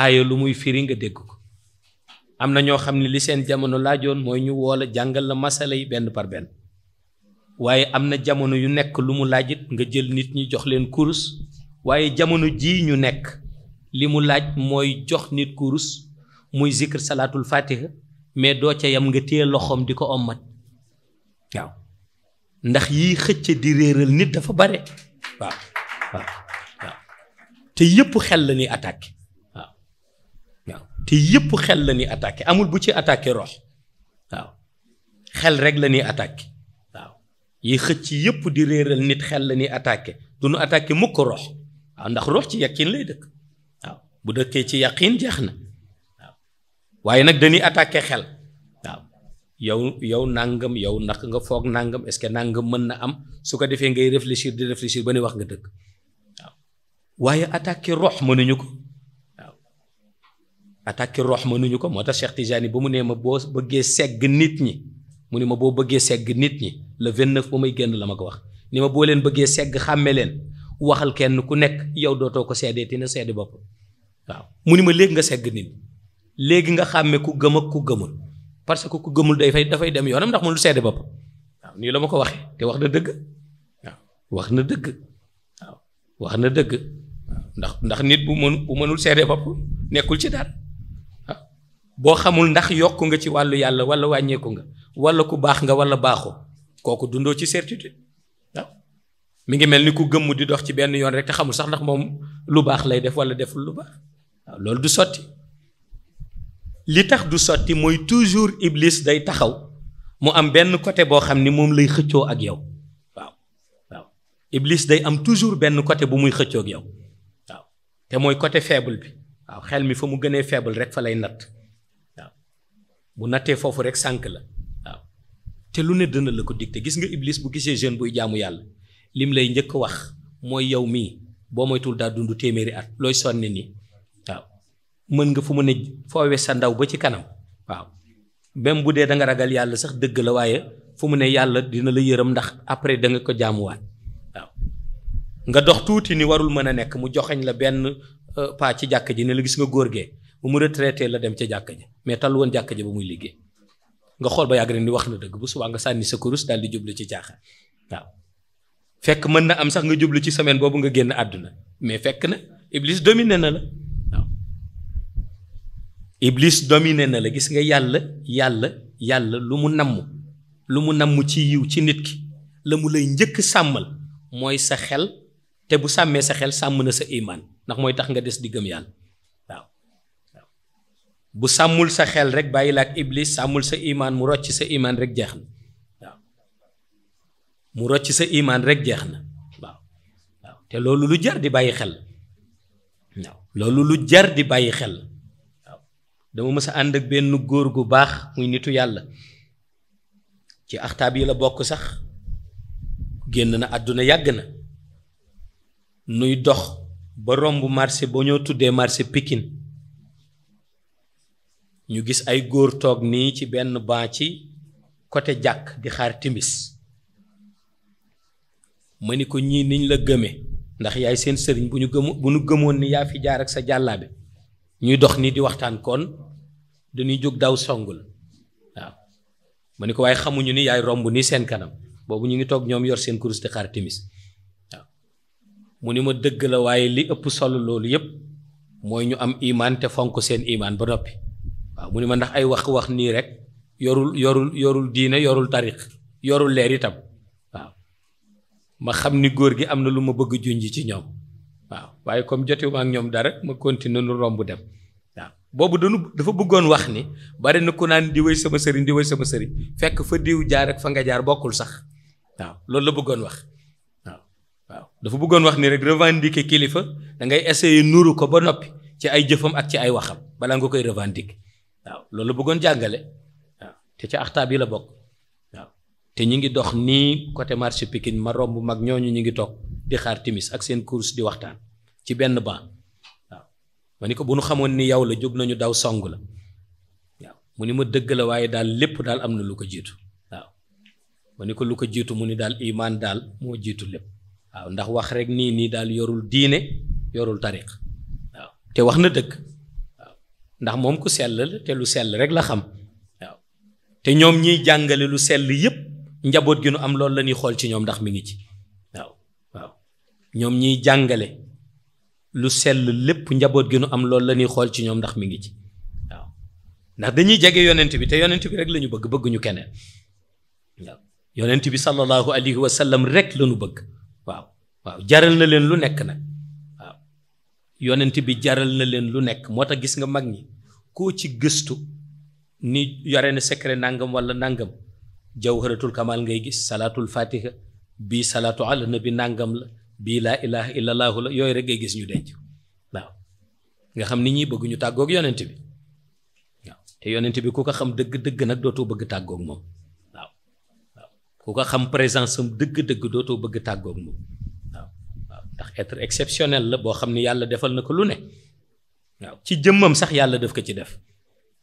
aaya lu muy firi nga dégg ko am na ñoo xam ne li seen jamono laajoon mooy ñu woola jàngal la masala yi benn par benn waaye am na jamono yu nekk lu mu laajit nga jël nit ñi jox leen kurus waaye jamono jii ñu nekk li mu laaj mooy jox nit kurus muy zikr salaatul fatiha mais doo ca yam nga téye loxoom di ko ommat waaw ndax yii xëcc di réeral nit dafa bare waaw waaw te yëpp xel la ni attaqué waaw waaw te yëpp xel la ni attaqué amul bu ci attaqué rox waaw xel rek la ñuy attaqué waaw yi xëcc yëpp di réeral nit xel la ñuy attaqué du nu attaqué mukk rox waaw ndax rox ci yaqin lay dëkk waaw bu dëkkee ci yaqin jeex na waaw waaye nag dañuy attaqué xel waaw yow yow nangam yow ndax nga foog nangam est-ce que nangam mën na am su ko defee ngay réfléchir di réfléchir ba ni wax nga dëkk. waaye attaquer rox mënuñu ko waaw attaquer rox mënuñu ko moo tax Cheikh Tijani ba mu nee ma boo bëggee segg nit ñi mu ne ma boo bëggee segg nit ñi le 29 ba may génn la ma ko wax ni ma boo leen bëggee segg xàmme leen waxal kenn ku nekk yow dootoo ko seedeeti na seede bopp waaw mu ni ma léegi nga segg nit léegi nga xàmme ku gëm ak ku gëmul parce que ku gëmul day fay dafay dem yoonam ndax mu lu seede bopp waaw nii la ma ko waxee te wax na dëgg wax na dëgg waaw wax na dëgg. ndax ndax nit bu mën mënul seede bopp nekkul ci dara ah. boo xamul ndax yokk nga ci wàllu yàlla wala wàññeeku nga wala ku baax nga wala baaxoo kooku dundoo ci certitude ah. mu ngi mel ni ku gëmm di dox ci benn yoon rek te xamul sax ndax moom lu baax lay def wala deful lu baax waaw ah, loolu du sotti li tax du sotti mooy toujours iblis day taxaw mu am benn côté boo xam ni moom lay xëccoo ak yow waaw waaw iblis day am toujours benn côté bu muy xëccoo yow. te mooy côté faible bi waaw xel mi fa mu gënee faible rek fa lay natt waaw bu nattee foofu rek sànk la waaw te lu ne dëna la ko te gis nga iblis bu gisee jeune buy jaamu yàlla lim lay njëkk wax mooy yow mii boo moytul daa dund téeméeri at looy sonne nii waaw mën nga fu mu ne foowe sa ndaw ba ci kanam waaw même bu dee da nga ragal yàlla sax dëgg la waaye fu mu ne yàlla dina la yërëm ndax après da nga ko jaamuwaat nga dox tuuti ni warul mën a nekk mu joxañ la benn euh, paa ci jàkka ji ne la gis nga góor gee bu mu retraité la dem ca jàkk ji mais tal woon jàkk ji ba muy liggéey nga xool ba yàgg rek ni wax na dëgg bu subaa nga sànni sa kurus dal di jublu ci caaxaan waaw fekk mën na am sax nga jublu ci semaine boobu nga génn àdduna mais fekk na iblis dominé na la waaw iblis dominé na la gis nga yàlla yàlla yàlla lu mu namm lu mu namm ci yiw ci nit ki la mu lay njëkk sàmmal mooy sa xel te bu sàmmee sa xel sàmm na sa imaan ndax mooy tax nga des di gëm yàlla waaw waaw bu sàmmul sa xel rek bàyyi la ak iblis sàmmul sa imaan mu rocc sa iman rek jeex na waaw mu rocc sa iman rek jeex na waaw te loolu lu jar di bàyyi xel waaw loolu lu jar di bàyyi xel waaw dama mës a ànd ak benn góor gu baax muy nitu yàlla ci axtaab yi la bokk sax génn na àdduna yàgg na nuy dox ba romb marché ba ñoo tuddee marché Pikine ñu gis ay góor toog nii ci benn ban ci côté jàkk di xaar timis ma ni ko ñii niñ la gëmee ndax yaay seen sëriñ bu ñu ñu gëmoon ni yaa fi jaar ak sa jàllaabe ñuy dox nii di waxtaan kon dañuy jóg daw songul waaw ma ni ko waaye xamuñu ni yaay romb nii seen kanam boobu ñu ngi toog ñoom yor seen kurus di xaar timis mu ni ma dëgg la waaye li ëpp solo loolu yëpp mooy ñu am imaan te fonk seen imaan ba noppi waaw mu ni ma ndax ay wax wax nii rek yorul yorul yorul diine yorul tariq yorul leer itam waaw ma xam ni góor gi am na lu ma bëgg junj ci ñoom waaw waaye comme jotewuma ak ñoom dara ma continuer nu romb dem waaw boobu dañu dafa bëggoon wax ni bari na ku naan di sama sëriñ di wéy sama sëriñ fekk fa diw jaar ak fa nga jaar bokkul sax waaw loolu la bëggoon wax dafa bëggoon wax ni rek revendiquer kilifa dangay ngay essayer nuru ko ba noppi ci ay jëfam ak ci ay waxam balaa nga koy revendiquer waaw loolu bëggoon jàngale waaw te ci axtaab yi la bokk waaw te ñi ngi dox nii côté marché pikin ma romb mag ñooñu ñi ngi toog di xaar timis ak seen course di waxtaan ci benn ban waaw ma ni ko bu nu xamoon ni yow la jóg nañu daw song la waaw mu ni ma dëgg la waaye daal lépp daal am na lu ko jiitu waaw ma ni ko lu ko jiitu mu ni daal imaan daal moo jiitu lépp waaw ndax wax rek nii nii daal yorul diine yorul tariq waaw te wax na dëkk waaw ndax moom ku sell la te lu sell rek la xam waaw te ñoom ñiy jàngale lu sell yépp njaboot gi nu am loolu la ñuy xool ci ñoom ndax mi ngi ci waaw ñiy jàngale lu sell lépp njaboot gi nu am loolu la ñuy xool ci ñoom ndax mi ngi ci waaw ndax dañuy jege yonent bi te yonent bi rek lañu bëgg bëgguñu keneen waaw yonent bi sallallahu alayhi wa sallam rek la bëgg. waaw waaw jaral na leen lu nekk nag waaw yonent bi jaral na leen lu nekk moo tax gis nga mag ñi koo ci gëstu ni yore na secret nangam wala nangam jawharatul kamal ngay gis salaatul fatiha bii salaatu ala bi nangam la bii laa ilaha illallahu la yooyu rek ngay gis ñu denc waaw nga xam ni ñi bëgguñu ñu tàggoog yonent bi waaw te yonent bi ku ko xam dëgg dëgg nag dootoo bëgg tàggoog moom ku ko xam présence am dëgg-dëgg dootoo bëgg tàggoog moom waaw waaw ndax être exceptionnel la boo xam ni yàlla defal na ko lu ne waaw ci jëmmam sax yàlla def ko ci def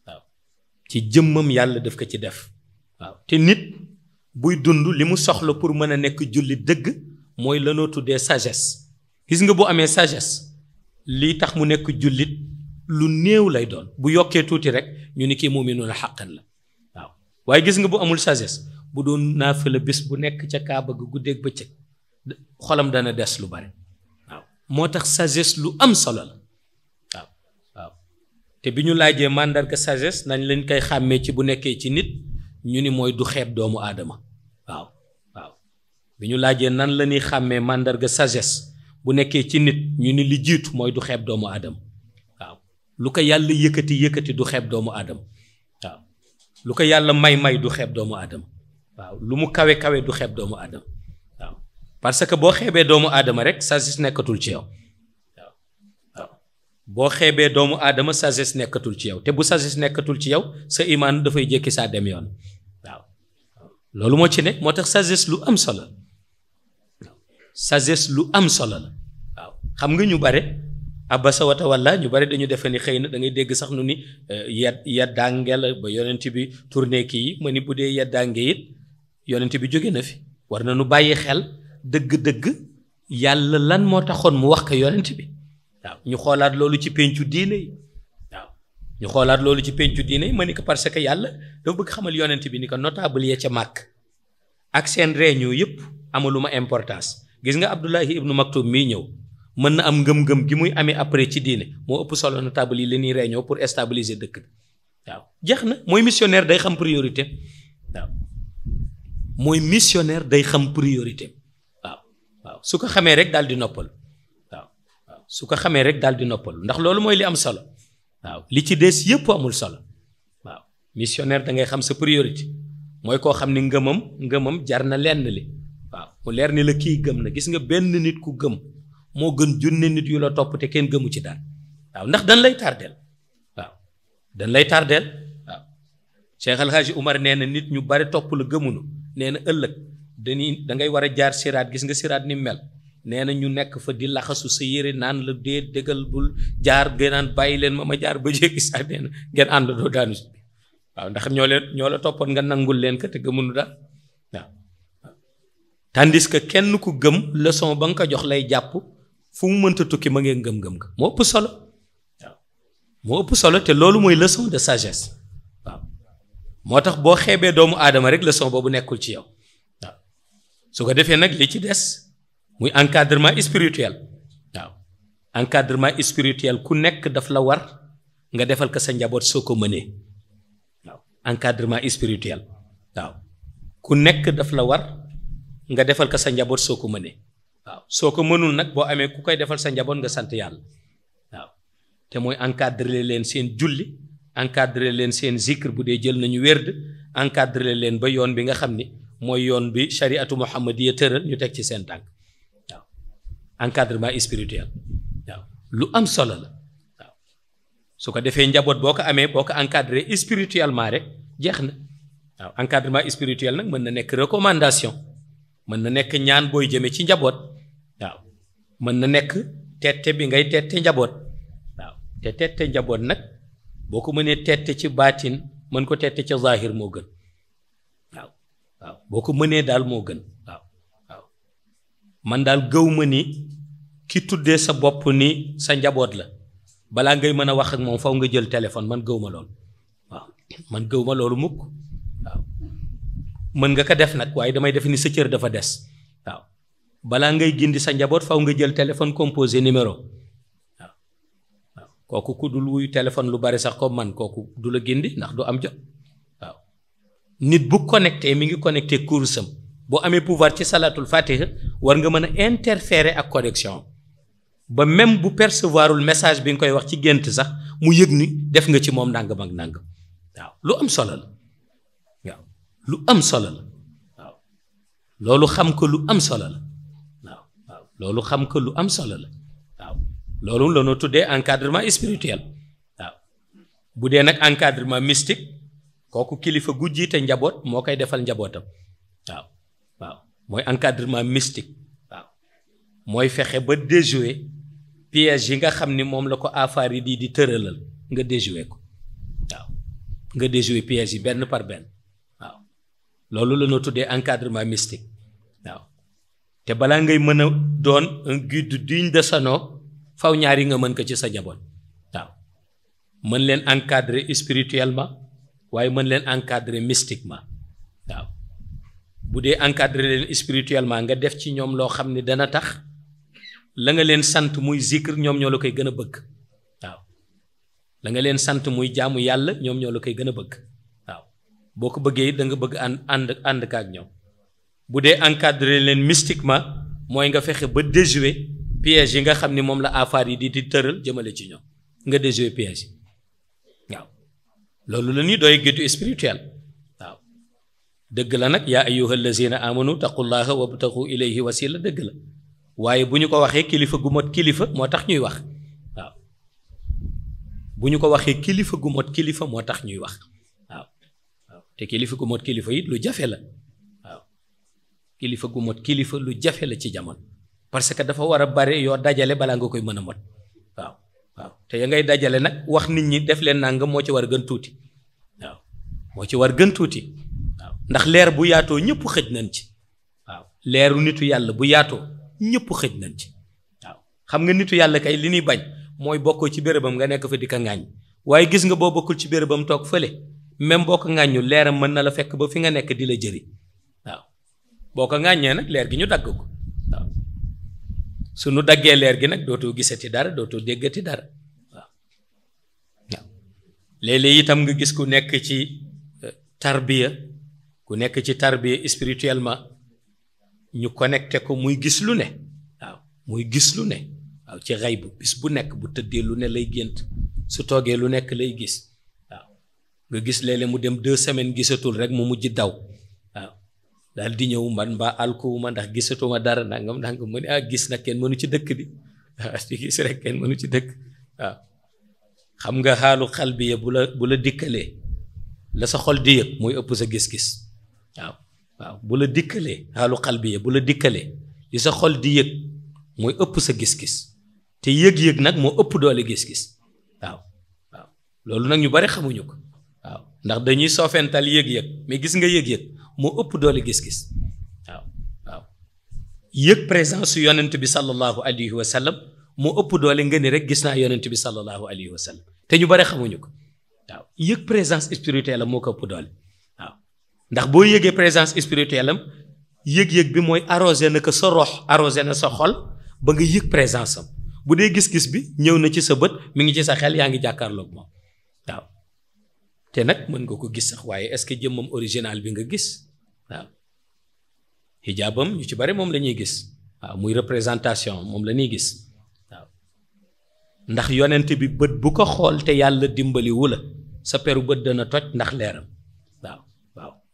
waaw ci jëmmam yàlla def ko ci def waaw te nit buy dund li mu soxla pour mën a nekk julli dëgg mooy lanootu dee sagesse gis nga bu amee sages lii tax mu nekk jullit lu néew lay doon bu yokkee tuuti rek ñu ni kii muminun xaqan la waaw waaye gis nga bu amul sagesse bu doon naafila bés bu nekk ca kaaba ga guddeeg bëccëg xolam dana des lu bari waaw moo tax sagesse lu am solo la waaw waaw te bi ñu laajee màndarga sages nañ leen koy xàmmee ci bu nekkee ci nit ñu ni mooy du xeeb doomu aadama waaw bi ñu laajee nan la ñuy xàmmee màndarga sagesse bu nekkee ci nit ñu ni li jiitu mooy du xeeb doomu aadama waaw lu ko yàlla yëkkati yëkkati du xeeb doomu aadama waaw lu ko yàlla may may du xeeb doomu aadama waaw lu mu kawe kawe du xeeb doomu aadama waaw parce que boo xeebee doomu aadama rek sagesse nekkatul ci yow waaw waaw boo xeebee doomu aadama sagesse nekkatul ci yow te bu sagesse nekkatul ci yow sa imaan dafay jékki saa dem yoon waaw loolu moo ci ne moo tax sagesse lu am solo la lu am solo la waaw xam nga ñu bare abasa wa tawalla ñu bari dañu defe ni xëy na da ngay dégg sax nu ni eh, yad yaddaange la ba yonent bi tourné kii ma ni bu dee yaddaange it yonent bi jóge na fi war na nu bàyyi xel dëgg-dëgg yàlla lan moo taxoon mu wax ko yonent bi waaw ñu xoolaat loolu ci pencu diine yi waaw ñu xoolaat loolu ci pencu diine yi ma ni ko parce que yàlla dafa bëgg xamal yonent bi ni ko notable ya ca màkk ak seen réunion yëpp amaluma importance gis nga Abdullahi ibnu Maktoum mii ñëw mën na am ngëm-ngëm gi muy amee après ci diine moo ëpp solo notable yi la ñuy réunion pour stabiliser dëkk bi waaw jeex na mooy missionnaire day xam priorité waaw mooy missionnaire day xam priorité waaw su ko xamee rek daal di noppal waaw su ko xamee rek daal di noppal ndax loolu mooy li am solo waaw li ci des yëpp amul solo waaw missionnaire da ngay xam sa priorité mooy koo xam ni ngëmam ngëmam jar na lenn li waaw mu leer ni la kii gëm na gis nga benn nit ku gëm moo gën junne nit yu la topp te kenn gëmu ci daal waaw ndax dañ lay tardeel waaw dañ lay tardeel waaw Cheikh El Hadji Umar nee na nit ñu bari topp la gëmunu nee na ëllëg dañuy da ngay war a jaar siraat gis nga siraat ni mel nee na ñu nekk fa di laxasu sa yére naan la dee dëggal bul jaar gën bàyyi leen ma ma jaar ba jékki sax nee na ngeen ànd doo daanu waaw ndax ñoo leen ñoo la toppoon nga nangul leen ko te gëmunu daal waaw tandis que kenn ku gëm leçon ba nga ko jox lay jàpp fu mu mënta tukki ma ngeen gëm-gëm nga moo ëpp solo waaw moo ëpp solo te loolu mooy leçon de sagesse moo tax boo xeebee doomu aadama rek la leçon boobu nekkul ci yaw waaw su ko defee nag li ci des muy encadrement spirituel waaw encadrement spirituel ku nekk daf la war nga defal ko sa njaboot soo ko mënee waaw encadrement spirituel waaw ku nekk daf la war nga defal ko sa njaboot soo ko mënee waaw soo ko mënul nag boo amee ku koy defal sa njaboot nga sant yàlla waaw te mooy encadrer leen seen julli. encadré leen seen zikr bu dee jël nañu werd encadré leen ba yoon bi nga xam ni mooy yoon bi shariatu muhammadiya tëral ñu teg ci seen tànk waaw encadrement spirituel waaw lu am solo la su ko defee njaboot boo ko amee boo ko encadré spirituellement rek jeex na waaw encadrement spirituel nag mën na nekk recommandation mën na nekk ñaan booy jëmee ci njaboot waaw mën na nekk tette bi ngay tette njaboot waaw te tette njaboot nag boo ko mënee tette ci baatin mën ko tette ca zahir moo gën waaw waaw boo ko mënee daal moo gën waaw man daal gëw ma ni ki tuddee sa bopp ni sa njaboot la balaa ngay mën a wax ak moom faw nga jël téléphone man gëw ma loolu waaw man gëw ma loolu mukk waaw mën nga ko def nag waaye damay def ni sa cër dafa des waaw balaa ngay gindi sa njaboot faw nga jël téléphone composé numéro kooku ku dul wuyu téléphone lu bari sax ko man kooku du la gindi ndax du am jot waaw nit bu connecté mi ngi connecté kursam boo amee pouvoir ci salaatul fatiha war nga mën a interférer ak connexion ba même bu percevoirul message bi nga koy wax ci gént sax mu yëg ni def nga ci moom nangam ak nangam waaw lu am solo la waaw lu am solo la loolu xam ko lu am solo la waaw loolu xam ko lu am solo la. loolu la ñu tuddee encadrement spirituel waaw bu dee nag encadrement mystique kooku kilifa gu jiite njaboot moo koy defal njabootam waaw waaw mooy encadrement mystique waaw mooy fexe ba déjouer piège yi nga xam ni moom la ko affaire yi di di tëralal nga déjouer ko waaw nga déjouer piège yi benn par benn waaw loolu la ñu tuddee encadrement mystique waaw te balaa ngay mën a doon un guide digne faw yi nga mën ko ci sa njaboot waaw mën leen encadrer spirituellement waaye mën leen encadrer mystiquement waaw bu dee encadrer leen spirituellement nga def ci ñoom loo xam ne dana tax la nga leen sant muy zikr ñoom ñoo la koy gën a bëgg waaw la nga leen sant muy jaamu yàlla ñoom ñoo la koy gën a bëgg waaw boo ko bëggee da nga bëgg ànd ànd ànd ak ñoom bu dee encadrer leen mystiquement mooy nga fexe ba déjouer piège yi nga xam ni moom la affaire yi di di tëral jëmale ci ñoom nga déjouer piège yi waaw loolu la ñuy doy gëddu spirituel waaw dëgg la nag yaa ayyuha allazina amanu taqullaha wabtaqu ilayhi wasila dëgg la waaye bu ñu ko waxee kilifa gu mot kilifa moo tax ñuy wax waaw ko waxee kilifa gu mot kilifa moo tax ñuy wax te kilifa gu mot kilifa it lu jafe la waaw kilifa gu mot kilifa lu jafe la ci jamono. parce que dafa war a bari yoo dajale balaa nga koy mën a mot waaw te ya ngay dajale nag wax nit ñi def leen nangam moo ci war gën tuuti waaw moo ci war gën tuuti waaw ndax leer bu yaatoo ñëpp xëj nañ ci waaw leeru nitu yàlla bu yaatoo ñëpp xëj nañ ci waaw xam nga nitu yàlla kay li ñuy bañ mooy bokkoo ci bérébam nga nekk fa di ka ŋaañ waaye gis nga boo bokkul ci bérébam toog fële même boo ko ŋàññu leeram mën na la fekk ba fi nga nekk di la jëri waaw boo ko ŋàññee nag leer gi ñu dagg ko su nu daggee leer gi nag dootoo gisati dara dootoo déggati dara waaw waaw léeg itam nga gis ku nekk ci euh, tarbiya ku nekk ci tarbiya spirituellement ñu connecté ko muy gis lu ne waaw muy gis lu ne waaw ci xay bu bis bu nekk bu tëddee lu ne lay gént su toogee lu nekk lay gis waaw nga gis léeg-léeg mu dem deux semaines gisatul rek mu mujj daw daal di ñëw man mbaa alkuwuma ndax gisatuma dara nangam nangam mu ne ah gis nag kenn mënu ci dëkk di waaw ci ci dëkk xam nga xaalu xal bi bu la la dikkalee sa xol di yëg ëpp sa gis-gis waaw waaw bu la bu la dikkalee li sa xol di yëg mooy ëpp sa gis-gis te yëg-yëg nag moo ëpp doole gis-gis waaw waaw loolu nag ñu bari xamuñu ko waaw ndax dañuy sofental yëg-yëg mais gis nga yëg-yëg moo ëpp doole gis-gis waaw waaw yëg présence yonent bi sallallahu alayhi wa sallam moo ëpp doole nga ni rek gis naa yonent bi sallallahu alayhi wa sallam te ñu bare xamuñu ko waaw yëg présence spirituelle am moo ko ëpp doole waaw ndax boo yëgee présence spirituelle am yëg-yëg bi mooy arrosé na ko sa rox arrosé na sa xol ba nga yëg présence am bu dee gis-gis bi ñëw na ci sa bët mu ngi ci sa xel yaa ngi jàkkaarloog moom waaw te nag mën nga ko gis sax waaye est-ce que jëmmam original bi nga gis waaw hijabam ñu ci bari moom lañuy gis waaw muy représentation moom lañuy gis waaw ndax yonent bi bët bu ko xool te yàlla dimbaliwu la sa peru bët dana toj ndax leeram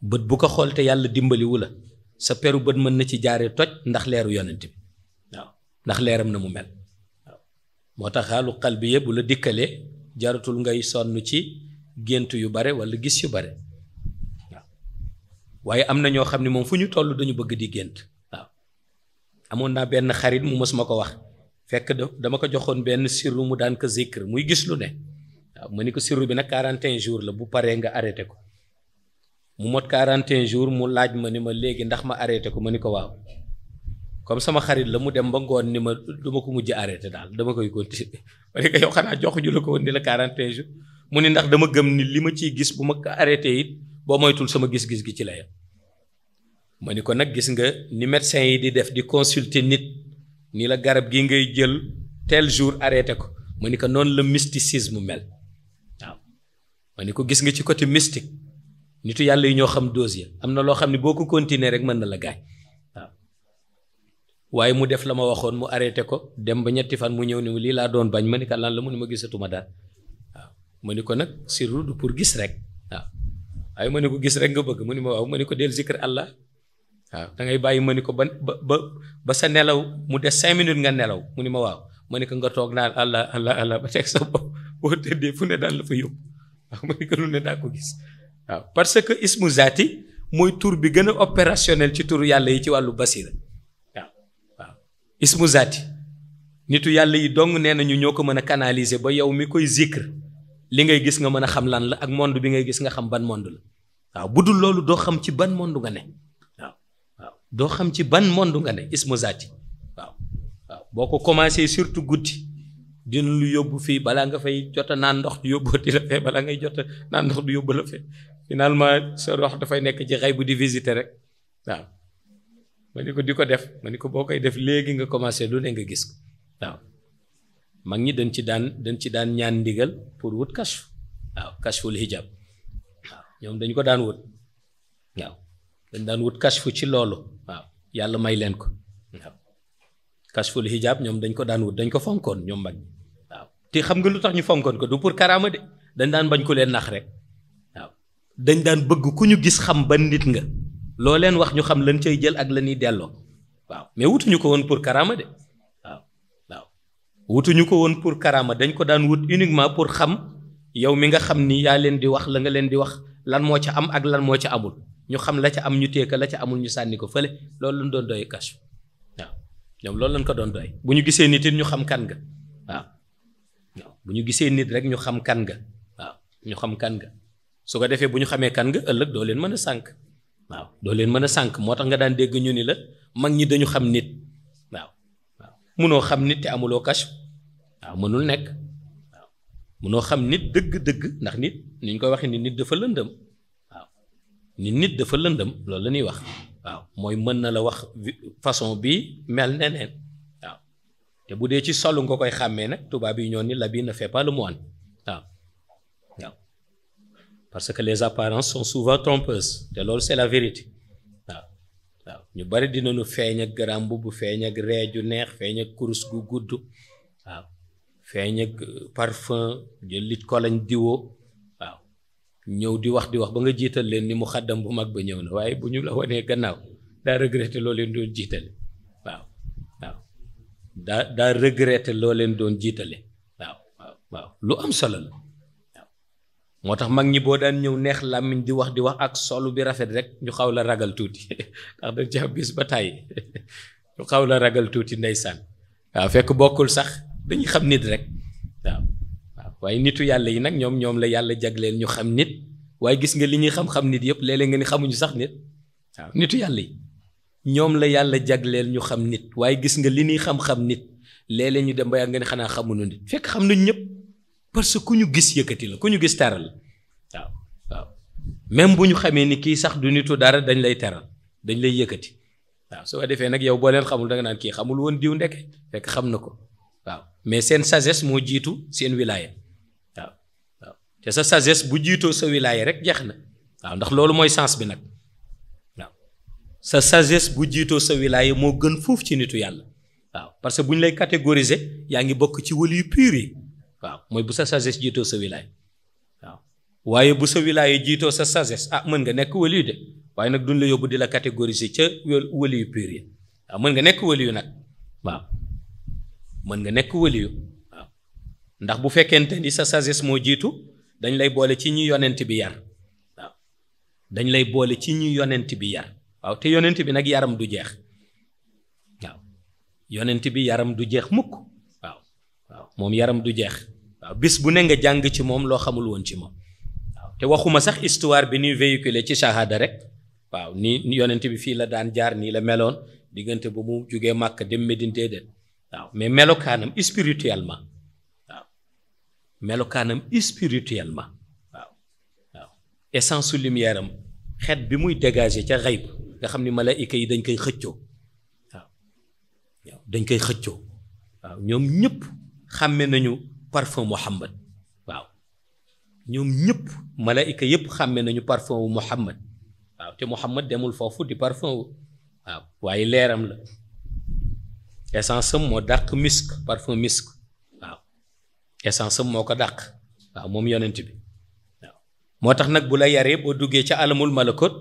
bët bu ko xool te yàlla dimbaliwu la sa peru bët mën na ci jaaree toj ndax leeru yonent bi waaw ndax leeram na mu mel waaw moo tax xaalu xal bi yëpp bu la dikkalee jaratul ngay sonn ci gént yu bare walla gis yu bare waaye am na ñoo xam ne moom fu ñu toll dañu bëgg di gént waaw amoon naa benn xarit mu mës ma ko wax fekk dama ko joxoon benn sirru mu daan ko zikr muy gis lu ne ma ni ko sirru bi nag 41 jours la bu paree nga arrêté ko mu mot 41 jours mu laaj ma ne ma léegi ndax ma arrêté ko ma ni ko waaw comme sama xarit la mu dem ba ngoon ni ma duma ko mujj arrêté daal dama koy continuer ma ni ko ko woon ni la mu ni ndax dama gëm ni li ma ciy gis bu ma ko arrêté it boo moytul sama gis-gis gi ci la ma ni ko nag gis nga ni médecin yi di def di consulter nit nii la garab gi ngay jël tel jour arrêté ko ma ni ko noonu la mysticisme mel waaw ma ni ko gis nga ci côté mystique nitu yàlla yi ñoo xam dose ya am na loo xam ne boo ko continuer rek mën na la gaañ waaw waaye mu def la ma waxoon mu arrêté ko dem ba ñetti fan mu ñëw ni lii laa doon bañ ma ni ko lan la mu ni ma gisatuma daal waaw ma ni ko nag sirru du pour gis rek ay ma ne gis rek nga bëgg mu ne ma waaw ma ko del zikr Allah waaw dangay bàyyi ma ne ko ba ba ba sa nelaw mu des cinq minutes nga nelaw mu ni ma waaw ma ne ko nga toog naan Allah Allah Allah ba teg sa bopp boo tëddee fu ne daal la fa yóbbu waaw ma ne ko daa ko gis waaw parce que ismu zaati mooy tur bi gën a opérationnel ci turu yàlla yi ci wàllu basira waaw waaw ismu zaati nitu yàlla yi dong nee nañu ñoo ko mën a canaliser ba yow mi koy zikr li ngay gis nga mën a xam lan la ak monde bi ngay gis nga xam ban monde la waaw bu dul loolu doo xam ci ban monde nga ne waaw waaw doo xam ci ban monde nga ne ismu zaati waaw boo ko commencé surtout guddi dina lu yóbbu fii balaa nga fay jot a naan ndox di yóbbu di la fee balaa ngay jot a naan du yóbbu la fee dafay nekk ci xay bu di visiter rek waaw ma ni ko di ko def ma ni ko boo koy def léegi nga commencé lu ne nga gis ko waaw mag ñi dañ ci daan dañ ci daan ñaan ndigal pour wut kashf waaw kashful hijab waaw ñoom dañ ko daan wut waaw dañ daan wut kashfu ci loolu waaw yàlla may leen ko waaw kashful hijab ñoom dañ ko daan wut dañ ko fonkoon ñoom mag ñi waaw te xam nga lu tax ñu fonkoon ko du pour karaama de dañ daan bañ ko leen nax rek waaw dañ daan bëgg ku ñu gis xam ba nit nga loo leen wax ñu xam lan cay jël ak la ñuy delloo waaw mais wutuñu ko woon pour karaama de. wutuñu ko woon pour karaama dañ ko daan wut uniquement pour xam yow mi nga xam ni yaa leen di wax la nga leen di wax lan moo ca am ak lan moo ca amul ñu xam la ca am ñu téye ko la ca amul ñu sànni ko fële loolu lañ doon doy kàcc waaw ñoom loolu lañ ko doon doy bu ñu gisee nit it ñu xam kan ga waaw waaw ñu gisee nit rek ñu xam kan ga waaw ñu xam kan su ko defee bu ñu xamee kan ga ëllëg doo leen mën a sànk waaw doo leen mën a sànk moo tax nga daan dégg ñu ni la mag ñi dañu xam nit. munoo xam nit te amuloo cash waaw mënul nekk waaw munoo xam nit dëgg-dëgg ndax nit ni ñu koy waxee ni nit dafa lëndëm waaw ni nit dafa lëndëm loolu la ñuy wax waaw mooy mën na la wax façon bi mel neneen waaw te bu dee ci solu nga koy xàmmee nag tubaab yi ñoo ni l'habit ne fait pas le moine waaw waaw parce que les apparences sont souvent trompeuses te loolu c'est la vérité. ñu bari dinañu feeñ ak garaam mbubb feeñ ak reeju neex feeñ ak kurus gu gudd waaw feeñ ak euh, parfum jël lit diwoo waaw ñëw di wax di wax ba nga jiital leen ni mu xaddam bu mag ba ñëw na waaye bu ñu la wanee gannaaw daa regretté loo leen doon jiitale waaw waaw loo leen doon jiitale waaw lu am solo moo tax mag ñi boo daan ñëw neex làmmiñ di wax di wax ak solu bi rafet rek ñu xaw la ragal tuuti ndax ba tàyyi xaw la ragal tuuti ndeysaan waaw fekk bokkul sax dañuy xam nit rek waaw waaye nitu yàlla yi nag ñoom ñoom la yàlla jagleel ñu xam nit waaye gis nga li ñuy xam-xam nit yëpp léeg-léeg ni xamuñu sax nit nitu yàlla yi ñoom la yàlla jagleel ñu xam nit waaye gis nga li ñuy xam nit léeg-léeg dem ba yàgg nga ni xanaa xamuñu nit fekk xam nañ ñëpp. parce que ku ñu gis yëkkati la ku ñu gis teral la waaw waaw même bu ñu xamee ni kii sax du nitu dara dañ lay teral dañ lay yëkkati waaw su ko defee nag yow boo leen xamul da naan kii xamul woon diw ndeke fekk xam na ko waaw mais seen sagesse moo jiitu seen wilaya waaw waaw te sa sagesse bu jiitoo sa wilaya rek jeex na waaw ndax loolu mooy sens bi nag waaw sa sagesse bu jiitoo sa wilaya moo gën foofu ci nitu yàlla waaw parce que bu ñu lay catégoriser yaa ngi bokk ci wëli yu waaw mooy bu sa sagesse jiitoo sa wilaay waaw waaye bu sa wilaay jiitoo sa sagesse a ah, mën nga nekk waliyu de waaye nag duñ la yóbbu di la catégoriser ca waliyu pur yi waaw mën nga nekk waliyu nag waaw mën nga nekk waliyu waaw ndax bu fekkente ni sa sagesse moo jiitu dañ lay boole ci ñu yonent bi yar waaw dañ lay boole ci ñu yonent bi yar waaw te yonent bi nag yaram du jeex waaw yonent bi yaram du jeex mukk waaw waaw moom yaram du jeex waaw bis bu ne nga jàng ci moom loo xamul woon ci moom waaw te waxuma sax histoire bi ñuy véhiculer ci shahada rek waaw nii yonent bi fii la daan jaar nii la meloon diggante bu mu jógee màkk dem Medine déedéet waaw mais melokaanam spirituellement waaw melokaanam spirituellement waaw essence su lumière am xet bi muy dégager ca xayb nga xam ni malaayika yi dañ koy xëccoo waaw dañ koy xëccoo waaw ñoom ñëpp xàmme nañu parfum Muhammad waaw ñoom ñëpp malaayika yëpp xàmme nañu parfum wu Muhammad waaw te Muhammad demul foofu di parfum wu waaw waaye leeram la essence am moo dàq misk parfum misk waaw essence am moo ko dàq waaw moom yonent bi waaw moo tax nag bu la yaree boo duggee ca alamul malakot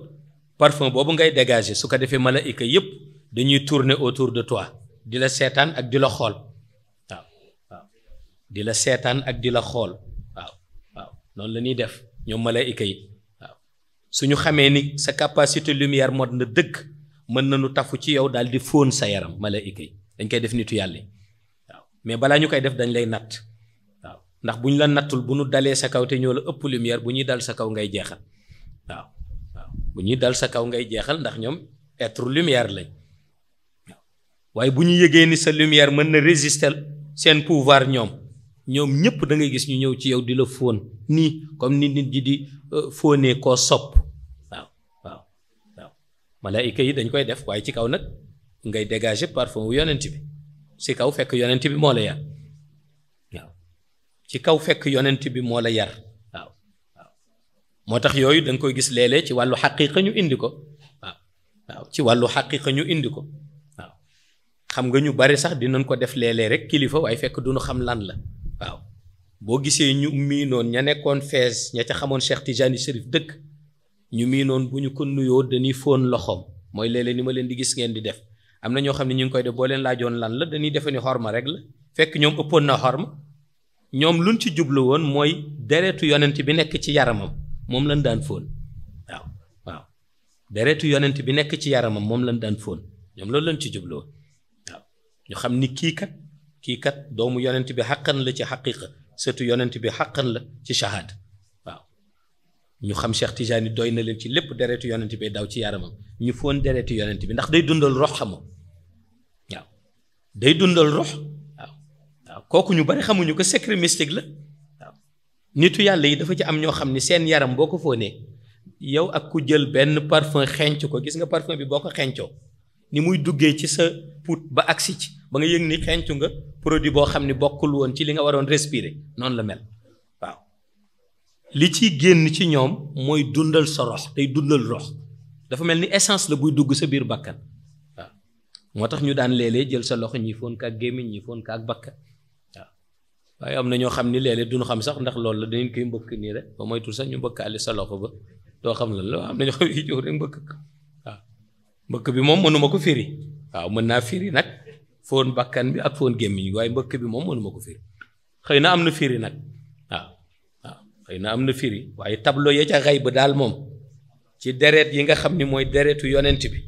parfum boobu ngay dégager su ko defee malaayika yëpp dañuy tourner autour de toit di la seetaan ak di la xool di la seetaan ak di la xool waaw waaw noonu la ñuy def ñoom malaayika yi waaw ñu xamee ni sa capacité lumière mot na dëkk mën na nañu tafu ci yow daal di foon sa yaram malaayika yi dañ koy def nitu yàlla waaw mais balaa ñu koy def dañ lay natt waaw ndax bu ñu la nattul bu nu dalee sa kaw te ñoo la ëpp lumière bu ñuy dal sa kaw ngay jeexal waaw waaw bu ñuy dal sa kaw ngay jeexal ndax ñoom être lumière lañ waaye bu ñu yëgee ni sa lumière mën na résister seen pouvoir ñoom ñoom ñëpp da ngay gis ñu ñëw ci yow di la fóon nii comme ni nit ji di euh, fóonee koo sopp waaw waaw waaw malaayika yi dañ koy def waaye ci kaw nag ngay dégage parfum wu yonent bi si kaw fekk yonent bi moo la yar waaw kaw fekk yonent bi moo yar waaw tax yooyu danga koy gis léeg ci wàllu xaqiiqa ñu indi ko waaw ci wàllu xaqiiqa ñu indi ko xam nga ñu bari sax dinañ ko def léeg rek kilifa waaye fekk duñu xam lan la waaw boo gisee ñu mii noon ña nekkoon fees ña ca xamoon Cheikh Tidiane Chérif dëkk ñu mii noon bu ñu ko nuyoo dañuy foon loxoom mooy léeg ni ma leen di gis ngeen di def am na ñoo xam ne ñu ngi koy def boo leen laajoon lan la dañuy defani ni xorma rek la fekk ñoom ëppoon na xorma ñoom luñ ci jublu woon mooy deretu yonent bi nekk ci yaramam moom lañ daan foon waaw waaw deretu bi nekk ci yaramam moom lañ daan foon ñoom loolu lañ ci jublu woon waaw ñu xam ni kii kat kii kat doomu yonent bi xaqan la ci xaqiqa surtout yonent bi xaqan la ci shahaad waaw ñu xam Cheikh Tijaani doy na leen ci lépp deretu yonent bi daw ci yaramam ñu foon deretu yonent bi ndax day dundal rox xamam waaw day dundal rox waaw waaw kooku ñu bari xamuñu ko secret mystique la waaw nitu yàlla yi dafa ci am ñoo xam ni seen yaram boo ko fóonee yow ak ku jël benn parfum xenc ko gis nga parfum bi boo ko xencoo ni muy duggee ci sa put ba agsi ci ba nga yëg ni xencu nga produit boo xam ne bokkul woon ci li nga waroon respirer noonu la mel waaw li ciy génn ci ñoom mooy dundal sa rox day dundal rox dafa mel ni essence la buy dugg sa biir bakkan waaw moo tax ñu daan leelee jël sa loxo ñi foon ka ak gémmiñ ñi foon ka ak bakkan waaw waaye am na ñoo xam ni léeg du duñu xam sax ndax loolu la dañu koy mbëkk nii rek ba moytul sax ñu mbëkkaale sa loxo ba doo xam lan la am na ñoo mbëkk bi moom mënuma ko firi waaw mën naa firi nag foon bakkan bi ak foon gémmiñ waaye mbëkk bi moom mënuma ko firi xëy na am na firi nag waaw xëy na am na firi waaye tablo ya ca ba daal moom ci deret yi nga xam ni mooy deretu yonent bi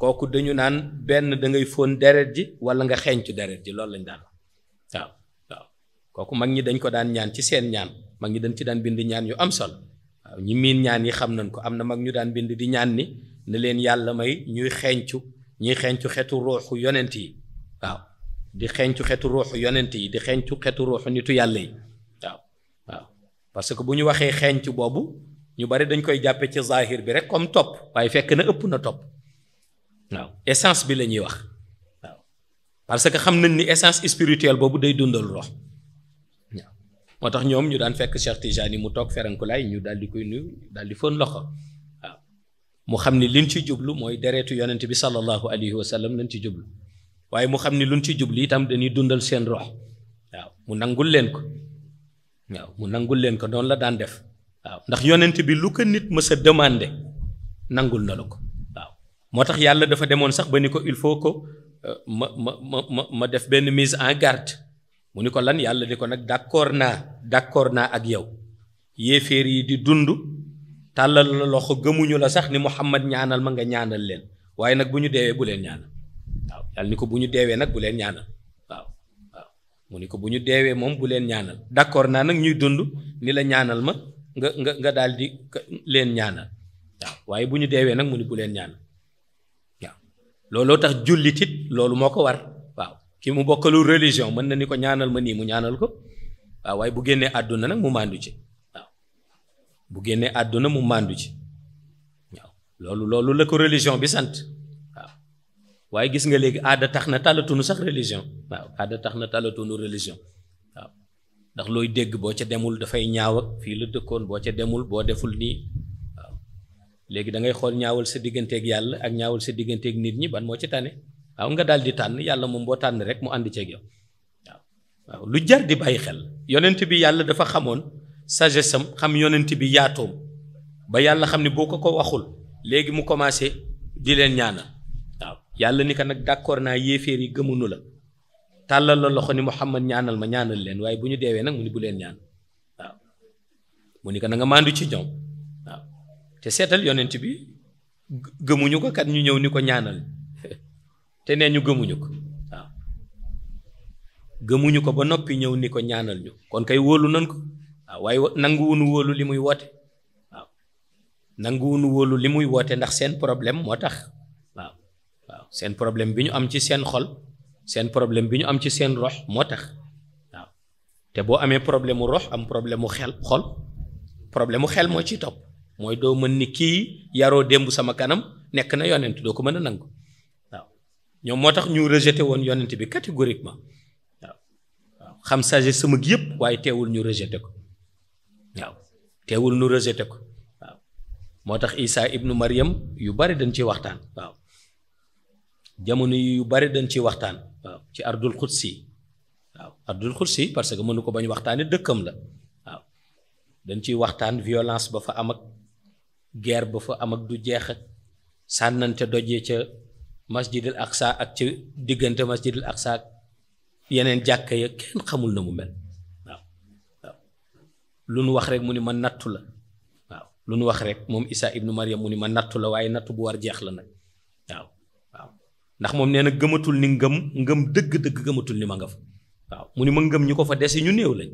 kooku dañu naan benn da ngay foon deret ji wala nga ci deret ji loolu lañ daan waaw waaw kooku mag ñi dañ ko daan ñaan ci seen ñaan mag ñi dañ ci daan bind ñaan yu am solo waaw ñi miin ñaan yi xam nañ ko am na mag ñu daan bind di ñaan ni ni leen yàlla may ñuy xeeñcu ñuy xencu xetu ruuxu yonent yi waaw di xencu xetu ruuxu yonent yi di xencu xetu ruuxu nitu yàlla yi waaw parce que bu ñu waxee xencu boobu ñu bari dañ koy jàppe ci zahir bi rek comme topp waaye fekk na ëpp na topp waaw essence bi la ñuy wax waaw parce que xam nañ ni essence spirituelle boobu day dundal rox waaw moo tax ñoom ñu daan fekk Cheikh Tijani mu toog feranku laay ñu daal di koy nuyu daal di fon loxo mu xam ni liñ ci jublu mooy deretu yonent bi sallallahu alayhi wa sallam lañ ci jublu waaye mu xam ni luñ ci jublu itam dañuy dundal seen rox waaw mu nangul leen ko waaw mu nangul leen ko noonu la daan def waaw ndax yonent bi lu ko nit mës a demandé nangul na la ko waaw moo tax yàlla dafa demoon sax ba ni ko il faut ko euh, ma ma ma ma def benn mise en garde mu ni ko lan yàlla di ko nag d'accord naa d'accord naa ak yow yéeféer yi di dund tàllal la loxo gëmuñu la sax ni Muhammad ñaanal ma nga ñaanal leen waaye nag bu ñu deewee bu leen ñaanal waaw yàlla ni ko bu ñu deewee nag bu leen ñaanal waaw ni ko bu ñu deewee moom bu leen ñaanal d'accord naa nag ñuy dund ni la ñaanal ma nga nga nga daal leen ñaanal waaw waaye bu ñu deewee nag mu ni bu leen ñaanal waaw looloo tax jullitit loolu moo ko war waaw ki mu bokkalu religion mën na ni ko ñaanal ma nii mu ñaanal ko waaw waaye bu génnee àdduna nag mu màndu ci bu génnee àdduna mu màndu ci waaw loolu loolu la ko religion bi sant waaw waaye gis nga léegi aada tax na tàllatunu sax religion waaw aada tax na tàllatunu religion waaw ndax looy dégg boo ca demul dafay ñaaw fii la dëkkoon boo ca demul boo deful nii waaw léegi da ngay xool ñaawal sa digganteek yàlla ak ñaawal sa digganteeg nit ñi ban moo ci tane waaw nga dal di tànn yàlla moom boo tànn rek mu ànd ceeg yow waaw lu jar di bàyyi xel yonent bi xamoon. sagesse am xam yonent bi yaatoom ba yàlla xam ne boo ko ko waxul léegi mu commencé di leen ñaanal waaw yàlla ni ko nag d'accord naa yéeféer yi gëmuñu la tàllal la loxo ni xam Muhammad ñaanal ma ñaanal leen waaye bu ñu deewee nag mu ni ñaan waaw mu ni ko na nga màndu ci ñoom waaw te seetal yonent bi gëmuñu ko kat ñu ñëw ni ko ñaanal te nee ñu gëmuñu ko waaw gëmuñu ko ba noppi ñëw ni ko ñaanal ñu kon kay wóolu nan ko waaw ah, waaye nanguwunu wóolu li muy woote waaw wóolu li muy woote ndax seen problème moo tax waaw seen problème bi ñu am ci seen xol seen problème bi ñu am ci seen rox moo tax waaw te boo amee problème mu rox am problème mu xel xol problème mu xel moo ci topp mooy doo mën ni kii yaroo démb sama kanam nekk na yonent doo ko mën a nangu waaw ñoom moo tax ñu rejeté woon yonent bi catégoriquement waaw xam sage sama gi yëpp waaye teewul ñu rejeté ko. waaw teewul nu rejeté ko waaw moo tax Isa ibnu Maryam yu bari dañ ci waxtaan waaw jamono yu bari dañ ci waxtaan waaw ci ardul xudsi waaw ardul xudsi parce que mënu ko bañ waxtaane dëkkam la waaw dañ ciy waxtaan violence ba fa am ak guerre ba fa am ak du jeex ak sànnante dojee ca masjidil aqsa ak ci diggante masjidil aqsa ak yeneen jàkka ya kenn xamul na mu mel lu nu wax rek mu ni ma nattu la waaw lu nu wax rek moom Isa ibnu Maryam mu ni ma nattu la waaye nattu bu war jeex la nag waaw ndax moom nee na gëmatul ni ngëm ngëm dëgg gëmatul ni ma nga fa waaw mu ni ma ngëm ñu ko fa dese ñu néew lañ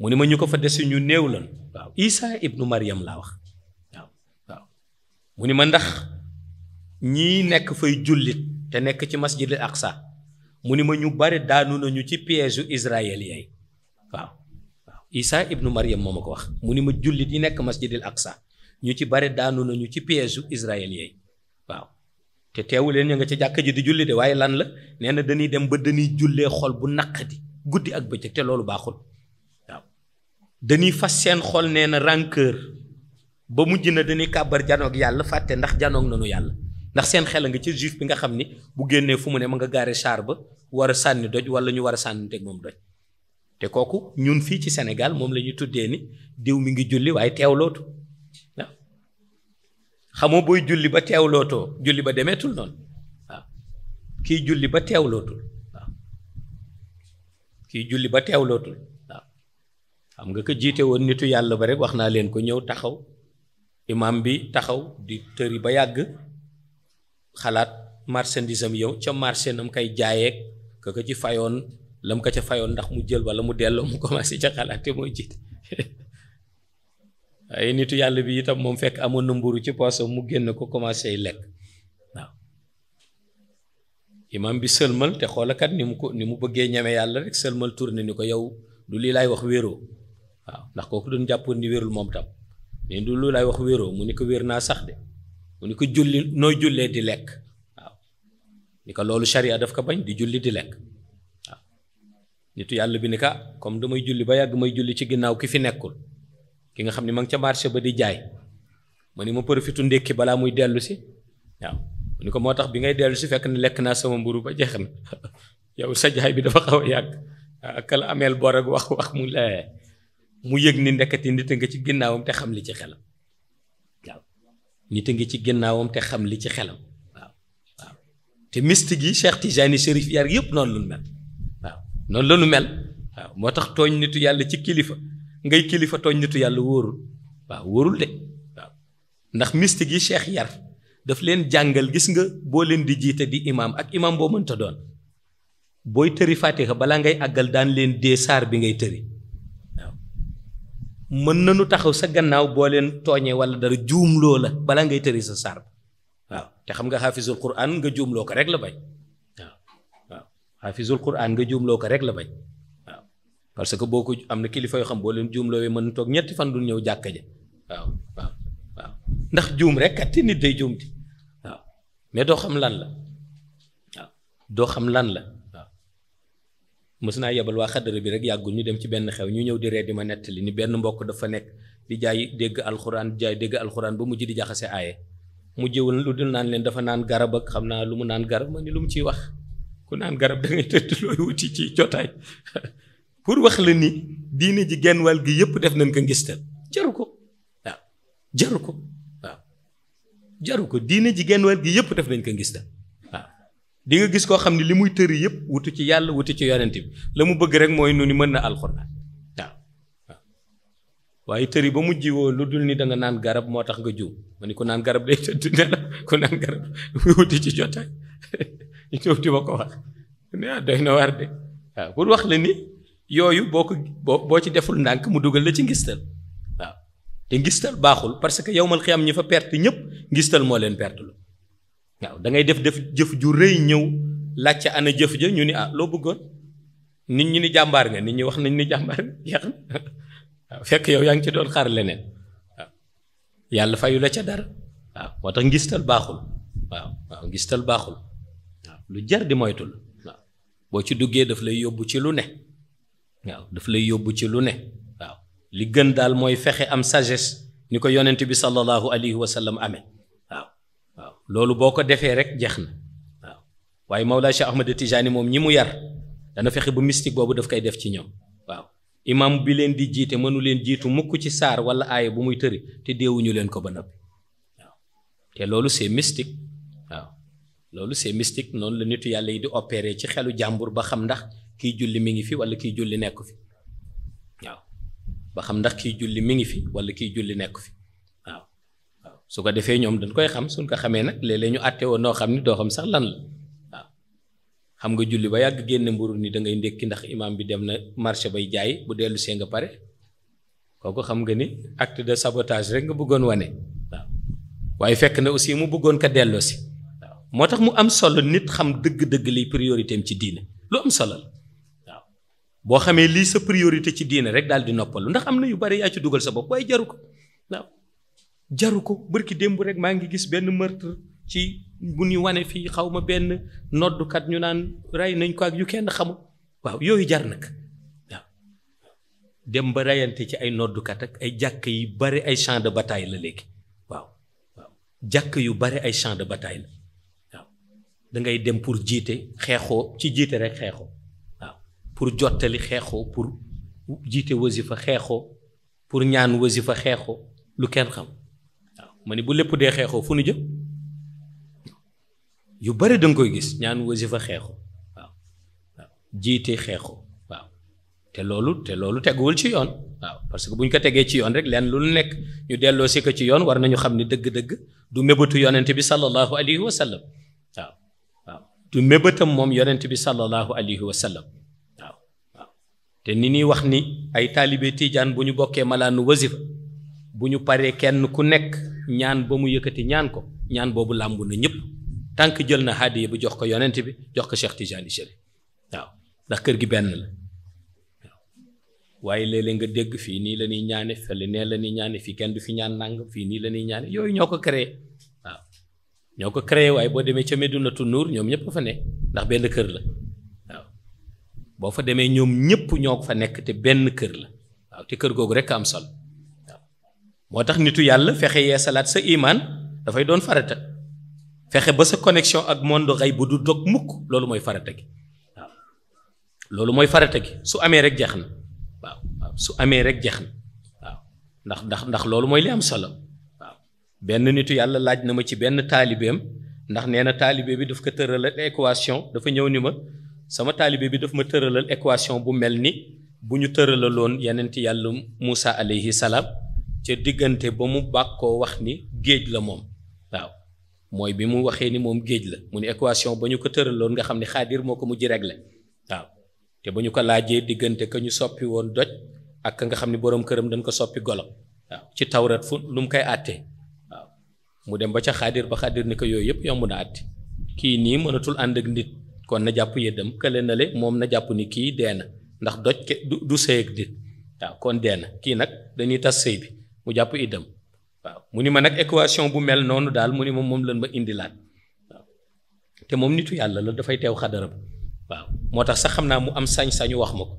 waaw ma ñu ko fa dese ñu néew lañ waaw Isa ibnu laa wax waaw waaw mu ndax ñii nekk fay jullit te nekk ci masjidil Aqsa mu ni ma ñu bari daanu nañu ci piège u Israël waaw Isa ibnu Maryam moom ma ko wax mu ni ma jullit yi nekk masjidil Aqsa ñu ci bare daanu nañu ci piège Israël yeey waaw te teewu leen ñu nga ca jàkka ji di julli de waaye lan la nee na dañuy dem ba dañuy jullee xol bu naqadi guddi ak bëccëg te loolu baaxul waaw dañuy fas seen xol nee na rancœur ba mujj na dañuy kàbbar janoog yàlla fàtte ndax janoog nañu yàlla ndax seen xel a nga ci juif bi nga xam ni bu génnee fu mu ne ma nga gaare char ba war a sànni doj wala ñu war a sànni teg moom doj te kooku ñun fii ci senegal moom la ñuy tuddee ni diw mi ngi julli waaye teewlootu waaw xamoo booy julli ba teewlootoo julli ba demeetul noonu kii julli ba teewlootul waaw kii julli ba teewlootul xam nga ko jiite woon nitu yàlla ba rek wax naa leen ko ñëw taxaw imam bi taxaw di tëri ba yàgg xalaat marchandise yow ca marché nam kay jaayeeg ka ko ci fayoon la mu ko ca fayoon ndax mu jël wala mu delloo mu commencé ca xalaat te mooy jiite ay nitu yàlla bi itam moom fekk amoon na mburu ci poosam mu génn ko commencé lekk waaw imam bi sëlmal te xoolakat ni mu ko ni mu bëggee ñeme yàlla rek sëlmal tourné ni ko yow du lii laay wax wéeroo waaw ndax kooku doon jàppoon di wérul moom tam ni du lii laay wax wéroo mu ni ko wér naa sax de mu ni ko julli nooy jullee di lekk waaw ni ko loolu charia daf ko bañ di julli di lekk nitu yàlla bi ni ka comme damay julli ba yàgg may julli ci ginnaaw ki fi nekkul ki nga xam ne ma ngi ca marché ba di jaay ma ni ma profitu ndékki balaa muy dellu si waaw ko moo tax bi ngay dellu si fekk ne lekk naa sama mburu ba jeex na yow sa bi dafa xaw yàgg ak la ameel bor wax wax mu la mu yëg ni ndekati nit a ci ginnaawam te xam li ci xelam waaw ngi ci ginnaawam te xam li ci xelam waaw te mystique yi Cheikh Tijani Chérif yar yëpp noonu mel noonu la nu mel waaw moo tax tooñ nitu yàlla ci kilifa ngay kilifa tooñ nitu yàlla wóorul waaw wóorul de waaw ndax mystique yi cheikh yar daf leen jàngal gis nga boo leen di jiita di imaam ak imaam boo mënta doon booy tëri fatiha balaa ngay àggal daan leen dee saar bi ngay tëri waaw mën nañu taxaw sa gannaaw boo leen tooñee wala dara juumloo la balaa ngay tëri sa saar bi waaw te xam nga xaafisul quran nga juumloo ko rek la bay xaafisul quraan nga juumloo ko rek la bañ waaw parce que boo ko am na kilifa yoo xam boo leen juumloo mën na toog ñetti fan du ñëw jàkka ja waaw waaw waaw ndax juum rek kat nit day juum ti waaw mais doo xam lan la waaw doo xam lan la waaw mës naa yebal waa xadara bi rek yàggul ñu dem ci benn xew ñu ñëw di ree di ma nettali ni benn mbokk dafa nekk di jaay dégg alxuraan jaay dégg alxuraan ba mujj di jaxase aaye mu jëwul lu dul naan leen dafa naan garab ak xam naa lu mu naan garab ma ni ciy wax ku naan garab da ngay tëdd looy wuti ci jotaay pour wax la ni diine ji genn wàll gi yëpp def nañ ko ngistal jaru ko waaw jaru ko waaw jaru ko diine ji genn wàll gi yëpp def nañ ko ngistal waaw di nga gis koo xam ne li muy tëri yëpp wuti ci yàlla wuti ci yonent bi la mu bëgg rek mooy nu ni mën na alxuraan waaw waaw waaye tëri ba mujj woo lu dul ni da naan garab moo tax nga juum ma ni ku naan garab day tëdd nelaw ku naan garab wuti ci jotaay ñu ñëw di ma ko wax ah, doy na waar wax la ni yooyu boo ko boo boo ci deful ndànk mu dugal la ci ngistal waaw te ngistal baaxul parce que yowmal xiyam ñi fa perte ñëpp ngistal moo leen perte lu ngay def def jëf ju rëy ñëw laajte ana jëf ñu ni ah loo bëggoon nit ñi ni jàmbaar nga nit ñi wax nañ ni jàmbaar nga na fekk yow yaa ngi ci doon xaar leneen yàlla fayu la ca dara waaw moo tax ngistal baaxul waaw waaw ngistal baaxul. lu jar di moytul waaw boo ci duggee daf lay yóbbu ci lu ne waaw daf lay yóbbu ci lu ne waaw li gën daal mooy fexe am sagesse ni ko yonent bi sallallahu alayhi wa amee waaw loolu boo ko defee rek jeex na waaw waaye Mawlaa Cheikh Ahmad Tijaani moom ñi mu yar dana fexe ba mystique boobu daf koy def ci ñoom waaw imam bi leen di jiite mënu leen jiitu mukk ci saar wala aaya bu muy tëri te deewuñu leen ko ba noppi waaw te loolu c'est mystique waaw loolu c'est mystique noonu la nitu yàlla yi di opérer ci xelu jàmbur ba xam ndax kiy julli mi ngi fi wala kiy julli nekku fi waaw ba xam ndax kiy julli mi ngi fi wala kiy julli nekku fi waaw su ko defee ñoom dañ koy xam suñ ko xamee nag léeg ñu àtte woon noo xam ni doo xam sax la xam nga julli ba yàgg génn mburu ni da ngay ndékki ndax imaam bi dem na marché bay jaay bu dellu see nga pare kooku xam nga ni acte de sabotage rek nga bëggoon wane waaw waaye fekk na aussi mu bëggoon ko delloo si moo tax mu am solo nit xam dëgg-dëgg liy priorité am ci diine lu am solo la waaw boo xamee lii sa priorité ci diine rek daal di noppalu ndax am na yu bari yaa ci dugal sa bopp waaye jaru ko waaw jaru ko bërki démb rek maa ngi gis benn meurtre ci bu ñu wane fii xaw ma benn noddukat ñu naan rey nañ ko ak yu kenn xamu waaw yooyu jar nag waaw dem ba reyante ci ay noddukat ak ay jàkk yi bari ay champ de bataille la léegi waaw waaw jàkk yu bari ay champ de bataille la da ngay dem pour jiite xeexoo ci jiite rek xeexoo waaw pour jottali xeexoo pour jiite wasifa xeexoo pour ñaan wasifa xeexoo lu kenn xam waaw ma ne bu lépp dee xeexoo fu nu yu bari da nga koy gis ñaan wasifa xeexoo waaw waaw jiite xeexoo waaw te loolu te loolu teguwul ci yoon waaw parce que bu ñu ko tegee ci yoon rek lenn lu nekk ñu delloo si ko ci yoon war na ñu xam ne dëgg-dëgg du mébatu yonent bi sallallahu alayhi wa sallam du mébétam moom yonent bi sallallahu alayhi wa sallam waaw waaw te ni ñuy wax ni ay taalibe tiijaan bu ñu bokkee malaanu wasifa bu ñu paree kenn ku nekk ñaan ba mu yëkkati ñaan ko ñaan boobu làmbu na ñëpp tànk jël na hadiya bi jox ko yonent bi jox ko Cheikh Tijaani Chérif waaw ndax kër gi benn la waaye léeg-léeg nga dégg fii nii la ñuy ñaane fële nee la ñuy ñaane fii kenn du fi ñaan nangam fii nii la ñuy ñaane yooyu ñoo ko créé ñoo ko créé waaye boo demee ca Medinatu Nuur ñoom ñëpp fa ne ndax benn kër la waaw boo fa demee ñoom ñëpp ñoo fa nekk te benn kër la waaw te kër googu rek am solo waaw moo tax nitu yàlla fexe yee salaat sa imaan dafay doon farata fexe ba sa connexion ak monde xay bu du dog mukk loolu mooy farata gi waaw loolu mooy farata gi su amee rek jeex na waaw waaw su amee rek jeex na waaw ndax ndax ndax loolu mooy li am solo. benn nitu yàlla laaj na ma ci benn taalibeem ndax nee na taalibe bi daf ko tëralal équation dafa ñëw ni ma sama taalibee bi dafa ma tëralal équation bu mel ni bu ñu tëralaloon yeneen ti yàlla Moussa aleyhi salaam ca diggante ba mu bàkkoo wax ni géej la moom waaw mooy bi mu waxee ni moom géej la mu ne équation ba ñu ko tëraloon nga xam ne xaadir moo ko mu mujj réglé waaw te ba ñu ko laajee diggante ka ñu soppi woon doj ak nga xam ne boroom këram dañ ko soppi golo mu dem ba ca xaadir ba xaadir ni ko yooyu yëpp yomb na àtti kii nii mënatul ànd ak nit kon na jàpp yëddam kële na le moom na jàpp ni kii dee ndax doj ke du du sëy ak nit waaw kon dee kii nag dañuy tas sëy bi mu jàpp iddam waaw mu ni ma nag équation bu mel noonu daal mu ni ma moom lan ma indilaat waaw te moom nitu yàlla la dafay teew xadara waaw moo tax sax xam naa mu am sañ-sañu wax ma ko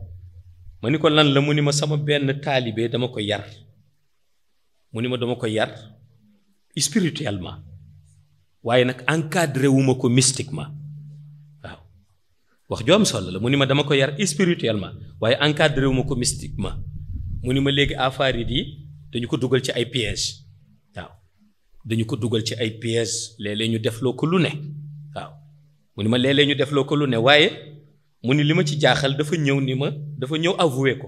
ma ni ko lan la mu ni ma sama benn taalibe dama ko yar dama ko yar spirituellement waaye nag encadré wu ma ko mystiquement waaw wax joom am solo la mu ni ma dama ko yar spirituellement waaye encadré wu ma ko mu ni ma léegi affaire yi dañu ko dugal ci ay pièges waaw dañu ko dugal ci ay pièges léeg-léeg ñu defloo ko lu ne waaw mu ni ma léeg-léeg ñu defloo ko lu ne waaye mu ni li ma ci jaaxal dafa ñëw ni ma dafa ñëw avoué ko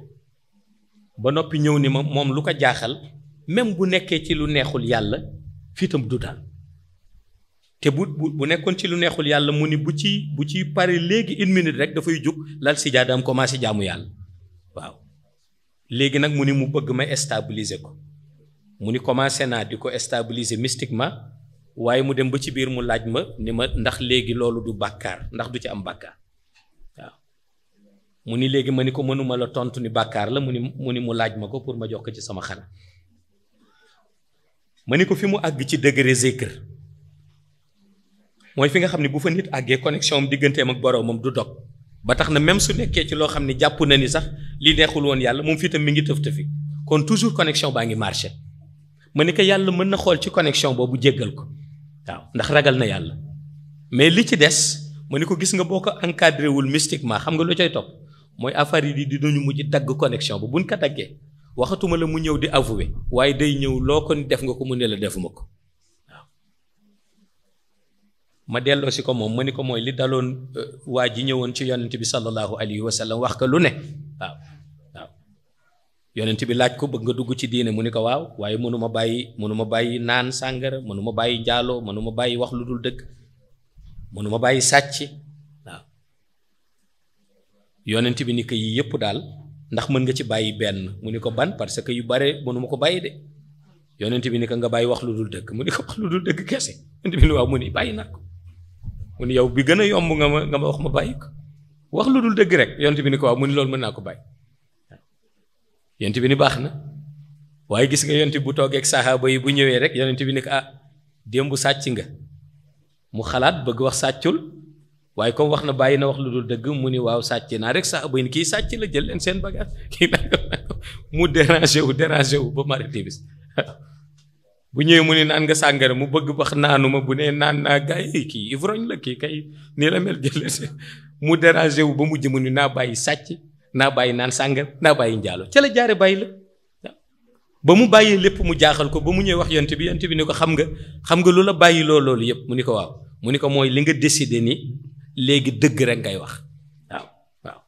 ba noppi ñëw ni ma moom lu ko jaaxal même bu nekkee ci lu neexul yàlla fiitam du daal te bu bu nekkoon ci lu neexul yàlla mu ni bu ci bu ci pare léegi une rek dafay jóg lal si jaadaam commencé jaamu yàlla waaw léegi nag mu ni mu bëgg ma stabiliser ko mu ni commencé naa di ko stabiliser mystiquement waaye mu dem ba ci biir mu laaj ma ni ma ndax léegi loolu du bàkkaar ndax du ci am bàkkaar waaw mu ni léegi ma ni ko mënuma la tontu ni bàkkaar la mu ni mu ni mu laaj ma ko pour ma jox ko ci sama xalaat ma ni ko fi mu àgg ci degré zikr mooy fi nga xam ne bu fa nit àggee connexion am digganteem ak boroomam du dog ba tax na même su nekkee ci loo xam ne jàpp na ni sax li neexul woon yàlla moom fii tam mi ngi tëf tëfi kon toujours connexion baa ngi marché ma ni ko yàlla mën na xool ci connexion boobu jéggal ko waaw ndax ragal na yàlla mais li ci des ma ni ko gis nga boo ko encadré wul mystiquement xam nga lu cay topp mooy affaire yi di dinañu mujj dagg connexion ba buñ ko daggee waxatuma la mu ñëw di avouer waaye day ñëw loo ko ni def nga ko mu ne la defuma ko waaw ma delloosi ko moom ma ni ko mooy li daloon euh, waa ji ñëwoon ci yonent bi sallallahu alayhi wa wax ko lu ne waaw yonent bi laaj ko bëgg nga dugg ci diine mu ni ko waaw waaye mënuma bàyyi mënuma bàyyi naan sàngara mënuma bàyyi njaaloo mënuma bàyyi wax lu dul dëgg mënuma bàyyi sàcc waaw yonent bi ni ko yii yëpp daal ndax mën nga ci bàyyi benn mu ni ko ban parce que yu bare mënuma ko bàyyi de yonent bi ni ko nga bàyyi wax lu dul dëgg mu ni ko wax lu dul dëgg kese yonent bi ni waaw mu ni bàyyi naa ko mu yow bi gën a yomb nga ma nga ma wax ma bàyyi ko wax lu dul dëgg rek yonent bi ni ko waaw mu ni loolu mën naa ko bàyyi yonent bi ni baax na waaye gis nga yonent bu toogeeg saxaaba yi bu ñëwee rek yonent bi ni ko ah démb sàcc nga mu xalaat bëgg wax sàccul waaye comme wax na bàyyi na wax lu dul dëgg mu ni waaw sàcc naa rek saa ba kii sàcc la jël leen seen bagage kii mu dérangé wu dérangé wu ba marité bis ñëwee mu ni naan nga mu bëgg wax naanuma bu nee naan naa kii ivrogne la kii kay nii la mel jël leen mu dérangé wu ba mujj mu ni naa bàyyi sàcc naa bàyyi naan sàngara naa bàyyi njaalo ca la jaare bàyyi la ba mu bàyyee lépp mu jaaxal ko ba mu ñëwee wax yonent bi yonent bi ni ko xam nga xam nga lu la bàyyi loo loolu yëpp mu ni ko waaw mu ni ko mooy li nga décidé ni léegi dëgg rek ngay wax waaw waaw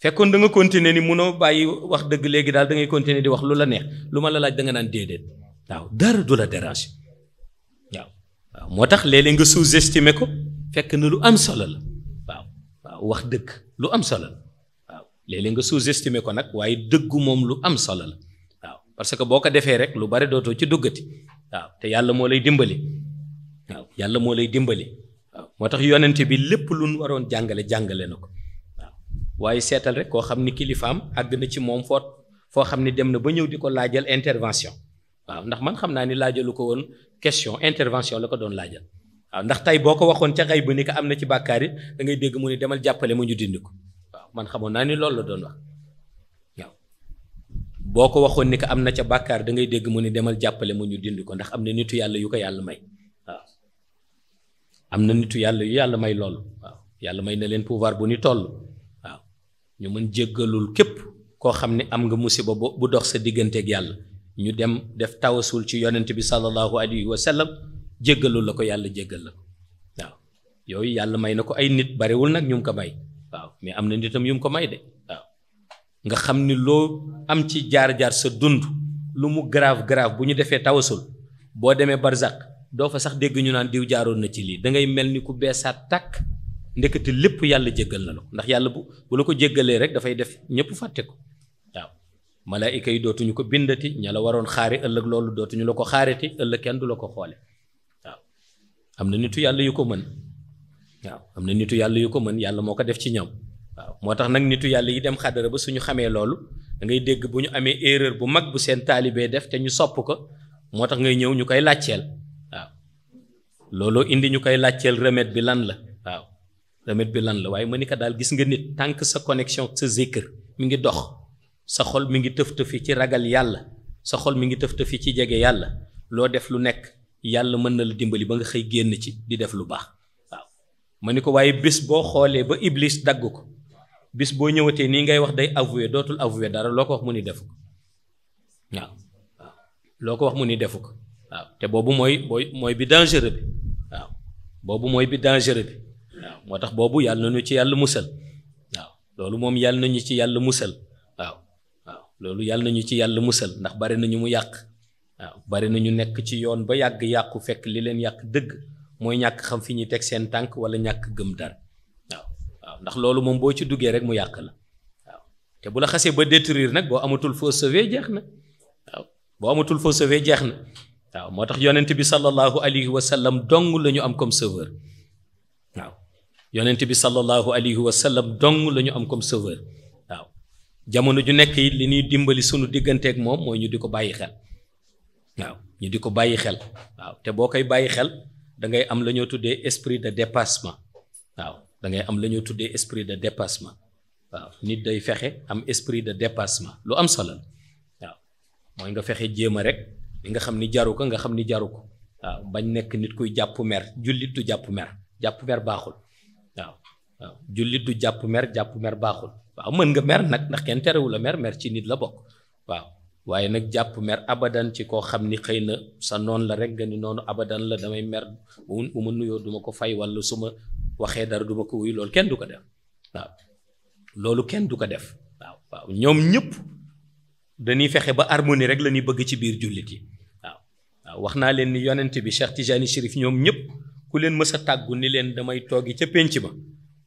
fekkoon da nga continuer ni munoo bàyyi wax dëgg léegi daal da ngay continuer di wax lu la neex lu ma la laaj danga naan déedéet waaw dara du la dérange waaw waaw moo tax léeg nga sous-estimer ko fekk na lu am solo la waaw waaw wax dëgg lu am solo la waaw léeg nga sous-estimer ko nag waaye dëggu moom lu am solo la waaw parce que boo ko defee rek lu bari dootoo ci duggati waaw te yàlla moo lay dimbali waaw yàlla moo lay dimbali waaw moo tax yonente bi lépp lu nu waroon jàngale jàngale na ko waaw waaye seetal rek koo xam ni kilifaam àgg na ci moom foo foo xam ni dem na ba ñëw di ko laajal intervention waaw ndax man xam naa ni laajalu ko woon question intervention la ko doon laajal waaw ndax tey boo ko waxoon ca xay ba ni ko am na ci bàkkaar it da ngay dégg mu ne demal jàppale mu ñu dindi ko man xamoon naa ni loolu la doon wax waaw ko waxoon ni am na ca bàkkaar da dégg mu demal jàppale mu ñu dindi ko ndax am na nitu yàlla yu ko yàlla may waaw am na nitu yàlla yu yàlla may loolu waaw yàlla may na leen pouvoir bu ni toll waaw ñu mën jéggalul képp koo xam ne am nga musiba bu dox sa digganteek yàlla ñu dem def tawasul ci yonent bi sallallahu alayhi wa sallam jéggalul la ko yàlla jéggal la ko waaw yooyu yàlla may na ko ay nit barewul nag ñu mu ko may waaw mais am na nitam yu mu ko may de waaw nga xam ni loo am ci jaar-jaar sa dund lu mu grave grave bu ñu defee tawasul boo demee barzak doo fa sax dégg ñu naan diw jaaroon na ci lii dangay mel ni ku beesaat tàkk ndekete lépp yàlla jéggal na la ko ndax yàlla bu bu la ko jéggalee rek dafay def ñëpp fàtte ko waaw malaayika yi dootuñu ko bindati ña la waroon xaare ëllëg loolu dootuñu la ko xaareti ëllëg kenn du la ko xoole waaw am na nitu yàlla yu ko mën waaw am na nitu yàlla yu ko mën yàlla moo ko def ci ñoom waaw moo tax nag nitu yàlla yi dem xadara ba suñu xamee loolu da ngay dégg bu ñu amee erreur bu mag bu seen taalibee def te ñu sopp ko moo tax ngay ñëw ñu koy laajteel looloo indi ñu koy laajteel remède bi lan la waaw remède bi lan la waaye ma ni ko daal gis nga nit tànk sa connexion sa zikr mi ngi dox sa xol mi ngi tëf tëfi ci ragal yàlla sa xol mi ngi tëf tëfi ci jege yàlla loo def lu nekk yàlla mën na la dimbali ba nga xëy génn ci di def lu baax waaw ma ni ko waaye bés boo xoolee ba iblis dagg ko bis boo ñëwatee nii ngay wax day avoué dootul avoué dara loo ko wax mu ni defu ko waaw loo ko wax mu ni defu ko waaw te boobu mooy mooy mooy bi bi boobu mooy bi dangereux bi waaw moo tax boobu yàlla nañu ci yàlla musal waaw loolu moom yàlla nañu ci yàlla musal waaw waaw loolu yàlla nañu ci yàlla musal ndax bari nañu mu yàq waaw bari ñu nekk ci yoon ba yàgg yàqu fekk li leen yàq dëgg mooy ñàkk xam fi ñuy teg seen tànk wala ñàkk gëm dara waaw waaw ndax loolu moom boo ci duggee rek mu yàq la waaw te bu la xasee ba détruire nag boo amatul foo sauver jeex na waaw boo amatul foo sauver jeex na waaw moo tax yonent bi sallallahu alayhi wa sallam dong la ñu am comme sauveur waaw bi sallallahu wa sallam dong la ñu am comme sauveur waaw jamono ju nekk yi li ñuy dimbali sunu digganteeg moom mooy ñu di ko bàyyi xel waaw ñu di ko bàyyi xel waaw te boo koy bàyyi xel da ngay am la ñoo tuddee esprit de dépassement waaw da ngay am la ñoo tuddee esprit de dépassement waaw nit day fexe am esprit de dépassement lu am solo waaw mooy nga fexe jéem a rek. li nga xam ni jaru ko nga xam ni jaru ko waaw bañ nekk nit kuy jàpp mer jullit du jàpp mer jàpp mer baaxul waaw du jàpp mer jàpp baaxul mën nga mer nag ndax kenn terewu la mer mer ci nit la bokk waaw waaye nag jàpp mer abadan ci koo xam ni xëy na sa noon la rek nga ni noonu abadan la damay mer bu ma nuyoo duma ko fay walla su ma waxee dara duma ko wuyu loolu kenn du ko def waaw loolu kenn du ko def waaw ñoom ñëpp dañuy fexe ba harmonie rek la bëgg ci biir jullit yi waaw wax naa leen ni yonent bi Cheikh Tijani Chérif ñoom ñëpp ku leen mës a tàggu ni leen damay toogi ca pénc ba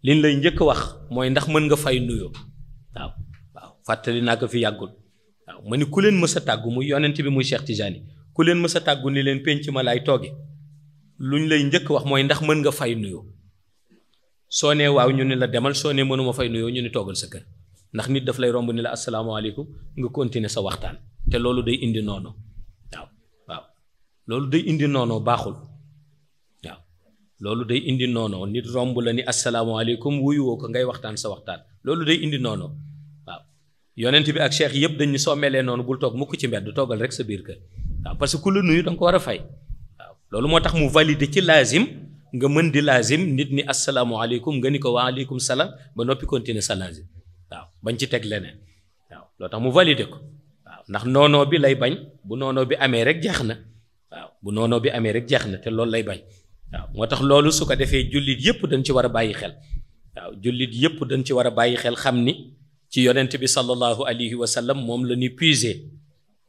liñ lay njëkk a wax mooy ndax mën nga fay nuyoo waaw waaw fàttali naa ko fi yàggul ma ni ku leen mës a tàggu muy yonent bi muy Cheikh Tijani ku leen mës a tàggu ni leen pénc ma laay toogi luñ lay njëkk wax mooy ndax mën nga fay nuyoo soo nee waaw ñu ni la demal soo nee mënuma fay nuyoo ñu ni toogal sa kër ndax nit daf lay romb ni la asalaamaaleykum nga continuer sa waxtaan te loolu day indi noonu. loolu day indi noonu baaxul waaw loolu day indi noonoo nit romb la ni asalaamaaleykum wuyu woo ko ngay waxtaan sa waxtaan loolu day indi noonu waaw yonent bi ak cheikh yëpp dañu soo melee noonu bul toog mukk ci mbedd toogal rek sa biir kër waaw parce que ku la nuyu da ko war a fay waaw loolu moo tax mu valide ci laazim nga mën di laazim nit ni asalaamaaleykum nga ni ko waaleykum salaam ba noppi continuer sa laazim waaw bañ ci teg leneen waaw loo tax mu valide ko waaw bi lay bañ bu noonoo bi amee rek jeex na. waaw bu noonoo bi amee rek jeex na te loolu lay bañ waaw moo tax loolu su ko defee jullit yëpp dañ ci war a bàyyi xel waaw jullit yëpp dañ ci war a bàyyi xel xam ni ci yonent bi sallallahu alayhi wa sallam moom la ñuy puiser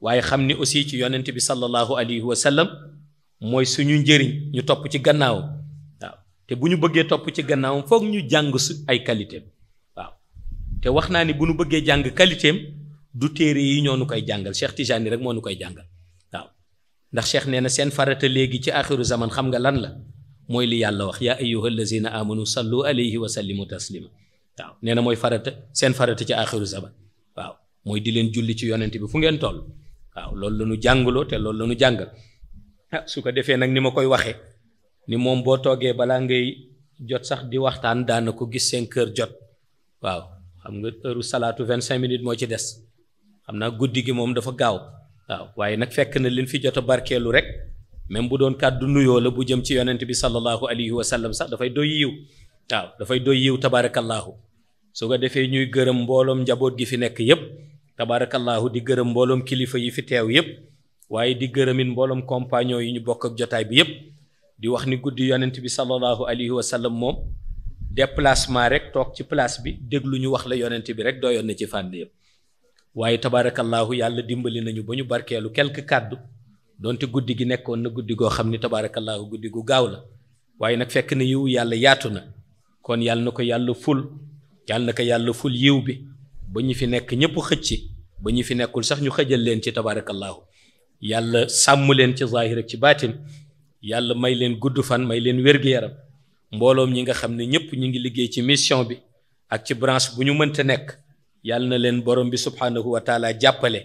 waaye xam ni aussi ci yonent bi sallallahu alayhi wa sallam mooy suñu njëriñ ñu topp ci gannaaw waaw te bu ñu bëggee topp ci gannaawam foog ñu jàng su ay qualité waaw te wax naa ni bu ñu bëggee jàng qualitéem du téere yi ñoo nu koy jàngal Cheikh Tijani rek moo nu koy jàngal. ndax cheikh nee na seen farata léegi ci axiru zaman xam nga lan la mooy li yàlla wax yaa ayyuha allazina amanu sallu alayhi wa sallimu taslima waaw nee na mooy farata seen farata ci axiru zaman waaw mooy di leen julli ci yonent bi fu ngeen toll waaw loolu la ñu jàngaloo te lool la ñu jàngal ah su ko defee nag ni ma koy waxee ni moom boo toogee balaa ngay jot sax di waxtaan daana ko gis cinq kër jot waaw xam nga heure salaatu vingt cinq minutes moo ci des xam naa guddi gi moom dafa gaaw waaw waaye nag fekk na liñ fi jot a barkeelu rek même bu doon kàddu nuyoo la bu jëm ci yonent bi sallallahu alayhi wa sallam sax dafay doy yiw waaw dafay doy yiw tabaarakallaahu su ko defee ñuy gërëm mbooloom njaboot gi fi nekk yépp tabaarakallaahu di gërëm mbooloom kilifa yi fi teew yépp waaye di gërëmin mbooloom compagnon yi ñu bokk ak jotaay bi yépp di wax ni guddi yonent bi sallallahu alayhi wa sallam moom déplacement rek toog ci place bi déglu ñu wax la yonent bi rek doyoon na ci fànn yépp waaye tabaarakallaahu yàlla dimbali nañu ba ñu barkeelu quelque kàddu donte guddi gi nekkoon na guddi goo xam ni tabaarakallaahu guddi gu gaaw la waaye nag fekk na yiw yàlla yaatu na kon yàlla na ko yàlla ful yàlla na yàlla ful yiw bi ba ñu fi nekk ñëpp xëcc ba ñu fi nekkul sax ñu xëjal leen ci tabaarakallaahu yàlla sàmm leen ci zaahir ak ci baatin yàlla may leen gudd fan may leen wér-gu-yaram mbooloom ñi nga xam ne ñëpp ñu ngi liggéey ci mission bi ak ci branche bu ñu mënta nekk yàlla na leen borom bi subhaanahu wa taala jàppale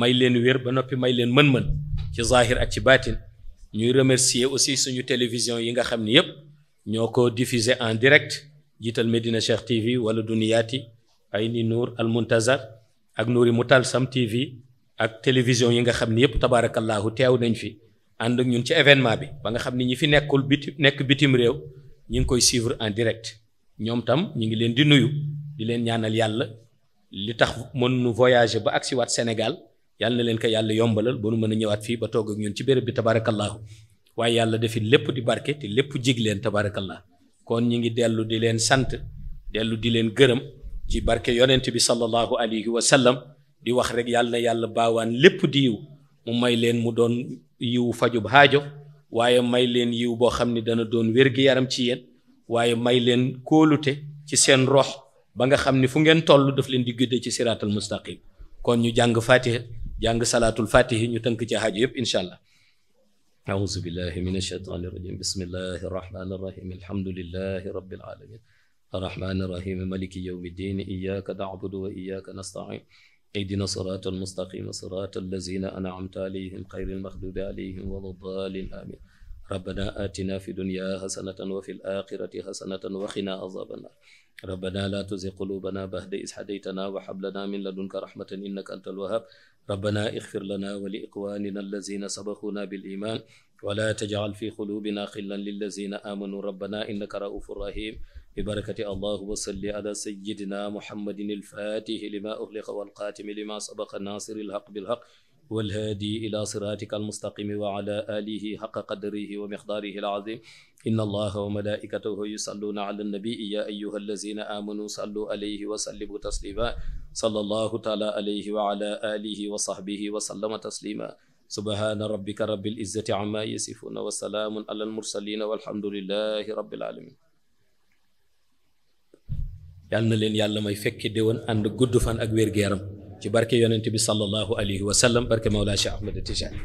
may leen wér ba noppi may leen mën-mën ci zahir ak ci baatin ñuy remercier aussi suñu télévision yi nga xam ni yëpp ñoo ko diffuser en direct jiital Medina Cheikh TV wala Duniyaati ay ni Nour Al ak ak Nouri Mutalsam TV ak télévision yi nga xam ni yëpp tabaarakallaahu teew nañ fi ànd ak ñun ci événement bi ba nga xam ni ñi fi nekkul biti nekk bitim réew ñu ngi koy suivre en direct ñoom tam ñu ngi leen di nuyu di leen ñaanal yàlla. li tax mën nu voyager ba agsi waat Sénégal yàlla na leen ko yàlla yombalal ba nu mën a ñëwaat fii ba toog ak ñun ci béréb bi tabarakallahu waaye yàlla defi lépp di barke te lépp jig leen tabarakallah kon ñi ngi dellu di leen sant dellu di leen gërëm ci barke yonent bi sallallahu alayhi wa sallam di wax rek yàlla yàlla baawaan lépp di yiw mu may leen mu doon yiw yiwu fajub haajo waaye may leen yiw boo xam ne dana doon wér-gi-yaram ci yéen waaye may leen kóolute ci seen rox ba nga xam ni fu ngeen toll daf leen di guider ci siraatal mustaqim kon ñu jàng fatiha jàng salaatul fatihi ñu tënk ci xaaju yëpp incha allah أعوذ بالله من الشيطان الرجيم بسم الله الرحمن الرحيم الحمد لله رب العالمين الرحمن الرحيم ملك يوم الدين إياك نعبد وإياك نستعين اهدنا الصراط المستقيم صراط الذين أنعمت عليهم غير المغضوب عليهم ولا الضالين آمين ربنا آتنا في الدنيا حسنة وفي الآخرة حسنة وقنا عذاب النار rabbana la tuzigh qulubana ba'da idh hadaytana wa hab lana min ladunka rahmatan innaka antal wahhab rabbana ighfir lana wa li ikhwanina allazina sabaquna bil iman wa la taj'al fi qulubina ghillan lillazina amanu rabbana innaka ra'ufur rahim ببركة الله وصل على سيدنا محمد الفاتح لما أغلق والقاتم لما سبق الناصر الحق بالحق والهادي إلى صراطك المستقيم وعلى آله حق قدره ومقداره العظيم إن الله وملائكته يصلون على النبي يا أيها الذين آمنوا صلوا عليه وسلموا تسليما صلى الله تعالى عليه وعلى آله وصحبه وسلم تسليما سبحان ربك رب العزة عما يصفون وسلام على المرسلين والحمد لله رب العالمين yàlla na leen yàlla may fekki déwén ànd gudd fan ak wér-gu-yaram ci barke yonent bi sallallahu alayhi wa sallam barke Mawlaa Cheikh Ahmed Tijaan